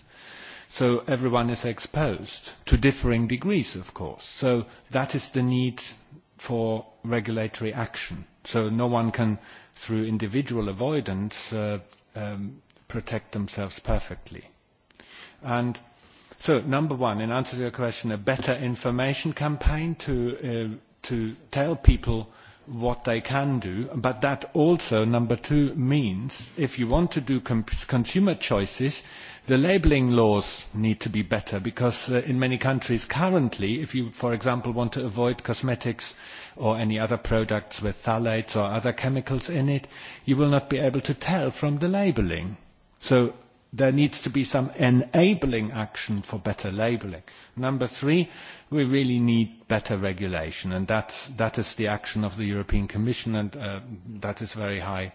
So everyone is exposed to differing degrees, of course. So that is the need for regulatory action. So no one can, through individual avoidance, uh, um, protect themselves perfectly. And so, number one, in answer to your question, a better information campaign to, uh, to tell people what they can do, but that also, number two, means if you want to do consumer choices, the labelling laws need to be better because in many countries currently, if you, for example, want to avoid cosmetics or any other products with phthalates or other chemicals in it, you will not be able to tell from the labelling. So there needs to be some enabling action for better labelling. Number three, we really need better regulation, and that's, that is the action of the European Commission, and uh, that is very high.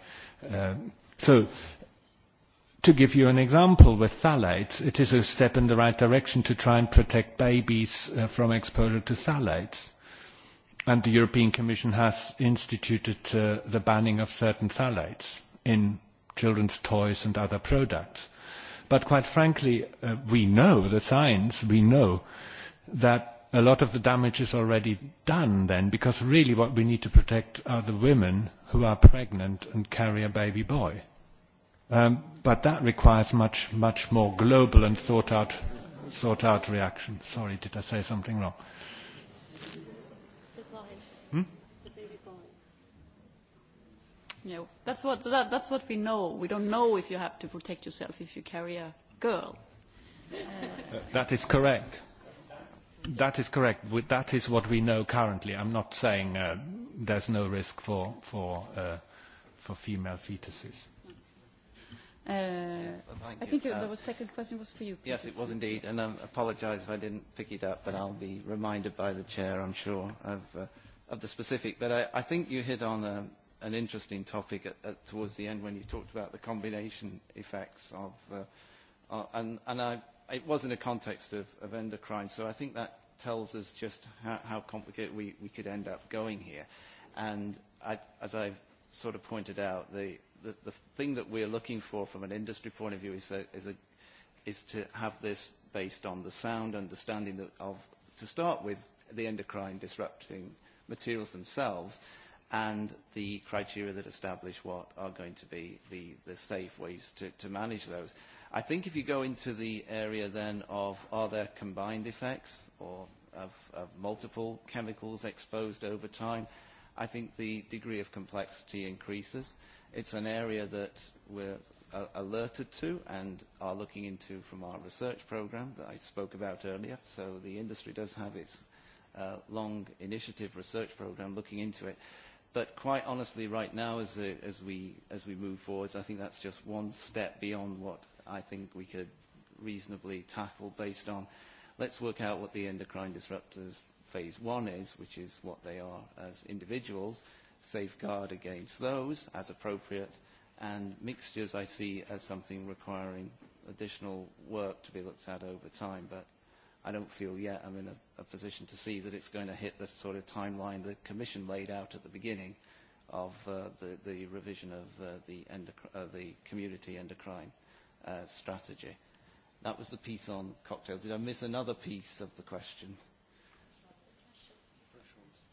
Uh, so to give you an example, with phthalates, it is a step in the right direction to try and protect babies uh, from exposure to phthalates. And the European Commission has instituted uh, the banning of certain phthalates in children's toys and other products. But quite frankly, uh, we know the science, we know that a lot of the damage is already done then, because really what we need to protect are the women who are pregnant and carry a baby boy. Um, but that requires much, much more global and thought out, thought out reaction. Sorry, did I say something wrong? Yeah, that's what that, that's what we know. We don't know if you have to protect yourself if you carry a girl. Uh, that is correct That is correct. That is what we know currently. I'm not saying there's no risk for female fetuses. I think the second question was for you. Yes, it was indeed, and I apologize if I didn't pick it up, but I'll be reminded by the chair, I'm sure, of the specific. But I think you hit on an interesting topic towards the end when you talked about the combination effects of. And I it was in a context of, of endocrine, so I think that tells us just how, how complicated we, we could end up going here. And I, as I've sort of pointed out, the, the, the thing that we're looking for from an industry point of view is, a, is, a, is to have this based on the sound understanding of, to start with, the endocrine disrupting materials themselves, and the criteria that establish what are going to be the, the safe ways to, to manage those. I think if you go into the area then of are there combined effects or of, of multiple chemicals exposed over time, I think the degree of complexity increases. It's an area that we're uh, alerted to and are looking into from our research program that I spoke about earlier. So the industry does have its uh, long initiative research program looking into it. But quite honestly, right now, as, a, as, we, as we move forwards, I think that's just one step beyond what I think we could reasonably tackle based on let's work out what the endocrine disruptors phase one is, which is what they are as individuals, safeguard against those as appropriate, and mixtures I see as something requiring additional work to be looked at over time. But I don't feel yet I'm in a, a position to see that it's going to hit the sort of timeline the Commission laid out at the beginning of uh, the, the revision of uh, the, endocr- uh, the community endocrine uh, strategy. That was the piece on cocktails. Did I miss another piece of the question?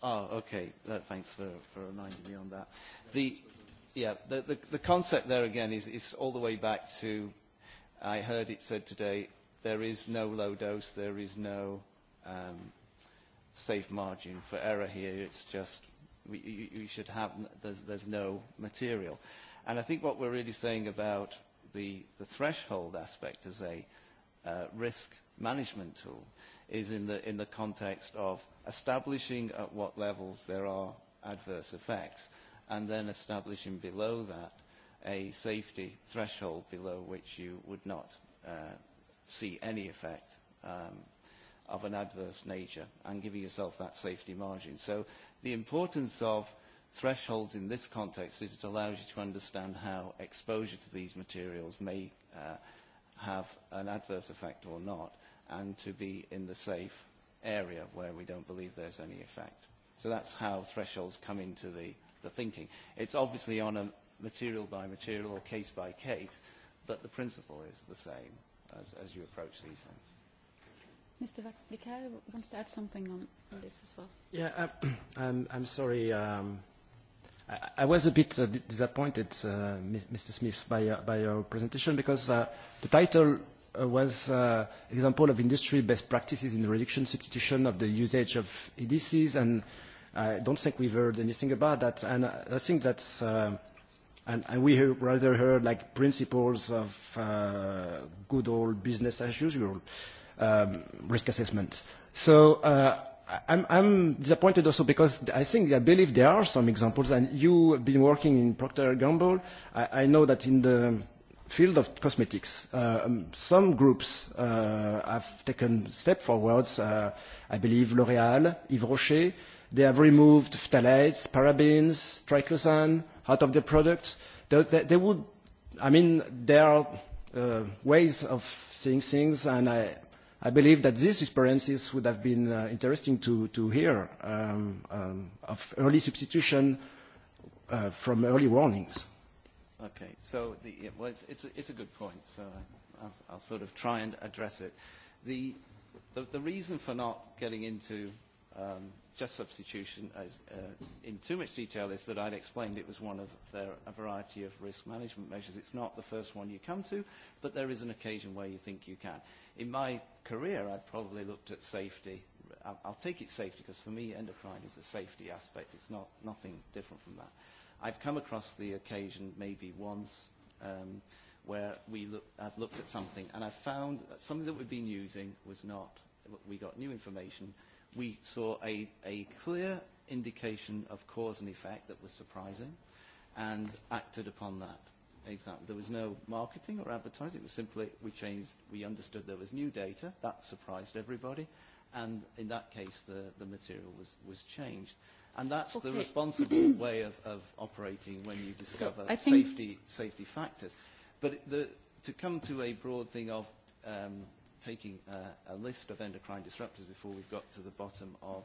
Oh, okay. Uh, thanks for, for reminding me on that. The, yeah, the, the, the concept there again is, is all the way back to, I heard it said today, there is no low dose, there is no um, safe margin for error here. It's just we, you, you should have, there's, there's no material. And I think what we're really saying about the, the threshold aspect as a uh, risk management tool is in the, in the context of establishing at what levels there are adverse effects and then establishing below that a safety threshold below which you would not uh, see any effect um, of an adverse nature and giving yourself that safety margin. So the importance of thresholds in this context is it allows you to understand how exposure to these materials may uh, have an adverse effect or not and to be in the safe area where we don't believe there's any effect. So that's how thresholds come into the, the thinking. It's obviously on a material by material or case by case, but the principle is the same as, as you approach these things. Mr. Vicario wants to add something on, on this as well. Yeah, uh, I'm, I'm sorry. Um, I, I was a bit uh, disappointed, uh, Mr. Smith, by, uh, by your presentation because uh, the title uh, was uh, example of industry best practices in the reduction substitution of the usage of EDCs, and I don't think we've heard anything about that. And I think that's. Uh, And, and we have rather heard like principles of uh, good old business as usual um, risk assessment. So uh, I'm, I'm disappointed also because I think I believe there are some examples, and you have been working in Procter Gamble. I, I know that in the field of cosmetics, uh, some groups uh, have taken step forwards. Uh, I believe L'Oréal, Yves Rocher They have removed phthalates, parabens, triclosan out of the product. They, they, they would, I mean, there are uh, ways of seeing things, and I, I believe that these experiences would have been uh, interesting to, to hear um, um, of early substitution uh, from early warnings. Okay, so the, it was, it's, a, it's a good point, so I'll, I'll sort of try and address it. The, the, the reason for not getting into um, just substitution as, uh, in too much detail is that I'd explained it was one of their, a variety of risk management measures. It's not the first one you come to, but there is an occasion where you think you can. In my career, I've probably looked at safety. I'll, I'll take it safety because for me, endocrine is a safety aspect. It's not nothing different from that. I've come across the occasion maybe once um, where we look, I've looked at something and I found that something that we've been using was not, we got new information we saw a, a clear indication of cause and effect that was surprising and acted upon that. Exactly. There was no marketing or advertising. It was simply we changed, we understood there was new data. That surprised everybody. And in that case, the, the material was, was changed. And that's okay. the responsible way of, of operating when you discover so safety, safety factors. But the, to come to a broad thing of um, taking a, a list of endocrine disruptors before we've got to the bottom of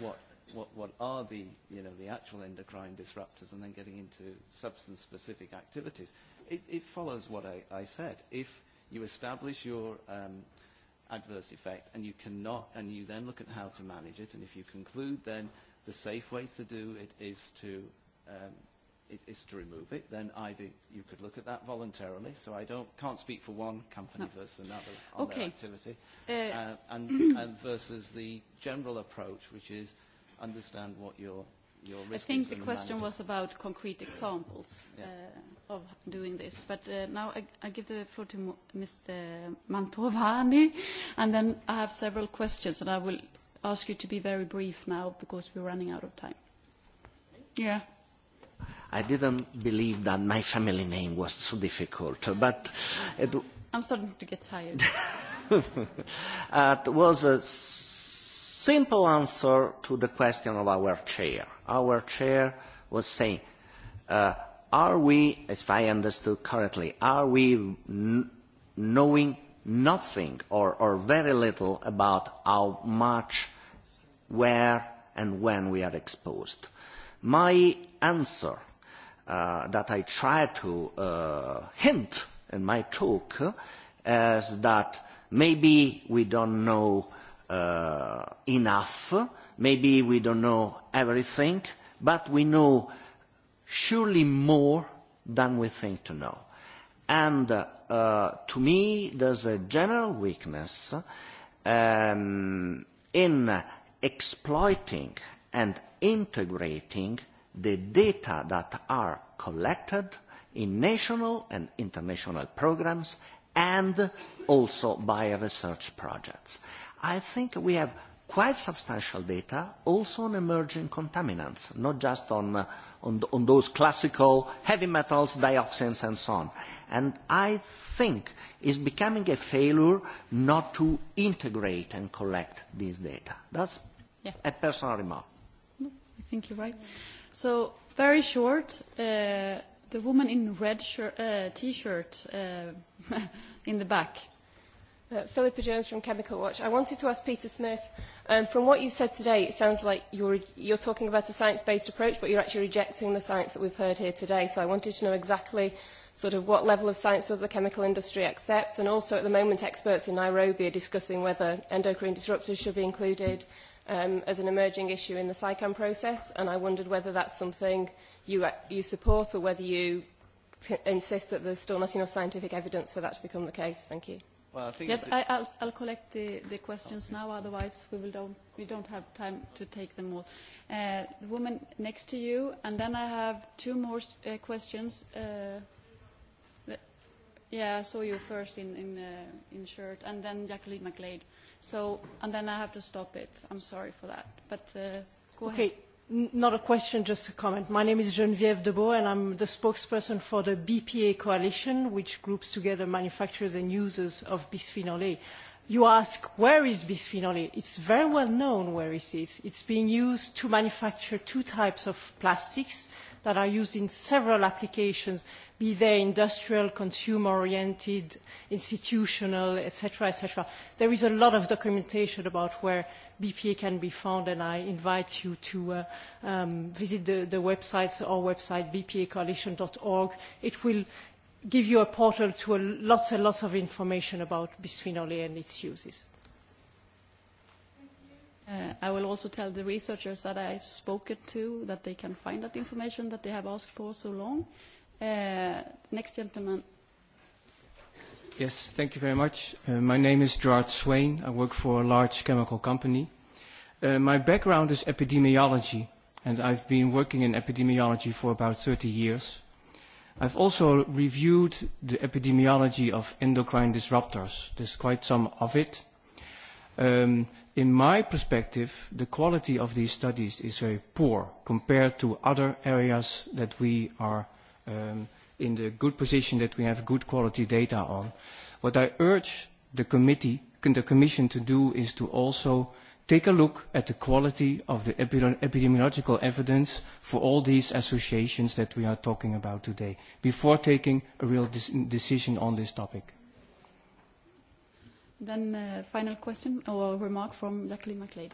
what, what, what are the, you know, the actual endocrine disruptors and then getting into substance-specific activities. It, it follows what I, I said. If you establish your um, adverse effect and you cannot, and you then look at how to manage it, and if you conclude then the safe way to do it is to um, is to remove it, then either you could look at that voluntarily. So I don't, can't speak for one company versus another on their activity. Uh, and, and versus the general approach, which is understand what your, your risk I think the question was about concrete examples uh, of doing this. But uh, now I, I give the floor to Mr. Mantovani, and then I have several questions, and I will ask you to be very brief now because we're running out of time. Yeah. I didn't believe that my family name was so difficult, but it, I'm starting to get tired. it was a simple answer to the question of our chair. Our chair was saying, uh, are we, if I understood correctly, are we n- knowing nothing or, or very little about how much, where, and when we are exposed? My answer that I try to hint in my talk is that maybe we don't know enough, maybe we don't know everything, but we know surely more than we think to know. And to me, there's a general weakness in exploiting and integrating the data that are collected in national and international programmes and also by research projects. I think we have quite substantial data also on emerging contaminants, not just on, those classical heavy metals, dioxins and so on. And I think is becoming a failure not to integrate and collect these data. That's a personal remark think you're right. So very short, uh, the woman in red shirt, uh, t-shirt uh, in the back. Uh, Philippa Jones from Chemical Watch. I wanted to ask Peter Smith, um, from what you said today, it sounds like you're, you're talking about a science-based approach, but you're actually rejecting the science that we've heard here today. So I wanted to know exactly sort of what level of science does the chemical industry accept? And also at the moment, experts in Nairobi are discussing whether endocrine disruptors should be included um, as an emerging issue in the SICAM process, and I wondered whether that's something you, you support or whether you insist that there's still not enough scientific evidence for that to become the case. Thank you. Well, I think yes, I, I'll, I'll collect the, the questions now, otherwise we, will don't, we don't have time to take them all. Uh, the woman next to you, and then I have two more uh, questions. Uh, yeah, I saw you first in, in, uh, in shirt, and then Jacqueline McLeod. Uh, So, and then I have to stop it. I'm sorry for that. But uh, go okay. ahead. Not a question, just a comment. My name is Geneviève Debo, and I'm the spokesperson for the BPA Coalition, which groups together manufacturers and users of bisphenol A. You ask, where is bisphenol A? It's very well known where it is. It's being used to manufacture two types of plastics, that are used in several applications, be they industrial, consumer-oriented, institutional, etc., etc. There is a lot of documentation about where BPA can be found, and I invite you to visit the, the websites, our website, bpacoalition.org. It will give you a portal to lots and lots of information about bisphenol A and its uses. Uh, I will also tell the researchers that I've spoken to that they can find that information that they have asked for so long. Uh, next gentleman. Yes, thank you very much. Uh, my name is Gerard Swain. I work for a large chemical company. Uh, my background is epidemiology, and I've been working in epidemiology for about 30 years. I've also reviewed the epidemiology of endocrine disruptors. There's quite some of it. Um, In my perspective, the quality of these studies is very poor compared to other areas that we are um, in the good position that we have good quality data on. What I urge the committee, the commission to do is to also take a look at the quality of the epidemiological evidence for all these associations that we are talking about today before taking a real decision on this topic. Then a final question or remark from Jacqueline McLean.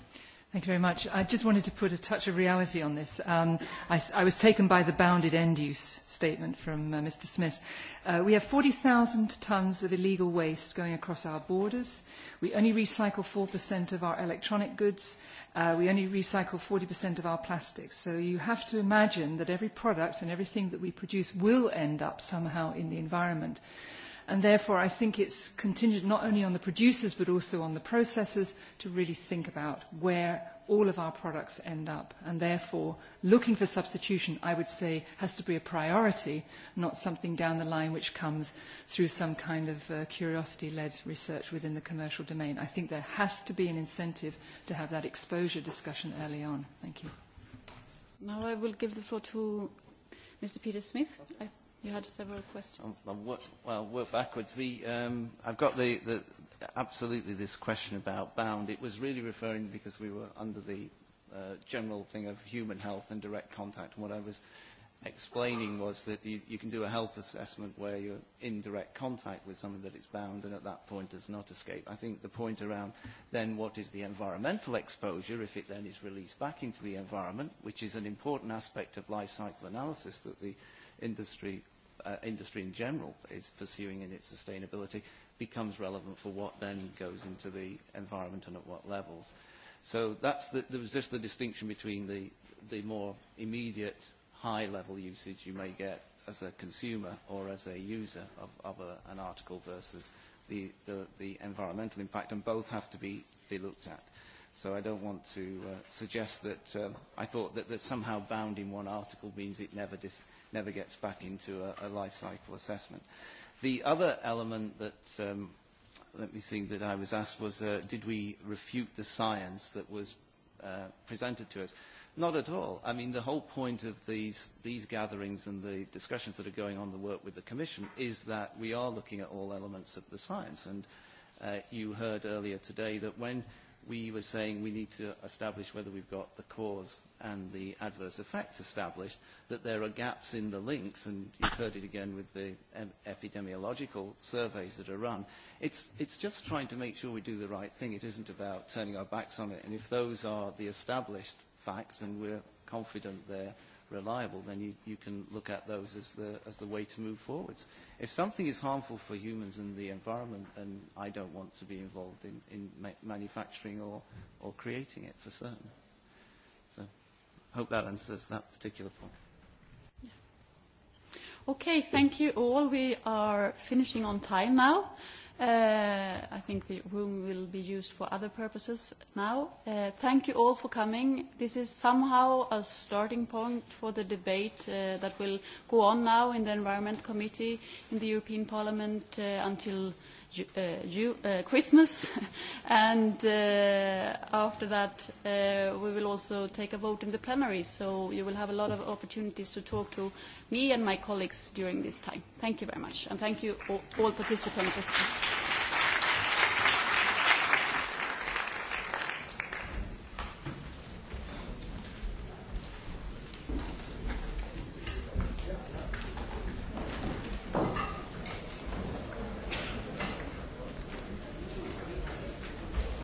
Thank you very much. I just wanted to put a touch of reality on this. Um, I, I was taken by the bounded end use statement from uh, Mr. Smith. Uh, we have 40,000 tonnes of illegal waste going across our borders. We only recycle 4% of our electronic goods. Uh, we only recycle 40% of our plastics. So you have to imagine that every product and everything that we produce will end up somehow in the environment. And therefore, I think it's contingent not only on the producers but also on the processors to really think about where all of our products end up. And therefore, looking for substitution, I would say, has to be a priority, not something down the line which comes through some kind of uh, curiosity-led research within the commercial domain. I think there has to be an incentive to have that exposure discussion early on. Thank you. Now I will give the floor to Mr. Peter Smith. I You had several questions. I'll work, well, work backwards. The, um, I've got the, the, absolutely this question about bound. It was really referring because we were under the uh, general thing of human health and direct contact. And what I was explaining was that you, you can do a health assessment where you're in direct contact with someone that is bound and at that point does not escape. I think the point around then what is the environmental exposure if it then is released back into the environment, which is an important aspect of life cycle analysis that the industry uh, industry in general is pursuing in its sustainability becomes relevant for what then goes into the environment and at what levels. So that's the, there was just the distinction between the, the more immediate high-level usage you may get as a consumer or as a user of, of a, an article versus the, the, the environmental impact, and both have to be, be looked at. So I don't want to uh, suggest that um, I thought that, that somehow bound in one article means it never dis never gets back into a, a life cycle assessment. The other element that, um, let me think, that I was asked was, uh, did we refute the science that was uh, presented to us? Not at all. I mean, the whole point of these, these gatherings and the discussions that are going on, the work with the Commission, is that we are looking at all elements of the science. And uh, you heard earlier today that when we were saying we need to establish whether we've got the cause and the adverse effect established, that there are gaps in the links, and you've heard it again with the epidemiological surveys that are run. It's, it's just trying to make sure we do the right thing. It isn't about turning our backs on it. And if those are the established facts and we're confident they're reliable, then you, you can look at those as the, as the way to move forwards. If something is harmful for humans and the environment, then I don't want to be involved in, in ma manufacturing or, or creating it for certain. So hope that answers that particular point. Okay, thank you all. We are finishing on time now. I think the room will be used for other purposes now. Thank you all for coming. This is somehow a starting point for the debate that will go on now in the Environment Committee in the European Parliament until Christmas. and After that, we will also take a vote in the plenary, so you will have a lot of opportunities to talk to me and my colleagues during this time. Thank you very much, and thank you all participants. as well.